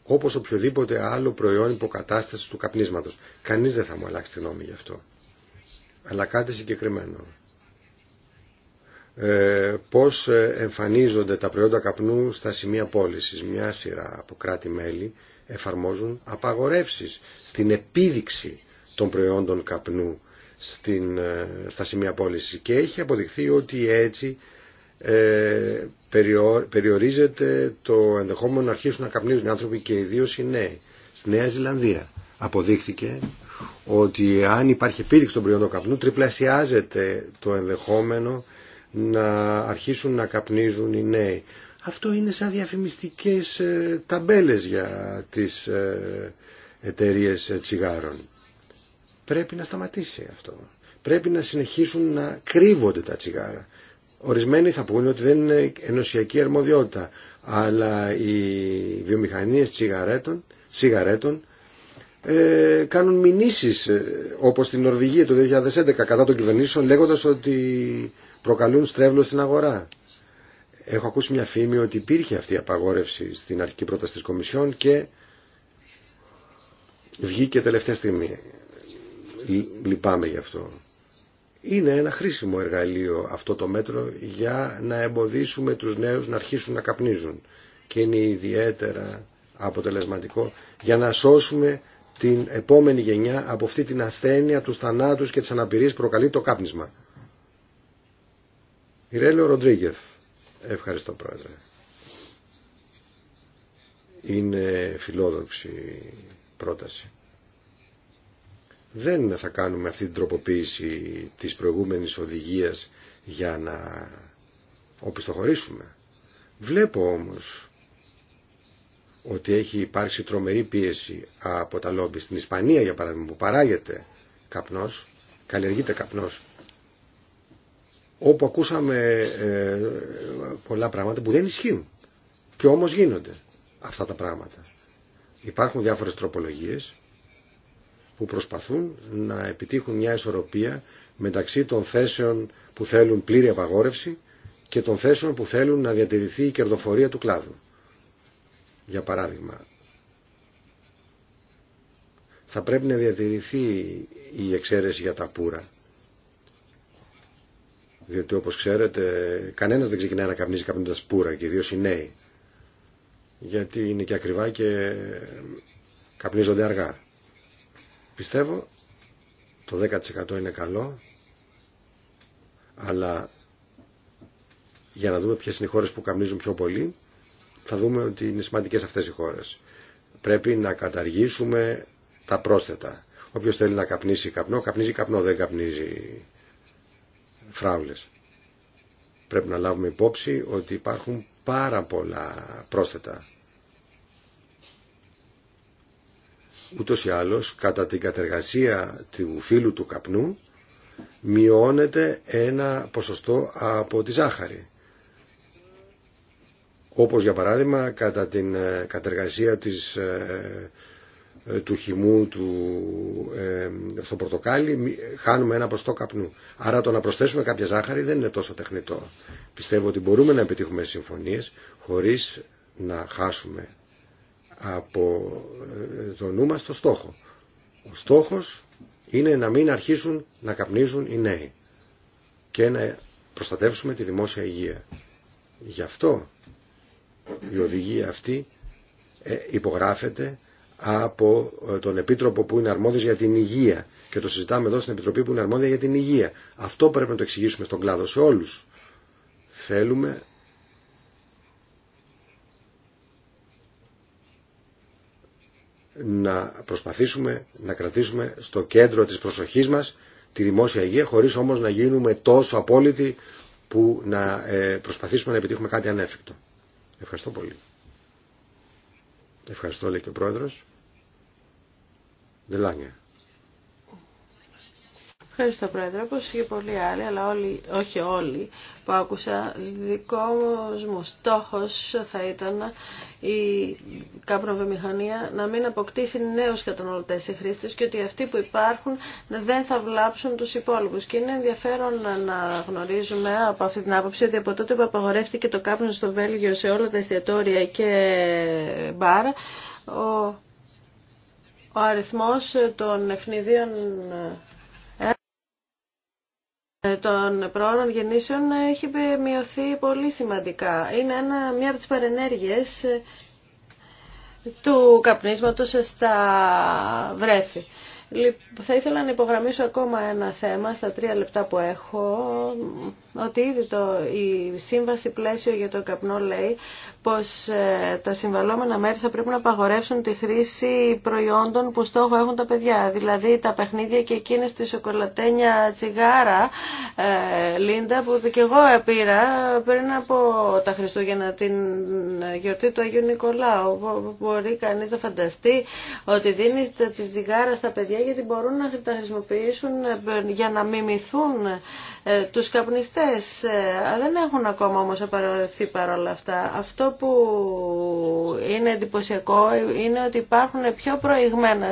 όπως οποιοδήποτε άλλο προϊόν υποκατάστασης του καπνίσματος. Κανείς δεν θα μου αλλάξει τη γνώμη γι' αυτό. Αλλά κάτι συγκεκριμένο. Ε, πώς ε, εμφανίζονται τα προϊόντα καπνού στα σημεία πώλησης. Μια σειρά από κράτη-μέλη εφαρμόζουν απαγορεύσεις στην επίδειξη των προϊόντων καπνού στην, ε, στα σημεία πώλησης και έχει αποδειχθεί ότι έτσι ε, περιορίζεται το ενδεχόμενο να αρχίσουν να καπνίζουν οι άνθρωποι και ιδίω οι νέοι. Στη Νέα Ζηλανδία αποδείχθηκε ότι αν υπάρχει επίδειξη των προϊόντων καπνού τριπλασιάζεται το ενδεχόμενο να αρχίσουν να καπνίζουν οι νέοι. Αυτό είναι σαν διαφημιστικές ε, ταμπέλες για τις ε, εταιρείες ε, τσιγάρων. Πρέπει να σταματήσει αυτό. Πρέπει να συνεχίσουν να κρύβονται τα τσιγάρα. Ορισμένοι θα πούνε ότι δεν είναι ενωσιακή αρμοδιότητα, αλλά οι βιομηχανίες τσιγαρέτων, τσιγαρέτων ε, κάνουν μηνύσεις ε, όπως στην Νορβηγία το 2011 κατά των κυβερνήσεων λέγοντας ότι προκαλούν στρέβλο στην αγορά. Έχω ακούσει μια φήμη ότι υπήρχε αυτή η απαγόρευση στην αρχική πρόταση της Κομισιόν και βγήκε τελευταία στιγμή. Λυπάμαι γι' αυτό. Είναι ένα χρήσιμο εργαλείο αυτό το μέτρο για να εμποδίσουμε τους νέους να αρχίσουν να καπνίζουν και είναι ιδιαίτερα αποτελεσματικό για να σώσουμε την επόμενη γενιά από αυτή την ασθένεια, τους θανάτου και τις αναπηρίες που προκαλεί το κάπνισμα. Ηρέλιο Ροντρίγκεθ. Ευχαριστώ πρόεδρε. Είναι φιλόδοξη πρόταση δεν θα κάνουμε αυτή την τροποποίηση της προηγούμενης οδηγίας για να οπισθοχωρήσουμε. Βλέπω όμως ότι έχει υπάρξει τρομερή πίεση από τα λόμπι στην Ισπανία για παράδειγμα που παράγεται καπνός, καλλιεργείται καπνός όπου ακούσαμε ε, πολλά πράγματα που δεν ισχύουν και όμως γίνονται αυτά τα πράγματα. Υπάρχουν διάφορες τροπολογίες που προσπαθούν να επιτύχουν μια ισορροπία μεταξύ των θέσεων που θέλουν πλήρη απαγόρευση και των θέσεων που θέλουν να διατηρηθεί η κερδοφορία του κλάδου. Για παράδειγμα, θα πρέπει να διατηρηθεί η εξαίρεση για τα πουρα. Διότι όπως ξέρετε κανένας δεν ξεκινάει να καπνίζει καπνίζοντας πουρα και ιδίως οι νέοι. Γιατί είναι και ακριβά και καπνίζονται αργά. Πιστεύω το 10% είναι καλό, αλλά για να δούμε ποιες είναι οι χώρες που καμνίζουν πιο πολύ, θα δούμε ότι είναι σημαντικές αυτές οι χώρες. Πρέπει να καταργήσουμε τα πρόσθετα. Όποιος θέλει να καπνίσει καπνό, καπνίζει καπνό, δεν καπνίζει φράουλες. Πρέπει να λάβουμε υπόψη ότι υπάρχουν πάρα πολλά πρόσθετα. ούτως ή άλλως κατά την κατεργασία του φύλου του καπνού μειώνεται ένα ποσοστό από τη ζάχαρη. Όπως για παράδειγμα κατά την ε, κατεργασία της, ε, ε, του χυμού του, στο πορτοκάλι χάνουμε ένα ποσοστό καπνού. Άρα το να προσθέσουμε κάποια ζάχαρη δεν είναι τόσο τεχνητό. Πιστεύω ότι μπορούμε να επιτύχουμε συμφωνίες χωρίς να χάσουμε από ε, το νου μας το στόχο. Ο στόχος είναι να μην αρχίσουν να καπνίζουν οι νέοι και να προστατεύσουμε τη δημόσια υγεία. Γι' αυτό η οδηγία αυτή ε, υπογράφεται από ε, τον Επίτροπο που είναι αρμόδιος για την υγεία και το συζητάμε εδώ στην Επιτροπή που είναι αρμόδια για την υγεία. Αυτό πρέπει να το εξηγήσουμε στον κλάδο σε όλους. Θέλουμε να προσπαθήσουμε να κρατήσουμε στο κέντρο της προσοχής μας τη δημόσια υγεία χωρίς όμως να γίνουμε τόσο απόλυτοι που να ε, προσπαθήσουμε να επιτύχουμε κάτι ανέφικτο. Ευχαριστώ πολύ. Ευχαριστώ λέει και ο Πρόεδρος. Δελάνια. Ευχαριστώ Πρόεδρε, όπως και πολλοί άλλοι, αλλά όλοι, όχι όλοι που άκουσα, δικό μου στόχος θα ήταν η μηχανία να μην αποκτήσει νέους καταναλωτές ή χρήστες και ότι αυτοί που υπάρχουν δεν θα βλάψουν τους υπόλοιπους. Και είναι ενδιαφέρον να γνωρίζουμε από αυτή την άποψη ότι από τότε που απαγορεύτηκε το κάπνο στο Βέλγιο σε όλα τα εστιατόρια και μπαρ, ο, ο αριθμός των ευνηδίων των πρόωρων γεννήσεων έχει μειωθεί πολύ σημαντικά. Είναι ένα, μια από τις παρενέργειες του καπνίσματος στα βρέφη. Θα ήθελα να υπογραμμίσω ακόμα ένα θέμα στα τρία λεπτά που έχω, ότι ήδη το, η σύμβαση πλαίσιο για το καπνό λέει πως ε, τα συμβαλόμενα μέρη θα πρέπει να απαγορεύσουν τη χρήση προϊόντων που στόχο έχουν τα παιδιά, δηλαδή τα παιχνίδια και εκείνες τη σοκολατένια τσιγάρα, ε, Λίντα, που και εγώ πήρα πριν από τα Χριστούγεννα την γιορτή του Αγίου Νικολάου. Μπορεί κανείς να φανταστεί ότι δίνεις τη τσιγάρα στα παιδιά γιατί μπορούν να τα χρησιμοποιήσουν ε, για να μιμηθούν ε, τους καπνιστές. Ε, δεν έχουν ακόμα όμως απαραλευθεί παρόλα αυτά. Αυτό που είναι εντυπωσιακό είναι ότι υπάρχουν πιο προηγμένα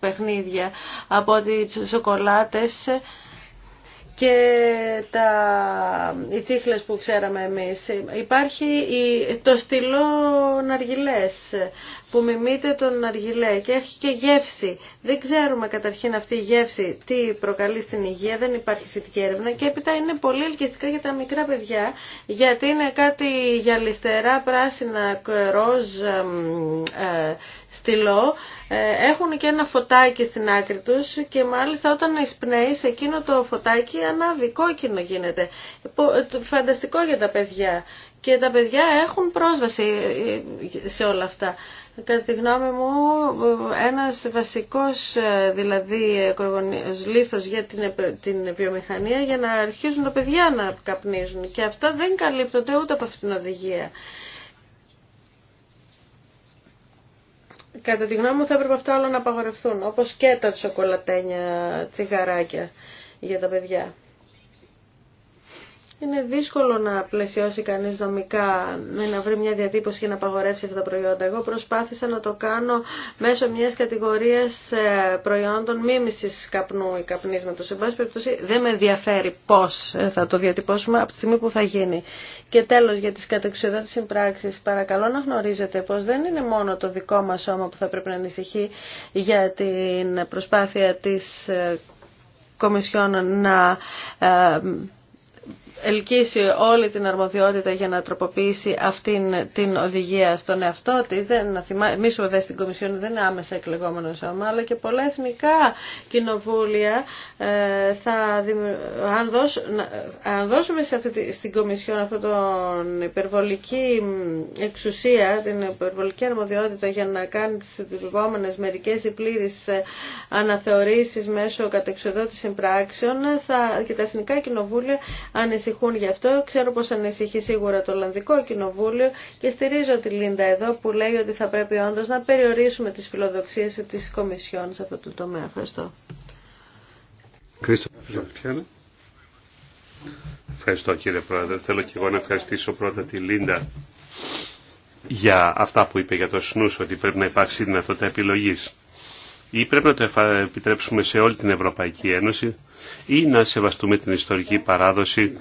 παιχνίδια από τις σοκολάτες και τα, οι τσίχλες που ξέραμε εμείς. Υπάρχει το στυλό ναργιλές που μιμείται τον ναργιλέ και έχει και γεύση. Δεν ξέρουμε καταρχήν αυτή η γεύση τι προκαλεί στην υγεία, δεν υπάρχει σχετική έρευνα και έπειτα είναι πολύ ελκυστικά για τα μικρά παιδιά γιατί είναι κάτι γυαλιστερά, πράσινα, ροζ, ε, στυλό ε, έχουν και ένα φωτάκι στην άκρη τους και μάλιστα όταν σε εκείνο το φωτάκι ανάβει, κόκκινο γίνεται. Ε, φανταστικό για τα παιδιά. Και τα παιδιά έχουν πρόσβαση ε, σε όλα αυτά. Κατά τη γνώμη μου, ένας βασικός δηλαδή λήθος για την, την βιομηχανία για να αρχίζουν τα παιδιά να καπνίζουν. Και αυτά δεν καλύπτονται ούτε από αυτήν την οδηγία. Κατά τη γνώμη μου θα έπρεπε αυτά όλα να απαγορευτούν, όπως και τα τσοκολατένια τσιγαράκια για τα παιδιά είναι δύσκολο να πλαισιώσει κανείς νομικά, να βρει μια διατύπωση και να απαγορεύσει αυτά τα προϊόντα. Εγώ προσπάθησα να το κάνω μέσω μιας κατηγορίας ε, προϊόντων μίμησης καπνού ή καπνίσματος. Σε πάση περιπτώσει δεν με ενδιαφέρει πώς ε, θα το διατυπώσουμε από τη στιγμή που θα γίνει. Και τέλος για τις κατεξοδότητες συμπράξεις, παρακαλώ να γνωρίζετε πως δεν είναι μόνο το δικό μας σώμα που θα πρέπει να ανησυχεί για την προσπάθεια της ε, Κομισιόν να ελκύσει όλη την αρμοδιότητα για να τροποποιήσει αυτήν την οδηγία στον εαυτό τη. Δεν, να δε στην Κομισιόν δεν είναι άμεσα εκλεγόμενο σώμα, αλλά και πολλά εθνικά κοινοβούλια ε, θα αν, αν δώσουμε σε αυτή, στην Κομισιόν αυτή την υπερβολική εξουσία, την υπερβολική αρμοδιότητα για να κάνει τι επόμενε μερικέ ή πλήρε αναθεωρήσει μέσω κατεξοδότηση πράξεων θα, και τα εθνικά κοινοβούλια ανησυχούν ανησυχούν γι' αυτό. Ξέρω πως ανησυχεί σίγουρα το Ολλανδικό Κοινοβούλιο και στηρίζω τη Λίντα εδώ που λέει ότι θα πρέπει όντως να περιορίσουμε τις φιλοδοξίες της Κομισιόν σε αυτό το τομέα. Ευχαριστώ. Ευχαριστώ κύριε Πρόεδρε. Θέλω και εγώ να ευχαριστήσω πρώτα τη Λίντα για αυτά που είπε για το σνούς, ότι πρέπει να υπάρξει δυνατότητα επιλογής. Ή πρέπει να το επιτρέψουμε σε όλη την Ευρωπαϊκή Ένωση ή να σεβαστούμε την ιστορική παράδοση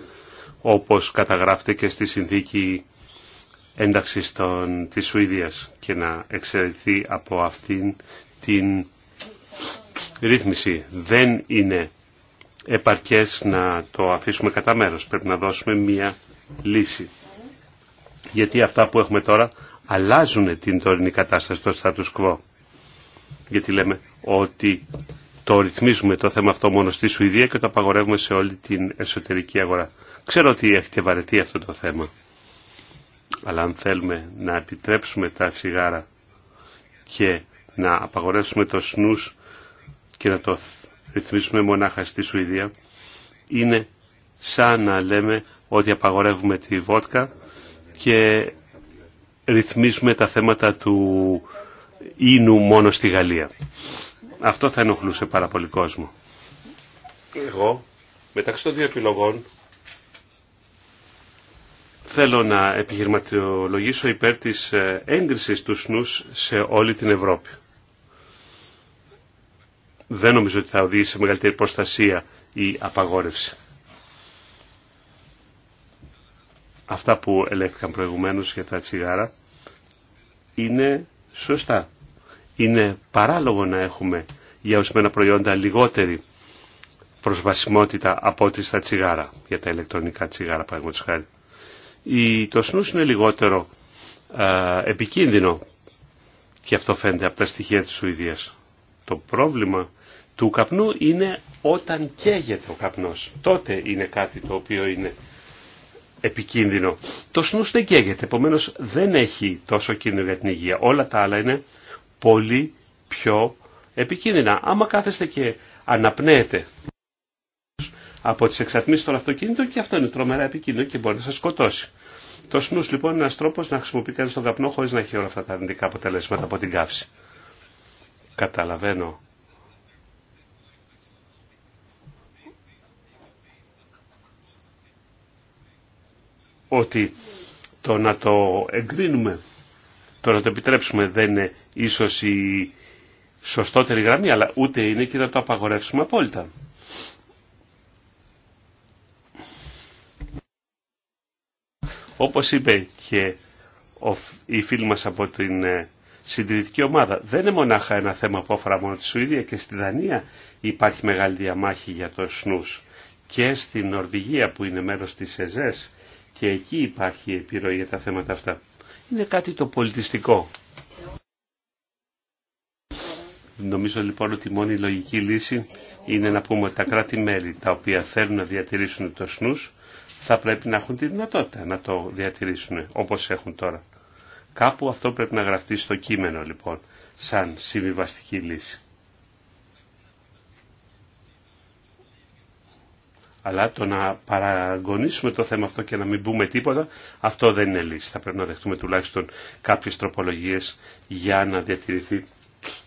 όπως καταγράφεται και στη συνθήκη ένταξης των, της Σουηδίας και να εξαιρεθεί από αυτήν την ρύθμιση. Δεν είναι επαρκές να το αφήσουμε κατά μέρος. Πρέπει να δώσουμε μία λύση. Γιατί αυτά που έχουμε τώρα αλλάζουν την τωρινή κατάσταση του status quo. Γιατί λέμε ότι το ρυθμίζουμε το θέμα αυτό μόνο στη Σουηδία και το απαγορεύουμε σε όλη την εσωτερική αγορά. Ξέρω ότι έχετε βαρεθεί αυτό το θέμα. Αλλά αν θέλουμε να επιτρέψουμε τα σιγάρα και να απαγορεύσουμε το σνούς και να το ρυθμίσουμε μονάχα στη Σουηδία, είναι σαν να λέμε ότι απαγορεύουμε τη βότκα και ρυθμίζουμε τα θέματα του ίνου μόνο στη Γαλλία. Αυτό θα ενοχλούσε πάρα πολύ κόσμο. Εγώ, μεταξύ των δύο επιλογών, Θέλω να επιχειρηματολογήσω υπέρ της ε, έγκρισης του σνούς σε όλη την Ευρώπη. Δεν νομίζω ότι θα οδηγήσει σε μεγαλύτερη προστασία ή απαγόρευση. Αυτά που ελέγχθηκαν προηγουμένως για τα τσιγάρα είναι σωστά. Είναι παράλογο να έχουμε για ορισμένα προϊόντα λιγότερη προσβασιμότητα από ό,τι στα τσιγάρα, για τα ηλεκτρονικά τσιγάρα παραδείγματος το σνους είναι λιγότερο επικίνδυνο και αυτό φαίνεται από τα στοιχεία της Σουηδίας. Το πρόβλημα του καπνού είναι όταν καίγεται ο καπνός. Τότε είναι κάτι το οποίο είναι επικίνδυνο. Το σνούς δεν καίγεται, επομένω δεν έχει τόσο κίνδυνο για την υγεία. Όλα τα άλλα είναι πολύ πιο επικίνδυνα. Άμα κάθεστε και αναπνέετε από τις εξατμίσεις των αυτοκίνητων και αυτό είναι τρομερά επικίνδυνο και μπορεί να σας σκοτώσει. Το λοιπόν είναι ένας τρόπος να χρησιμοποιείται κανείς τον καπνό χωρίς να έχει όλα αυτά τα αρνητικά αποτελέσματα από την καύση. Καταλαβαίνω. Ότι το να το εγκρίνουμε, το να το επιτρέψουμε δεν είναι ίσως η σωστότερη γραμμή, αλλά ούτε είναι και να το απαγορεύσουμε απόλυτα. Όπως είπε και η φίλη μας από την ε, συντηρητική ομάδα, δεν είναι μονάχα ένα θέμα που αφορά μόνο τη Σουηδία και στη Δανία υπάρχει μεγάλη διαμάχη για το σνούς. Και στην Νορβηγία που είναι μέρος της ΕΖΕΣ και εκεί υπάρχει επιρροή για τα θέματα αυτά. Είναι κάτι το πολιτιστικό. Νομίζω λοιπόν ότι η μόνη λογική λύση είναι να πούμε ότι τα κράτη-μέλη τα οποία θέλουν να διατηρήσουν το σνούς θα πρέπει να έχουν τη δυνατότητα να το διατηρήσουν όπως έχουν τώρα. Κάπου αυτό πρέπει να γραφτεί στο κείμενο λοιπόν, σαν συμβιβαστική λύση. Αλλά το να παραγωνίσουμε το θέμα αυτό και να μην πούμε τίποτα, αυτό δεν είναι λύση. Θα πρέπει να δεχτούμε τουλάχιστον κάποιες τροπολογίες για να διατηρηθεί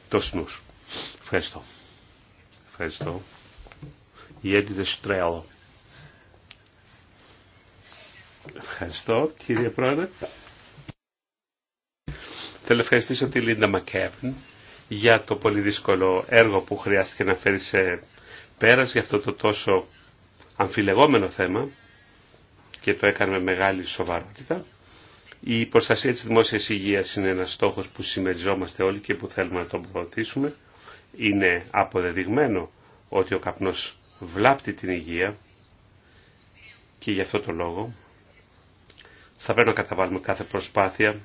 το σνούς. Ευχαριστώ. Ευχαριστώ. Η Έντιδε Ευχαριστώ κύριε Πρόεδρε. Θέλω να ευχαριστήσω τη Λίντα Μακέβν για το πολύ δύσκολο έργο που χρειάστηκε να φέρει σε πέρας για αυτό το τόσο αμφιλεγόμενο θέμα και το έκανε με μεγάλη σοβαρότητα. Η προστασία της δημόσιας υγείας είναι ένας στόχος που συμμεριζόμαστε όλοι και που θέλουμε να τον προωθήσουμε. Είναι αποδεδειγμένο ότι ο καπνός βλάπτει την υγεία και γι' αυτό το λόγο θα πρέπει να καταβάλουμε κάθε προσπάθεια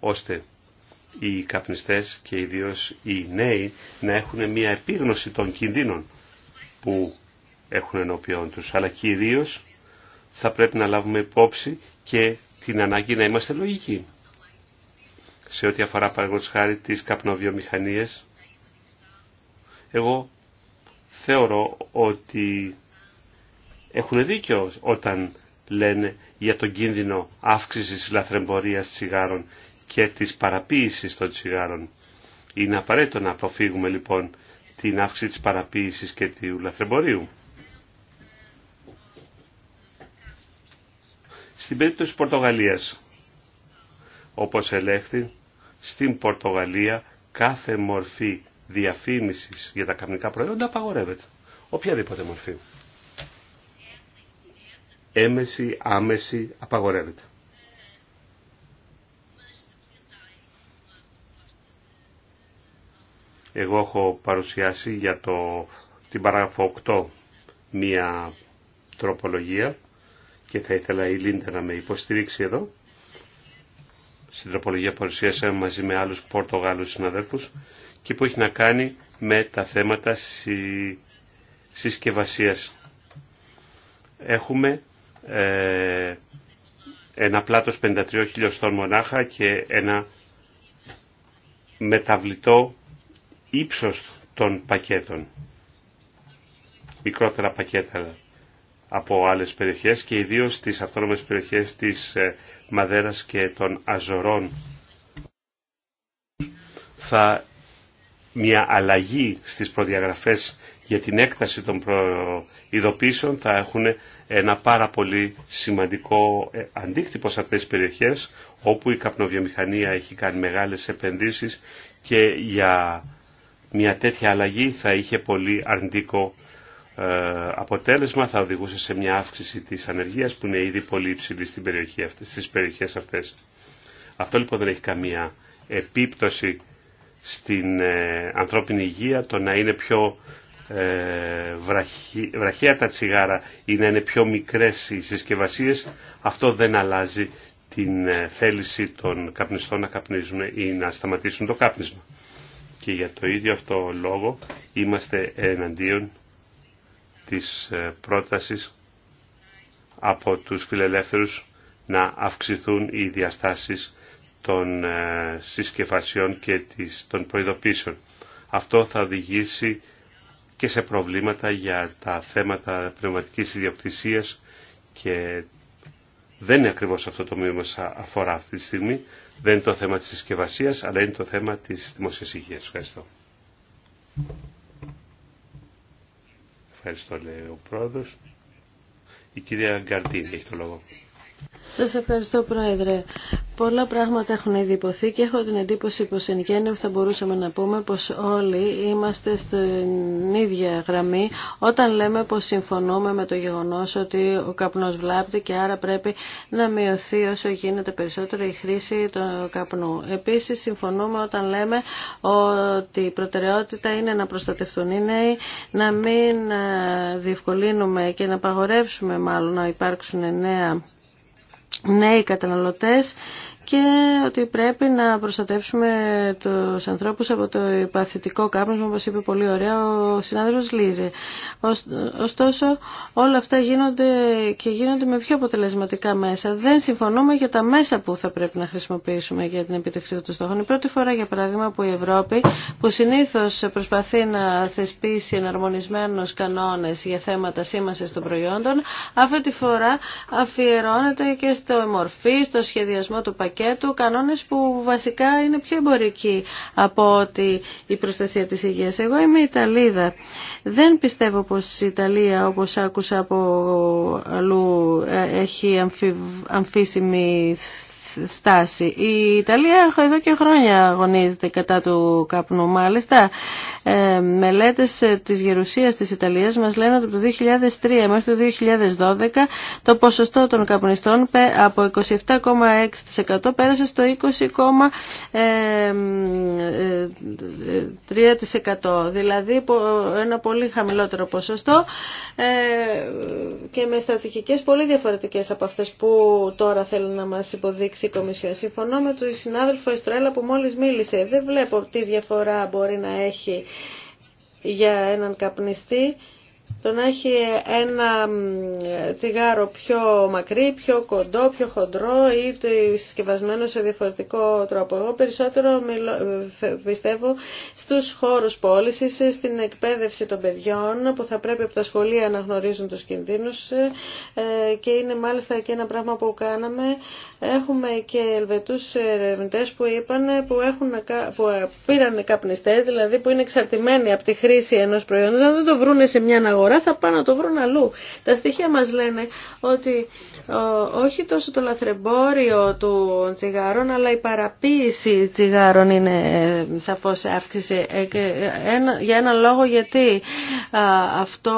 ώστε οι καπνιστές και ιδίως οι νέοι να έχουν μια επίγνωση των κινδύνων που έχουν ενώπιόν τους. Αλλά κυρίως θα πρέπει να λάβουμε υπόψη και την ανάγκη να είμαστε λογικοί. Σε ό,τι αφορά παραγωγή χάρη τις καπνοβιομηχανίες, εγώ θεωρώ ότι έχουν δίκιο όταν λένε για τον κίνδυνο αύξηση της λαθρεμπορίας τσιγάρων και της παραποίησης των τσιγάρων. Είναι απαραίτητο να αποφύγουμε λοιπόν την αύξηση της παραποίησης και του λαθρεμπορίου. Στην περίπτωση της Πορτογαλίας, όπως ελέγχθη, στην Πορτογαλία κάθε μορφή διαφήμισης για τα καμνικά προϊόντα απαγορεύεται. Οποιαδήποτε μορφή έμεση, άμεση, απαγορεύεται. Εγώ έχω παρουσιάσει για το, την παράγραφο 8 μία τροπολογία και θα ήθελα η Λίντα να με υποστηρίξει εδώ. Στην τροπολογία παρουσίασα μαζί με άλλους Πορτογάλους συναδέλφους και που έχει να κάνει με τα θέματα συ... συσκευασίας. Έχουμε ε, ένα πλάτος 53 χιλιοστών μονάχα και ένα μεταβλητό ύψος των πακέτων. Μικρότερα πακέτα από άλλες περιοχές και ιδίως στις αυτόνομες περιοχές της ε, Μαδέρας και των Αζωρών θα μια αλλαγή στις προδιαγραφές για την έκταση των προειδοποίησεων θα έχουν ένα πάρα πολύ σημαντικό ε, αντίκτυπο σε αυτές τις περιοχές όπου η καπνοβιομηχανία έχει κάνει μεγάλες επενδύσεις και για μια τέτοια αλλαγή θα είχε πολύ αρνητικό ε, αποτέλεσμα, θα οδηγούσε σε μια αύξηση της ανεργίας που είναι ήδη πολύ υψηλή στην περιοχή αυτή, στις περιοχές αυτές. Αυτό λοιπόν δεν έχει καμία επίπτωση στην ε, ανθρώπινη υγεία, το να είναι πιο ε, βραχία τα τσιγάρα ή να είναι πιο μικρές οι συσκευασίες, αυτό δεν αλλάζει την ε, θέληση των καπνιστών να καπνίζουν ή να σταματήσουν το κάπνισμα. Και για το ίδιο αυτό λόγο είμαστε εναντίον της ε, πρότασης από τους φιλελεύθερους να αυξηθούν οι διαστάσεις των ε, συσκευασιών και των προειδοποίησεων. Αυτό θα οδηγήσει και σε προβλήματα για τα θέματα πνευματικής ιδιοκτησίας και δεν είναι ακριβώς αυτό το μείγμα μας αφορά αυτή τη στιγμή. Δεν είναι το θέμα της συσκευασία, αλλά είναι το θέμα της δημοσίας υγείας. Ευχαριστώ. Ευχαριστώ λέει ο πρόεδρος. Η κυρία Γκαρτίνη έχει το λόγο. Σας ευχαριστώ Πρόεδρε. Πολλά πράγματα έχουν ήδη υποθεί και έχω την εντύπωση πως εν γέννη θα μπορούσαμε να πούμε πως όλοι είμαστε στην ίδια γραμμή όταν λέμε πως συμφωνούμε με το γεγονός ότι ο καπνός βλάπτει και άρα πρέπει να μειωθεί όσο γίνεται περισσότερο η χρήση του καπνού. Επίσης συμφωνούμε όταν λέμε ότι η προτεραιότητα είναι να προστατευτούν οι νέοι, να μην ε, διευκολύνουμε και να παγορεύσουμε μάλλον να υπάρξουν νέα νέοι καταναλωτές και ότι πρέπει να προστατεύσουμε τους ανθρώπους από το υπαθητικό κάπνισμα, όπως είπε πολύ ωραία ο συνάδελφος Λίζε. Ωστόσο, όλα αυτά γίνονται και γίνονται με πιο αποτελεσματικά μέσα. Δεν συμφωνούμε για τα μέσα που θα πρέπει να χρησιμοποιήσουμε για την επιτευξή των στόχων. Η πρώτη φορά, για παράδειγμα, που η Ευρώπη, που συνήθως προσπαθεί να θεσπίσει εναρμονισμένους κανόνες για θέματα σήμανσης των προϊόντων, αυτή τη φορά αφιερώνεται και στο μορφή, στο σχεδιασμό του πακέτου του κανόνες που βασικά είναι πιο εμπορικοί από ότι η προστασία της υγείας. Εγώ είμαι Ιταλίδα. Δεν πιστεύω πως η Ιταλία όπως άκουσα από αλλού ε, έχει αμφίσιμη στάση. Η Ιταλία εδώ και χρόνια αγωνίζεται κατά του καπνού. Μάλιστα, ε, μελέτες ε, της γερουσίας της Ιταλίας μας λένε ότι από το 2003 μέχρι το 2012 το ποσοστό των καπνιστών από 27,6% πέρασε στο 20,3%. Ε, ε, δηλαδή ένα πολύ χαμηλότερο ποσοστό και με στρατηγικές πολύ διαφορετικές από αυτές που τώρα θέλουν να μας υποδείξει Κομισιόν. Συμφωνώ με τον συνάδελφο Εστρέλα που μόλις μίλησε. Δεν βλέπω τι διαφορά μπορεί να έχει για έναν καπνιστή το να έχει ένα τσιγάρο πιο μακρύ, πιο κοντό, πιο χοντρό ή συσκευασμένο σε διαφορετικό τρόπο. Εγώ περισσότερο πιστεύω στους χώρους πώλησης, στην εκπαίδευση των παιδιών που θα πρέπει από τα σχολεία να γνωρίζουν τους κινδύνους ε, και είναι μάλιστα και ένα πράγμα που κάναμε. Έχουμε και Ελβετούς ερευνητέ που είπαν που, ε, πήραν καπνιστές, δηλαδή που είναι εξαρτημένοι από τη χρήση ενός προϊόντος, να δεν το βρούνε σε μια αγορά θα πάνε να το βρουν αλλού. Τα στοιχεία μας λένε ότι όχι τόσο το λαθρεμπόριο του τσιγάρων αλλά η παραποίηση τσιγάρων είναι ε, σαφώς αύξηση. Ε, ε, για ένα λόγο γιατί αυτό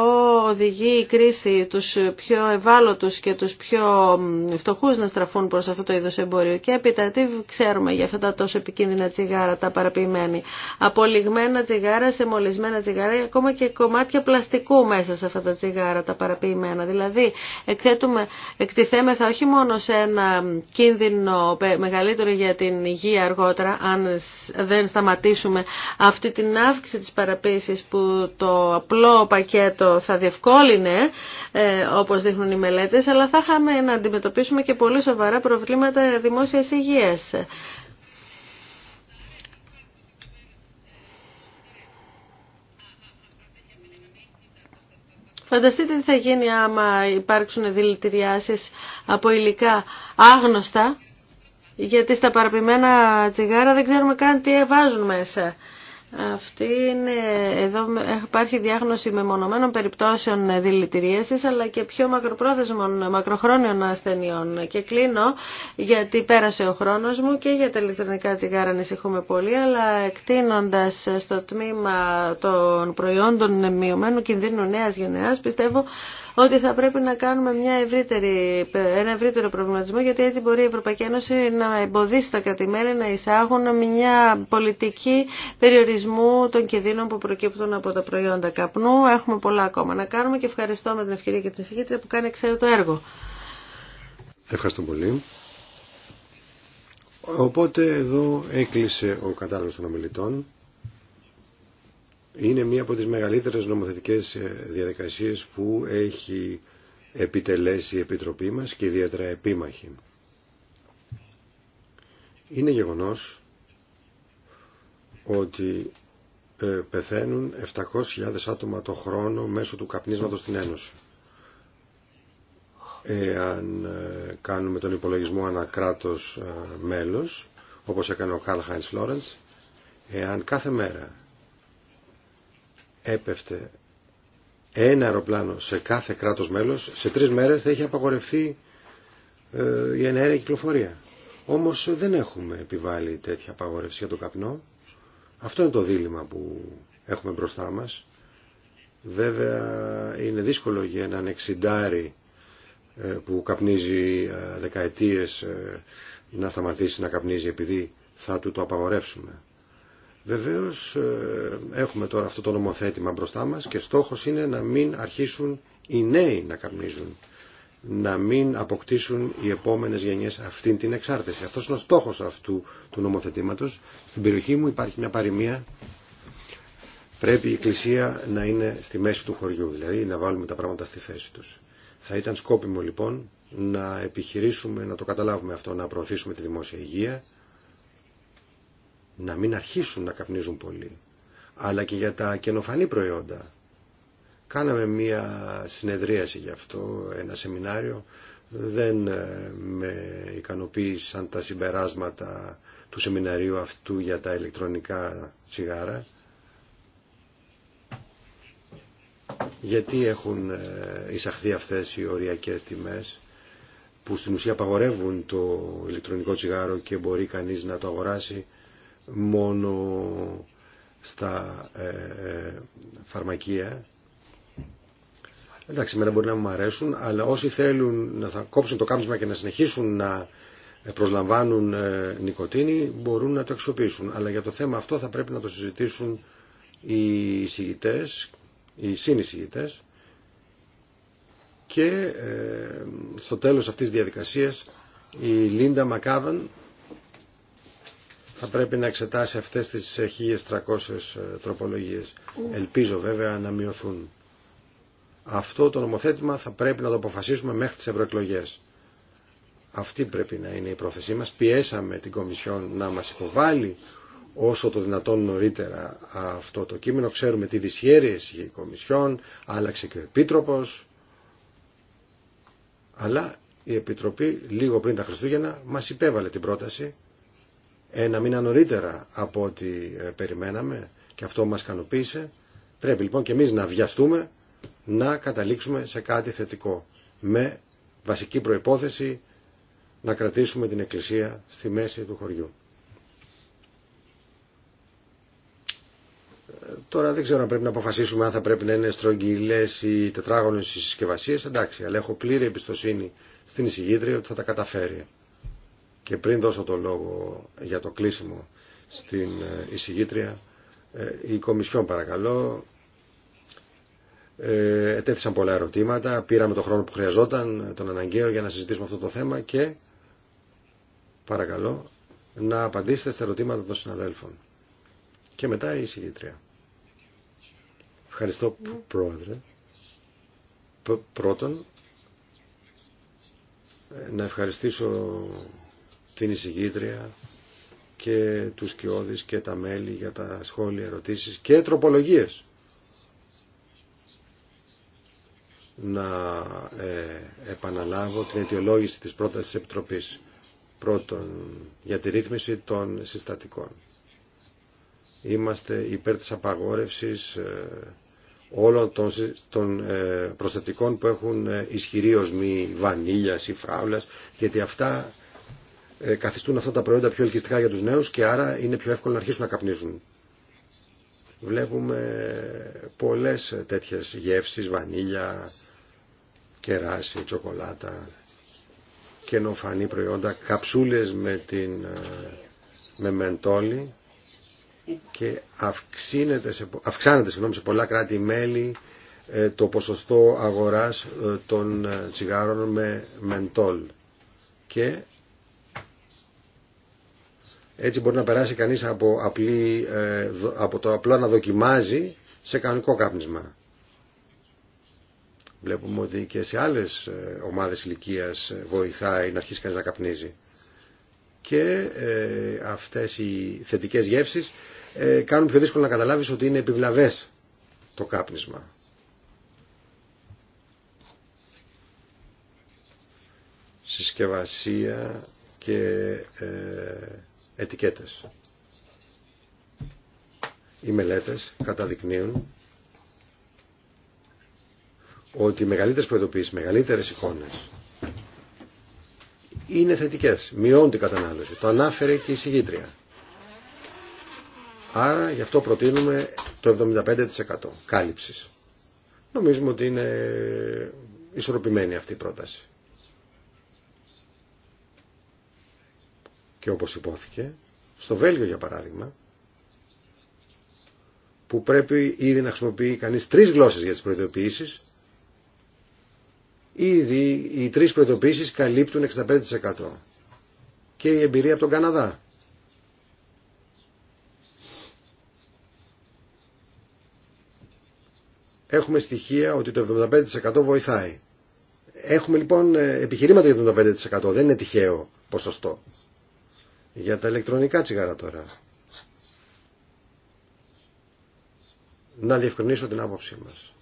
οδηγεί η κρίση τους πιο ευάλωτους και τους πιο φτωχούς να στραφούν προς αυτό το είδος εμπόριο. Και έπειτα τι ξέρουμε για αυτά τα τόσο επικίνδυνα τσιγάρα, τα παραποιημένη. Απολιγμένα τσιγάρα, σε μολυσμένα τσιγάρα, ακόμα και κομμάτια πλαστικού μέσα μέσα σε αυτά τα τσιγάρα, τα παραποιημένα. Δηλαδή, εκτιθέμεθα εκτιθέμεθα όχι μόνο σε ένα κίνδυνο μεγαλύτερο για την υγεία αργότερα, αν δεν σταματήσουμε αυτή την αύξηση της παραποίησης που το απλό πακέτο θα διευκόλυνε, ε, όπως δείχνουν οι μελέτες, αλλά θα είχαμε να αντιμετωπίσουμε και πολύ σοβαρά προβλήματα δημόσιας υγείας. Φανταστείτε τι θα γίνει άμα υπάρξουν δηλητηριάσεις από υλικά άγνωστα, γιατί στα παραπημένα τσιγάρα δεν ξέρουμε καν τι βάζουν μέσα. Αυτή είναι, εδώ υπάρχει διάγνωση μεμονωμένων περιπτώσεων δηλητηρίασης αλλά και πιο μακροπρόθεσμων, μακροχρόνιων ασθενειών. Και κλείνω γιατί πέρασε ο χρόνος μου και για τα ηλεκτρονικά τσιγάρα ανησυχούμε πολύ αλλά εκτείνοντας στο τμήμα των προϊόντων μειωμένου κινδύνου νέας γενεάς πιστεύω ότι θα πρέπει να κάνουμε μια ευρύτερη, ένα ευρύτερο προβληματισμό γιατί έτσι μπορεί η Ευρωπαϊκή Ένωση να εμποδίσει τα κρατημέλη να εισάγουν μια πολιτική περιορισμού των κινδύνων που προκύπτουν από τα προϊόντα καπνού. Έχουμε πολλά ακόμα να κάνουμε και ευχαριστώ με την ευκαιρία και την συγκήτρια που κάνει το έργο. Ευχαριστώ πολύ. Οπότε εδώ έκλεισε ο κατάλογος των ομιλητών είναι μία από τις μεγαλύτερες νομοθετικές ε, διαδικασίες που έχει επιτελέσει η Επιτροπή μας και ιδιαίτερα επίμαχη. Είναι γεγονός ότι ε, πεθαίνουν 700.000 άτομα το χρόνο μέσω του καπνίσματος στην Ένωση. Εάν ε, κάνουμε τον υπολογισμό ανακράτος μέλος, όπως έκανε ο Καρλ Χάινς Φλόρεντς, εάν κάθε μέρα έπεφτε ένα αεροπλάνο σε κάθε κράτος μέλος, σε τρεις μέρες θα είχε απαγορευτεί ε, η ενέργεια κυκλοφορία. Όμως δεν έχουμε επιβάλει τέτοια απαγορεύση για το καπνό. Αυτό είναι το δίλημα που έχουμε μπροστά μας. Βέβαια είναι δύσκολο για έναν εξιντάρι ε, που καπνίζει ε, δεκαετίες να σταματήσει να καπνίζει επειδή θα του το απαγορεύσουμε. Βεβαίως ε, έχουμε τώρα αυτό το νομοθέτημα μπροστά μας και στόχος είναι να μην αρχίσουν οι νέοι να καπνίζουν, να μην αποκτήσουν οι επόμενες γενιές αυτήν την εξάρτηση. Αυτός είναι ο στόχος αυτού του νομοθετήματος. Στην περιοχή μου υπάρχει μια παροιμία. Πρέπει η εκκλησία να είναι στη μέση του χωριού, δηλαδή να βάλουμε τα πράγματα στη θέση τους. Θα ήταν σκόπιμο λοιπόν να επιχειρήσουμε να το καταλάβουμε αυτό, να προωθήσουμε τη δημόσια υγεία, να μην αρχίσουν να καπνίζουν πολύ, αλλά και για τα καινοφανή προϊόντα. Κάναμε μία συνεδρίαση γι' αυτό, ένα σεμινάριο. Δεν ε, με ικανοποίησαν τα συμπεράσματα του σεμιναρίου αυτού για τα ηλεκτρονικά τσιγάρα, γιατί έχουν ε, εισαχθεί αυτές οι οριακές τιμές που στην ουσία απαγορεύουν το ηλεκτρονικό τσιγάρο και μπορεί κανείς να το αγοράσει μόνο στα ε, ε, φαρμακεία. Εντάξει, εμένα μπορεί να μου αρέσουν, αλλά όσοι θέλουν να θα κόψουν το κάμψιμα και να συνεχίσουν να ε, προσλαμβάνουν νοικοτήνη, μπορούν να το αξιοποιήσουν. Αλλά για το θέμα αυτό θα πρέπει να το συζητήσουν οι συγητές, οι συνεισηγητές και στο τέλος αυτής της διαδικασίας η Λίντα Μακάβαν θα πρέπει να εξετάσει αυτές τις 1300 ε, τροπολογίες. Ελπίζω βέβαια να μειωθούν. Αυτό το νομοθέτημα θα πρέπει να το αποφασίσουμε μέχρι τις ευρωεκλογέ. Αυτή πρέπει να είναι η πρόθεσή μας. Πιέσαμε την Κομισιόν να μας υποβάλει όσο το δυνατόν νωρίτερα αυτό το κείμενο. Ξέρουμε τι δυσχέρειες είχε η Κομισιόν, άλλαξε και ο Επίτροπος. Αλλά η Επιτροπή λίγο πριν τα Χριστούγεννα μας υπέβαλε την πρόταση ένα μήνα νωρίτερα από ό,τι ε, περιμέναμε και αυτό μας κανοποίησε. Πρέπει λοιπόν και εμείς να βιαστούμε να καταλήξουμε σε κάτι θετικό με βασική προϋπόθεση να κρατήσουμε την εκκλησία στη μέση του χωριού. Ε, τώρα δεν ξέρω αν πρέπει να αποφασίσουμε αν θα πρέπει να είναι στρογγυλέ ή τετράγωνε οι συσκευασίε. Εντάξει, αλλά έχω πλήρη εμπιστοσύνη στην εισηγήτρια ότι θα τα καταφέρει. Και πριν δώσω το λόγο για το κλείσιμο στην ε, εισηγήτρια, ε, η Κομισιόν παρακαλώ, ε, ετέθησαν πολλά ερωτήματα, πήραμε τον χρόνο που χρειαζόταν, τον αναγκαίο για να συζητήσουμε αυτό το θέμα και παρακαλώ να απαντήσετε στα ερωτήματα των συναδέλφων. Και μετά η εισηγήτρια. Ευχαριστώ ναι. πρόεδρε. Πρώτον, να ευχαριστήσω την εισηγήτρια και τους κοιόδης και τα μέλη για τα σχόλια, ερωτήσεις και τροπολογίες. Να ε, επαναλάβω την αιτιολόγηση της πρόταση της Επιτροπής. Πρώτον, για τη ρύθμιση των συστατικών. Είμαστε υπέρ της απαγόρευσης ε, όλων των, των ε, προσθετικών που έχουν ισχυρή μη βανίλιας ή φράουλας, γιατί αυτά ε, καθιστούν αυτά τα προϊόντα πιο ελκυστικά για τους νέους και άρα είναι πιο εύκολο να αρχίσουν να καπνίζουν. Βλέπουμε πολλές τέτοιες γεύσεις, βανίλια, κεράσι, τσοκολάτα, καινοφανή προϊόντα, καψούλες με, την, ε, με μεντόλι και αυξάνεται σε, σε πολλά κράτη-μέλη ε, το ποσοστό αγοράς των τσιγάρων με μεντόλ και έτσι μπορεί να περάσει κανείς από, απλή, ε, από το απλό να δοκιμάζει σε κανονικό κάπνισμα. Βλέπουμε ότι και σε άλλες ε, ομάδες ηλικία ε, βοηθάει να αρχίσει κανείς να καπνίζει. Και ε, αυτές οι θετικές γεύσεις κάνουν πιο δύσκολο να καταλάβεις ότι είναι επιβλαβές το κάπνισμα. Συσκευασία και ετικέτες. Οι μελέτες καταδεικνύουν ότι οι μεγαλύτερες προειδοποίησεις, μεγαλύτερες εικόνες είναι θετικές, μειώνουν την κατανάλωση. Το ανάφερε και η συγγήτρια. Άρα γι' αυτό προτείνουμε το 75% κάλυψης. Νομίζουμε ότι είναι ισορροπημένη αυτή η πρόταση. Και όπως υπόθηκε, στο Βέλγιο για παράδειγμα, που πρέπει ήδη να χρησιμοποιεί κανείς τρεις γλώσσες για τις προειδοποιήσεις, ήδη οι τρεις προειδοποιήσεις καλύπτουν 65%. Και η εμπειρία από τον Καναδά. Έχουμε στοιχεία ότι το 75% βοηθάει. Έχουμε λοιπόν ε, επιχειρήματα για το 75%. Δεν είναι τυχαίο ποσοστό. Για τα ηλεκτρονικά τσιγάρα τώρα. Να διευκρινίσω την άποψή μας.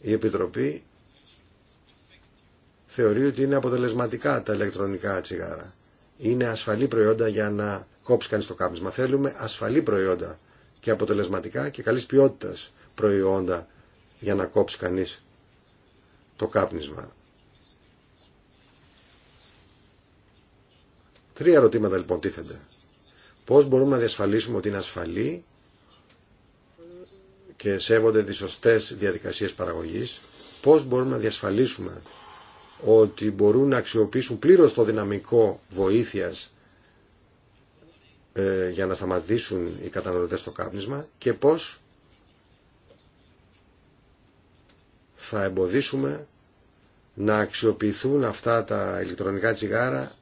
Η Επιτροπή θεωρεί ότι είναι αποτελεσματικά τα ηλεκτρονικά τσιγάρα. Είναι ασφαλή προϊόντα για να κόψει κανείς το κάπνισμα. Θέλουμε ασφαλή προϊόντα και αποτελεσματικά και καλής ποιότητας προϊόντα για να κόψει κανείς το κάπνισμα. Τρία ερωτήματα λοιπόν τίθενται. Πώς μπορούμε να διασφαλίσουμε ότι είναι ασφαλή και σέβονται τις σωστές διαδικασίες παραγωγής. Πώς μπορούμε να διασφαλίσουμε ότι μπορούν να αξιοποιήσουν πλήρως το δυναμικό βοήθειας ε, για να σταματήσουν οι καταναλωτές το κάπνισμα και πώς θα εμποδίσουμε να αξιοποιηθούν αυτά τα ηλεκτρονικά τσιγάρα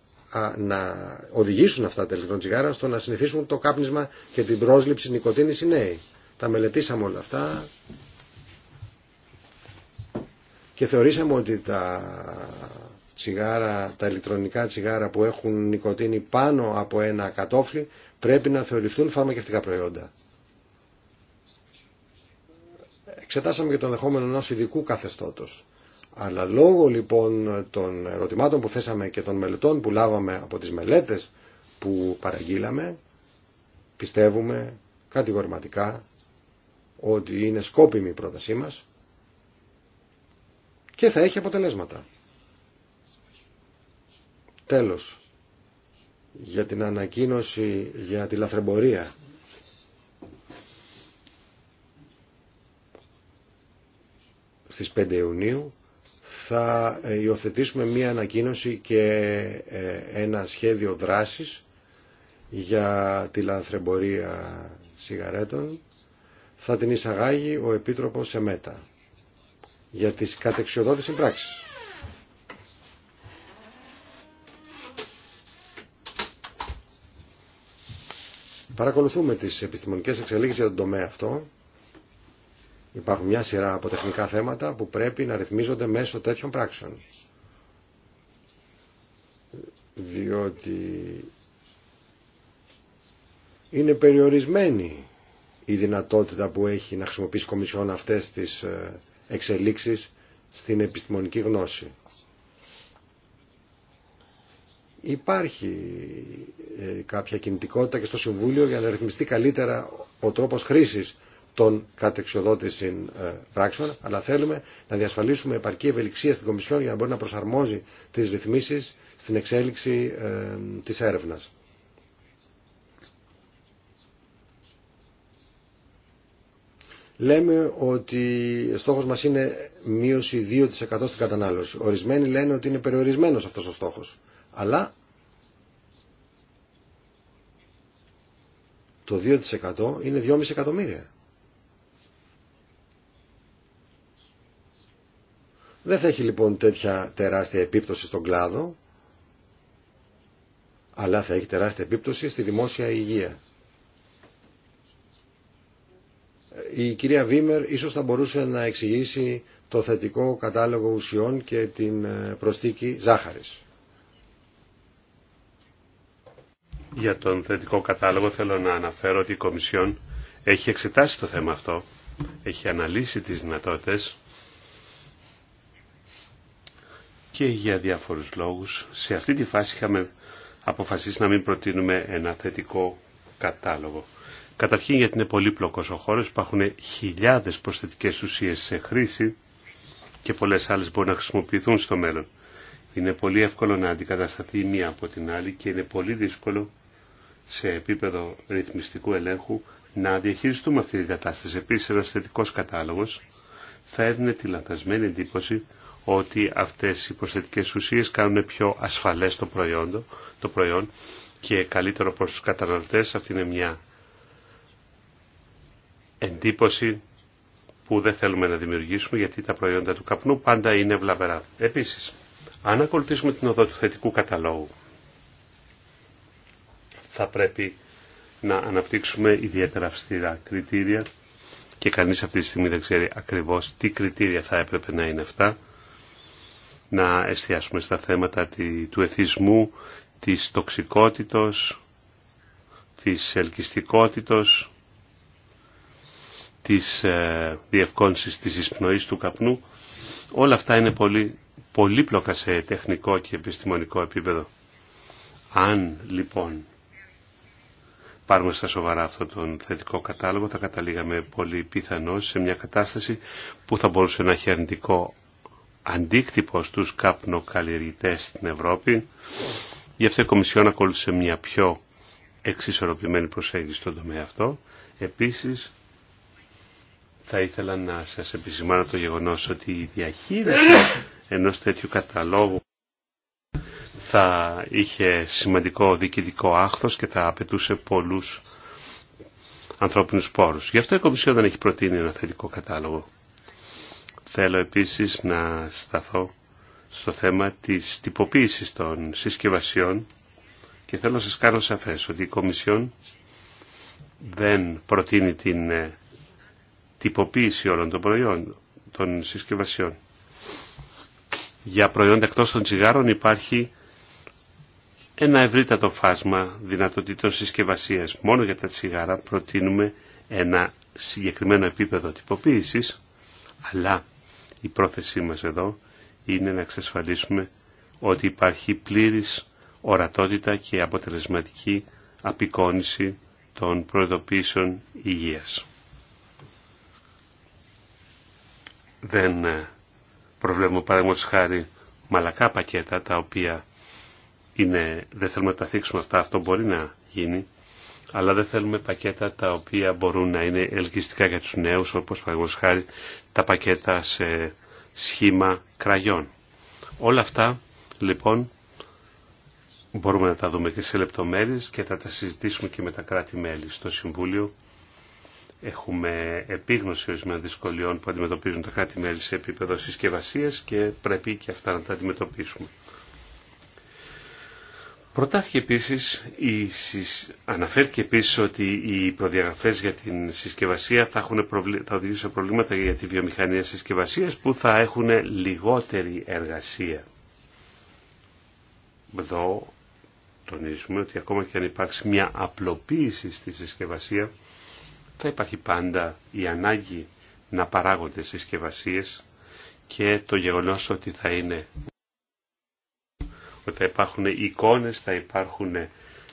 να οδηγήσουν αυτά τα ηλεκτρονικά τσιγάρα στο να συνηθίσουν το κάπνισμα και την πρόσληψη νοικοτήνης οι νέοι. Τα μελετήσαμε όλα αυτά και θεωρήσαμε ότι τα τσιγάρα, τα ηλεκτρονικά τσιγάρα που έχουν νοικοτήνη πάνω από ένα κατόφλι πρέπει να θεωρηθούν φαρμακευτικά προϊόντα. Εξετάσαμε και το δεχόμενο ενό ειδικού καθεστώτος αλλά λόγω λοιπόν των ερωτημάτων που θέσαμε και των μελετών που λάβαμε από τις μελέτες που παραγγείλαμε, πιστεύουμε κατηγορηματικά ότι είναι σκόπιμη η πρότασή μας και θα έχει αποτελέσματα. Τέλος, για την ανακοίνωση για τη λαθρεμπορία. Στις 5 Ιουνίου θα ε, υιοθετήσουμε μία ανακοίνωση και ε, ένα σχέδιο δράσης για τη λανθρεμπορία σιγαρέτων. Θα την εισαγάγει ο Επίτροπος Σεμέτα για τις κατεξιοδότες πράξεις. Παρακολουθούμε τις επιστημονικές εξελίξεις για τον τομέα αυτό Υπάρχουν μια σειρά από τεχνικά θέματα που πρέπει να ρυθμίζονται μέσω τέτοιων πράξεων. Διότι είναι περιορισμένη η δυνατότητα που έχει να χρησιμοποιήσει η Κομισιόν αυτές τις ε, εξελίξεις στην επιστημονική γνώση. Υπάρχει ε, κάποια κινητικότητα και στο Συμβούλιο για να ρυθμιστεί καλύτερα ο τρόπος χρήσης των κατεξοδότηση ε, πράξεων, αλλά θέλουμε να διασφαλίσουμε επαρκή ευελιξία στην Κομισιόν για να μπορεί να προσαρμόζει τις ρυθμίσεις στην εξέλιξη ε, της έρευνας. Λέμε ότι στόχος μας είναι μείωση 2% στην κατανάλωση. Ορισμένοι λένε ότι είναι περιορισμένος αυτός ο στόχος. Αλλά το 2% είναι 2,5 εκατομμύρια. Δεν θα έχει λοιπόν τέτοια τεράστια επίπτωση στον κλάδο, αλλά θα έχει τεράστια επίπτωση στη δημόσια υγεία. Ε, η κυρία Βίμερ ίσως θα μπορούσε να εξηγήσει το θετικό κατάλογο ουσιών και την ε, προστίκη ζάχαρης. Για τον θετικό κατάλογο θέλω να αναφέρω ότι η Κομισιόν έχει εξετάσει το θέμα αυτό, έχει αναλύσει τις δυνατότητες και για διάφορους λόγους. Σε αυτή τη φάση είχαμε αποφασίσει να μην προτείνουμε ένα θετικό κατάλογο. Καταρχήν γιατί είναι πολύπλοκος ο χώρος, υπάρχουν χιλιάδες προσθετικές ουσίες σε χρήση και πολλές άλλες μπορούν να χρησιμοποιηθούν στο μέλλον. Είναι πολύ εύκολο να αντικατασταθεί η μία από την άλλη και είναι πολύ δύσκολο σε επίπεδο ρυθμιστικού ελέγχου να διαχειριστούμε αυτή την κατάσταση. Επίσης ένας θετικός κατάλογος θα έδινε τη λανθασμένη εντύπωση ότι αυτές οι προσθετικές ουσίες κάνουν πιο ασφαλές το, προϊόντο, το προϊόν και καλύτερο προς τους καταναλωτές. Αυτή είναι μια εντύπωση που δεν θέλουμε να δημιουργήσουμε γιατί τα προϊόντα του καπνού πάντα είναι βλαβερά. Επίσης, αν ακολουθήσουμε την οδό του θετικού καταλόγου, θα πρέπει να αναπτύξουμε ιδιαίτερα αυστηρά κριτήρια και κανείς αυτή τη στιγμή δεν ξέρει ακριβώς τι κριτήρια θα έπρεπε να είναι αυτά να εστιάσουμε στα θέματα του εθισμού, της τοξικότητος, της ελκυστικότητος, της ε, διευκόνσης της εισπνοής του καπνού. Όλα αυτά είναι πολύ, πολύπλοκα σε τεχνικό και επιστημονικό επίπεδο. Αν λοιπόν πάρουμε στα σοβαρά αυτό τον θετικό κατάλογο θα καταλήγαμε πολύ πιθανώς σε μια κατάσταση που θα μπορούσε να έχει αρνητικό αντίκτυπος τους καπνοκαλλιεργητές στην Ευρώπη. Γι' αυτό η Κομισιόν ακολούθησε μια πιο εξισορροπημένη προσέγγιση στον τομέα αυτό. Επίσης, θα ήθελα να σας επισημάνω το γεγονός ότι η διαχείριση ενός τέτοιου καταλόγου θα είχε σημαντικό διοικητικό άχθος και θα απαιτούσε πολλούς ανθρώπινους πόρους. Γι' αυτό η Κομισιόν δεν έχει προτείνει ένα θετικό κατάλογο. Θέλω επίσης να σταθώ στο θέμα της τυποποίησης των συσκευασιών και θέλω να σας κάνω σαφές ότι η Κομισιόν δεν προτείνει την ε, τυποποίηση όλων των προϊόντων, των συσκευασιών. Για προϊόντα εκτός των τσιγάρων υπάρχει ένα ευρύτατο φάσμα δυνατοτήτων συσκευασίας. Μόνο για τα τσιγάρα προτείνουμε ένα συγκεκριμένο επίπεδο τυποποίησης, αλλά η πρόθεσή μας εδώ είναι να εξασφαλίσουμε ότι υπάρχει πλήρης ορατότητα και αποτελεσματική απεικόνηση των προεδοποίησεων υγείας. Δεν ε, προβλέπουμε παραδείγματο χάρη μαλακά πακέτα τα οποία είναι, δεν θέλουμε να τα θίξουμε αυτά, αυτό μπορεί να γίνει, αλλά δεν θέλουμε πακέτα τα οποία μπορούν να είναι ελκυστικά για τους νέους, όπως παραδείγματος χάρη τα πακέτα σε σχήμα κραγιών. Όλα αυτά λοιπόν μπορούμε να τα δούμε και σε λεπτομέρειες και θα τα συζητήσουμε και με τα κράτη-μέλη στο Συμβούλιο. Έχουμε επίγνωση ορισμένων δυσκολιών που αντιμετωπίζουν τα κράτη-μέλη σε επίπεδο συσκευασία και πρέπει και αυτά να τα αντιμετωπίσουμε. Προτάθηκε επίσης, η, αναφέρθηκε επίσης ότι οι προδιαγραφές για την συσκευασία θα, έχουν προβλη, θα οδηγήσουν προβλήματα για τη βιομηχανία συσκευασίας που θα έχουν λιγότερη εργασία. Εδώ τονίζουμε ότι ακόμα και αν υπάρξει μια απλοποίηση στη συσκευασία θα υπάρχει πάντα η ανάγκη να παράγονται συσκευασίες και το γεγονός ότι θα είναι θα υπάρχουν εικόνες, θα υπάρχουν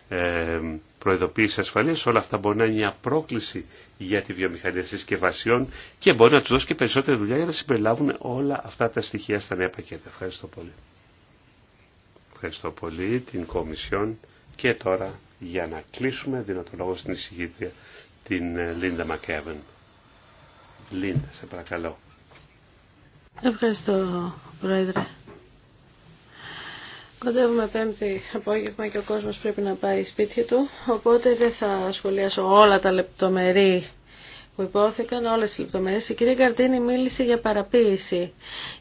ε, προειδοποίηση ασφαλείας, όλα αυτά μπορεί να είναι μια πρόκληση για τη βιομηχανία συσκευασιών και μπορεί να τους δώσει και περισσότερη δουλειά για να συμπεριλάβουν όλα αυτά τα στοιχεία στα νέα πακέτα. Ευχαριστώ πολύ. Ευχαριστώ πολύ την Κομισιόν και τώρα για να κλείσουμε δίνω το στην εισηγήτρια την ε, Λίντα Μακέβεν. Λίντα, σε παρακαλώ. Ευχαριστώ, Πρόεδρε. Κοντεύουμε πέμπτη απόγευμα και ο κόσμος πρέπει να πάει σπίτι του, οπότε δεν θα σχολιάσω όλα τα λεπτομερή που υπόθηκαν όλες τις λεπτομέρειες. Η κυρία Καρτίνη μίλησε για παραποίηση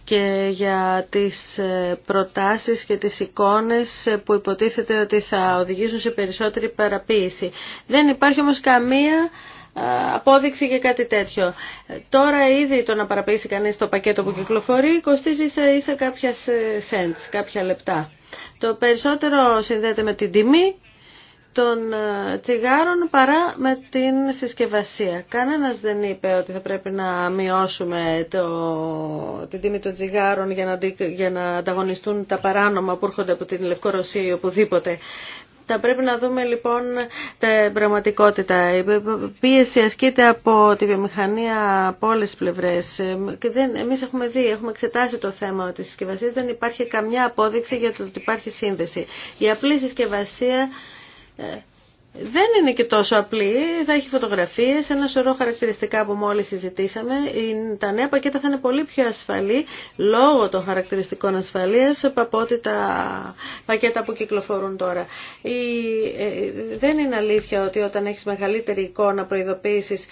και για τις ε, προτάσεις και τις εικόνες που υποτίθεται ότι θα οδηγήσουν σε περισσότερη παραποίηση. Δεν υπάρχει όμως καμία ε, απόδειξη για κάτι τέτοιο. Ε, τώρα ήδη το να παραποιήσει κανείς το πακέτο που κυκλοφορεί κοστίζει ίσα ίσα κάποια σέντς, κάποια λεπτά. Το περισσότερο συνδέεται με την τιμή των ε, τσιγάρων παρά με την συσκευασία. Κανένας δεν είπε ότι θα πρέπει να μειώσουμε το, την τιμή των τσιγάρων για να, για να ανταγωνιστούν τα παράνομα που έρχονται από την Λευκορωσία ή οπουδήποτε. Θα πρέπει να δούμε λοιπόν τα πραγματικότητα. Η πίεση ασκείται από τη βιομηχανία από όλε τι πλευρέ. Εμεί έχουμε δει, έχουμε εξετάσει το θέμα τη συσκευασία. Δεν υπάρχει καμιά απόδειξη για το ότι υπάρχει σύνδεση. Η απλή συσκευασία ε, δεν είναι και τόσο απλή, θα έχει φωτογραφίες, ένα σωρό χαρακτηριστικά που μόλι συζητήσαμε. Τα νέα πακέτα θα είναι πολύ πιο ασφαλή λόγω των χαρακτηριστικών ασφαλείας από ό,τι τα πακέτα που κυκλοφορούν τώρα. Η, ε, ε, δεν είναι αλήθεια ότι όταν έχεις μεγαλύτερη εικόνα προειδοποίησης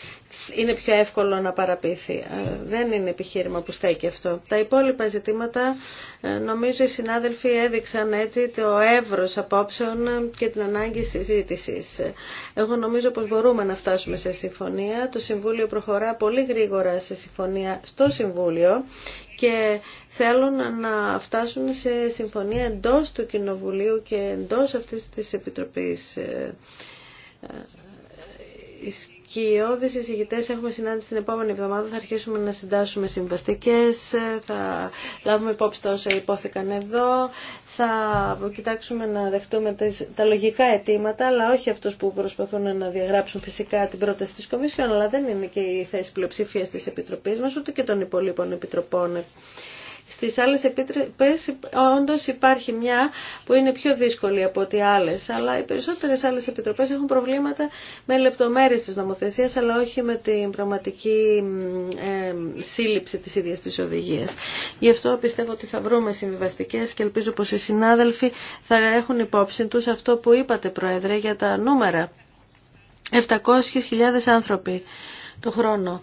είναι πιο εύκολο να παραποιηθεί. Ε, δεν είναι επιχείρημα που στέκει αυτό. Τα υπόλοιπα ζητήματα ε, νομίζω οι συνάδελφοι έδειξαν έτσι το εύρος απόψεων και την ανάγκη συζήτηση. Εγώ νομίζω πως μπορούμε να φτάσουμε σε συμφωνία. Το Συμβούλιο προχωρά πολύ γρήγορα σε συμφωνία στο Συμβούλιο και θέλουν να φτάσουν σε συμφωνία εντός του Κοινοβουλίου και εντός αυτής της Επιτροπής ε, και Οι εισηγητές έχουμε συνάντηση την επόμενη εβδομάδα, θα αρχίσουμε να συντάσσουμε συμβαστικές, θα λάβουμε υπόψη τα όσα υπόθηκαν εδώ, θα κοιτάξουμε να δεχτούμε τα λογικά αιτήματα, αλλά όχι αυτούς που προσπαθούν να διαγράψουν φυσικά την πρόταση της Κομίσιον, αλλά δεν είναι και η θέση πλειοψηφία της Επιτροπής μας, ούτε και των υπολείπων Επιτροπών. Στις άλλες επιτροπές όντως υπάρχει μια που είναι πιο δύσκολη από ό,τι άλλες, αλλά οι περισσότερες άλλες επιτροπές έχουν προβλήματα με λεπτομέρειες της νομοθεσίας, αλλά όχι με την πραγματική ε, σύλληψη της ίδιας της οδηγίας. Γι' αυτό πιστεύω ότι θα βρούμε συμβιβαστικέ και ελπίζω πως οι συνάδελφοι θα έχουν υπόψη τους αυτό που είπατε, Πρόεδρε, για τα νούμερα. 700.000 άνθρωποι το χρόνο.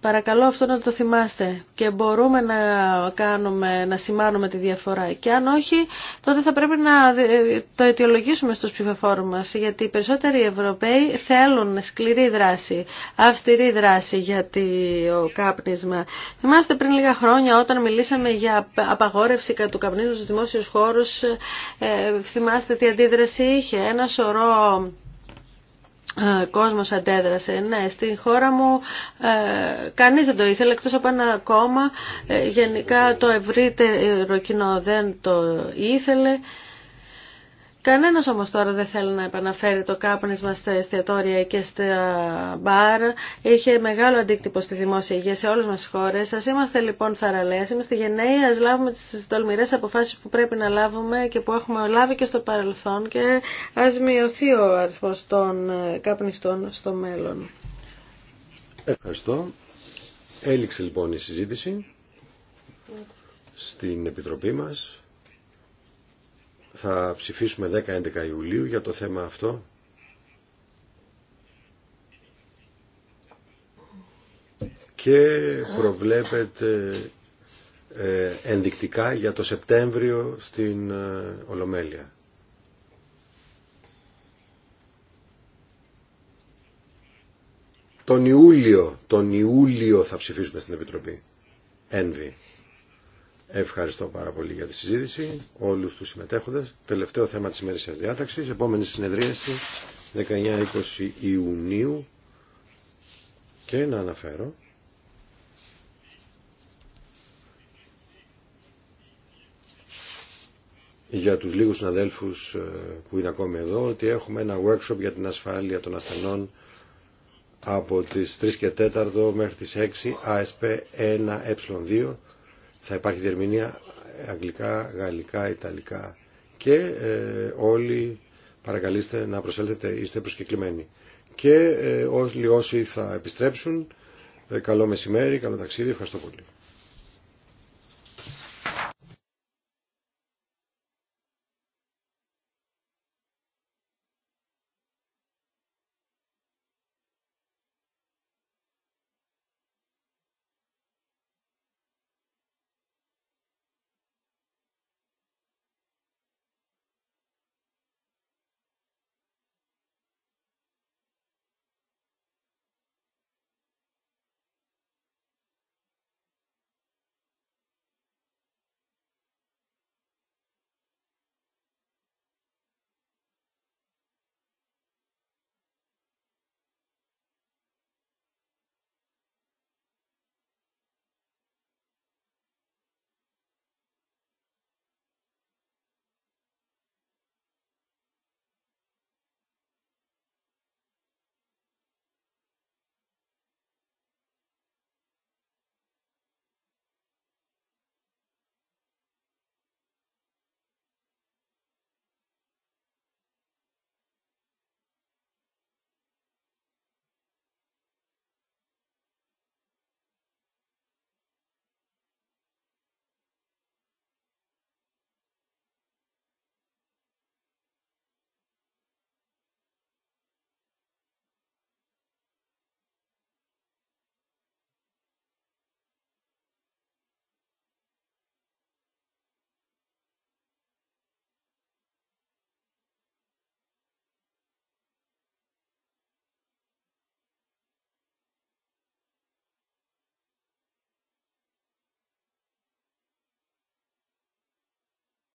Παρακαλώ αυτό να το θυμάστε και μπορούμε να, κάνουμε, να σημάνουμε τη διαφορά. Και αν όχι, τότε θα πρέπει να το αιτιολογήσουμε στους ψηφοφόρους μας, γιατί οι περισσότεροι Ευρωπαίοι θέλουν σκληρή δράση, αυστηρή δράση για το κάπνισμα. Θυμάστε πριν λίγα χρόνια όταν μιλήσαμε για απαγόρευση του καπνίσματος στους δημόσιους χώρους, ε, θυμάστε τι αντίδραση είχε ένα σωρό κόσμος αντέδρασε. Ναι, στην χώρα μου ε, κανείς δεν το ήθελε εκτός από ένα κόμμα. Ε, γενικά το ευρύτερο κοινό δεν το ήθελε. Κανένας όμως τώρα δεν θέλει να επαναφέρει το κάπνισμα στα εστιατόρια και στα μπαρ. Είχε μεγάλο αντίκτυπο στη δημόσια υγεία σε όλες μας τις χώρες. Ας είμαστε λοιπόν θαραλέες, είμαστε γενναίοι, ας λάβουμε τις τολμηρές αποφάσεις που πρέπει να λάβουμε και που έχουμε λάβει και στο παρελθόν και ας μειωθεί ο αριθμός των ε, καπνιστών στο μέλλον. Ευχαριστώ. Έληξε λοιπόν η συζήτηση στην Επιτροπή μας θα ψηφίσουμε 10-11 Ιουλίου για το θέμα αυτό. Και προβλέπεται ε, ενδεικτικά για το Σεπτέμβριο στην ε, Ολομέλεια. Τον Ιούλιο, τον Ιούλιο θα ψηφίσουμε στην Επιτροπή. Ένβη. Ευχαριστώ πάρα πολύ για τη συζήτηση, όλους τους συμμετέχοντες. Τελευταίο θέμα της ημέρησιας διάταξης, επόμενη συνεδρίαση 19-20 Ιουνίου και να αναφέρω για τους λίγους συναδέλφους ε, που είναι ακόμη εδώ ότι έχουμε ένα workshop για την ασφάλεια των ασθενών από τις 3 και 4 μέχρι τις 6 ASP 1 ε2 θα υπάρχει διερμηνία αγγλικά, γαλλικά, ιταλικά και ε, όλοι παρακαλείστε να προσέλθετε, είστε προσκεκλημένοι. Και ε, όλοι όσοι θα επιστρέψουν, ε, καλό μεσημέρι, καλό ταξίδι, ευχαριστώ πολύ.